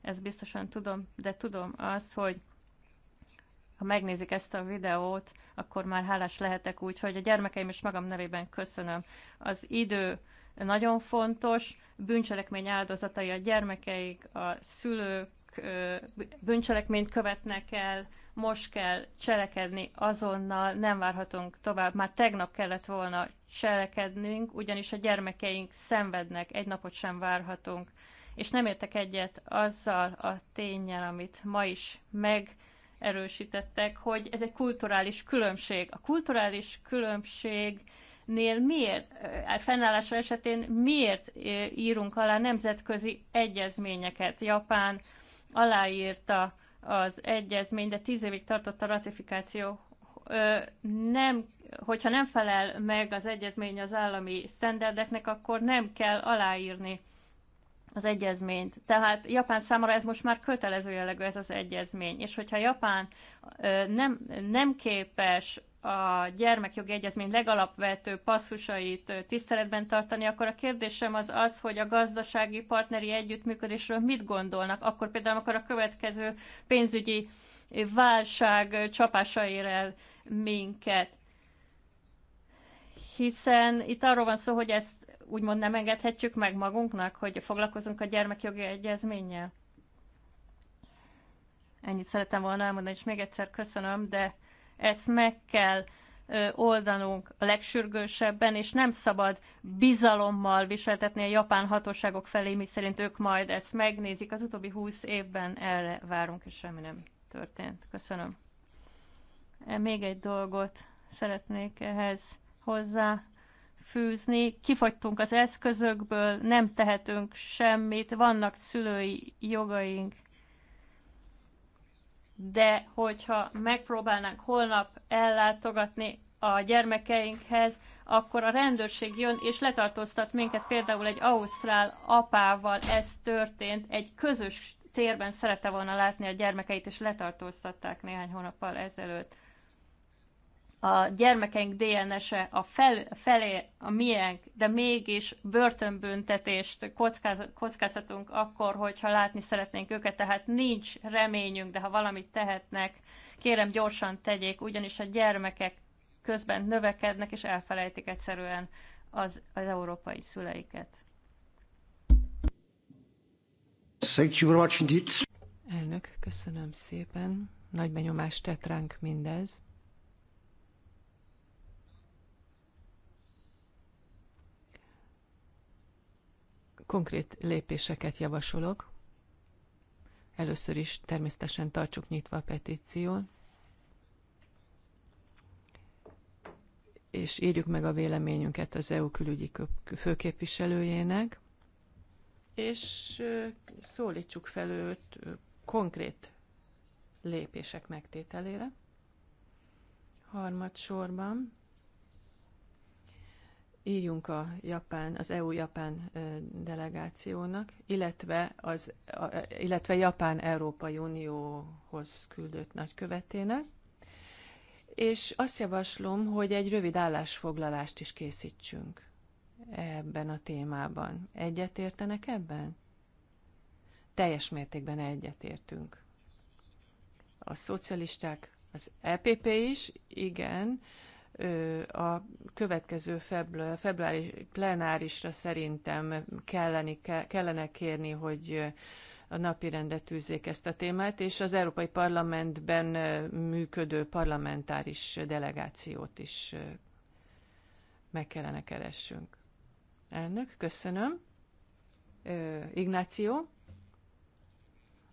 Speaker 5: ezt biztosan tudom, de tudom azt, hogy ha megnézik ezt a videót, akkor már hálás lehetek úgy, hogy a gyermekeim és magam nevében köszönöm. Az idő nagyon fontos, bűncselekmény áldozatai a gyermekeik, a szülők bűncselekményt követnek el, most kell cselekedni azonnal, nem várhatunk tovább. Már tegnap kellett volna cselekednünk, ugyanis a gyermekeink szenvednek, egy napot sem várhatunk. És nem értek egyet azzal a tényel, amit ma is meg erősítettek, hogy ez egy kulturális különbség. A kulturális különbség nél miért, fennállása esetén miért írunk alá nemzetközi egyezményeket. Japán aláírta az egyezmény, de tíz évig tartott a ratifikáció. Nem, hogyha nem felel meg az egyezmény az állami sztenderdeknek, akkor nem kell aláírni az egyezményt. Tehát Japán számára ez most már kötelező jellegű ez az egyezmény. És hogyha Japán nem, nem képes a gyermekjogi egyezmény legalapvető passzusait tiszteletben tartani, akkor a kérdésem az az, hogy a gazdasági partneri együttműködésről mit gondolnak, akkor például akkor a következő pénzügyi válság csapása ér el minket. Hiszen itt arról van szó, hogy ezt úgymond nem engedhetjük meg magunknak, hogy foglalkozunk a gyermekjogi egyezménnyel. Ennyit szeretem volna elmondani, és még egyszer köszönöm, de ezt meg kell oldanunk a legsürgősebben, és nem szabad bizalommal viseltetni a japán hatóságok felé, mi szerint ők majd ezt megnézik. Az utóbbi húsz évben erre várunk, és semmi nem történt. Köszönöm. E, még egy dolgot szeretnék ehhez hozzá fűzni. Kifogytunk az eszközökből, nem tehetünk semmit, vannak szülői jogaink, de hogyha megpróbálnánk holnap ellátogatni a gyermekeinkhez, akkor a rendőrség jön és letartóztat minket például egy ausztrál apával, ez történt, egy közös térben szerette volna látni a gyermekeit, és letartóztatták néhány hónappal ezelőtt a gyermekeink DNS-e a fel, felé a miénk, de mégis börtönbüntetést kockáz, kockáztatunk akkor, hogyha látni szeretnénk őket, tehát nincs reményünk, de ha valamit tehetnek, kérem gyorsan tegyék, ugyanis a gyermekek közben növekednek, és elfelejtik egyszerűen az, az európai szüleiket. Thank you very much indeed.
Speaker 2: Elnök, köszönöm szépen. Nagy benyomást tett ránk mindez Konkrét lépéseket javasolok. Először is természetesen tartsuk nyitva a petíciót, és írjuk meg a véleményünket az EU külügyi főképviselőjének, és szólítsuk fel őt konkrét lépések megtételére. Harmadsorban írjunk a Japán, az EU-Japán delegációnak, illetve, az, illetve Japán-Európai Unióhoz küldött nagykövetének, és azt javaslom, hogy egy rövid állásfoglalást is készítsünk ebben a témában. Egyetértenek ebben? Teljes mértékben egyetértünk. A szocialisták, az EPP is, igen, a következő februári plenárisra szerintem kelleni, kellene kérni, hogy a napi rendet tűzzék ezt a témát, és az Európai Parlamentben működő parlamentáris delegációt is meg kellene keressünk. Elnök, köszönöm. Ignáció?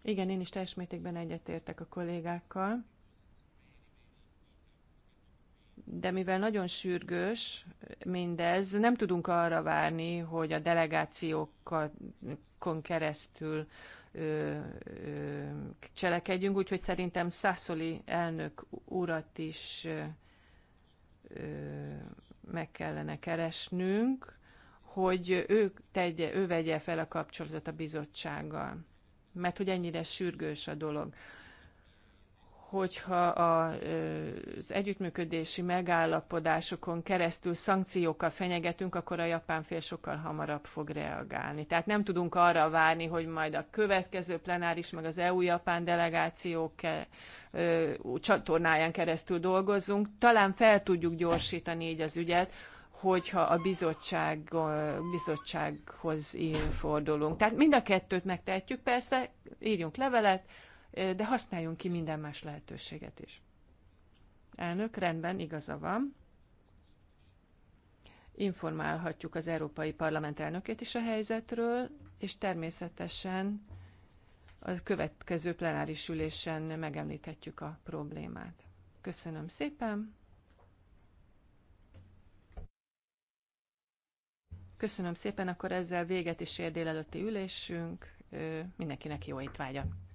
Speaker 2: Igen, én is teljes mértékben egyetértek a kollégákkal de mivel nagyon sürgős mindez, nem tudunk arra várni, hogy a delegációkon keresztül ö, ö, cselekedjünk, úgyhogy szerintem Szászoli elnök urat is ö, meg kellene keresnünk, hogy ő, tegye, ő vegye fel a kapcsolatot a bizottsággal. Mert hogy ennyire sürgős a dolog hogyha az együttműködési megállapodásokon keresztül szankciókkal fenyegetünk, akkor a japán fél sokkal hamarabb fog reagálni. Tehát nem tudunk arra várni, hogy majd a következő plenáris, meg az EU-japán delegációk csatornáján keresztül dolgozzunk. Talán fel tudjuk gyorsítani így az ügyet, hogyha a bizottság, bizottsághoz fordulunk. Tehát mind a kettőt megtehetjük, persze, írjunk levelet, de használjunk ki minden más lehetőséget is. Elnök, rendben, igaza van. Informálhatjuk az Európai Parlament elnökét is a helyzetről, és természetesen a következő plenáris ülésen megemlíthetjük a problémát. Köszönöm szépen! Köszönöm szépen, akkor ezzel véget is ér délelőtti ülésünk. Mindenkinek jó étvágyat!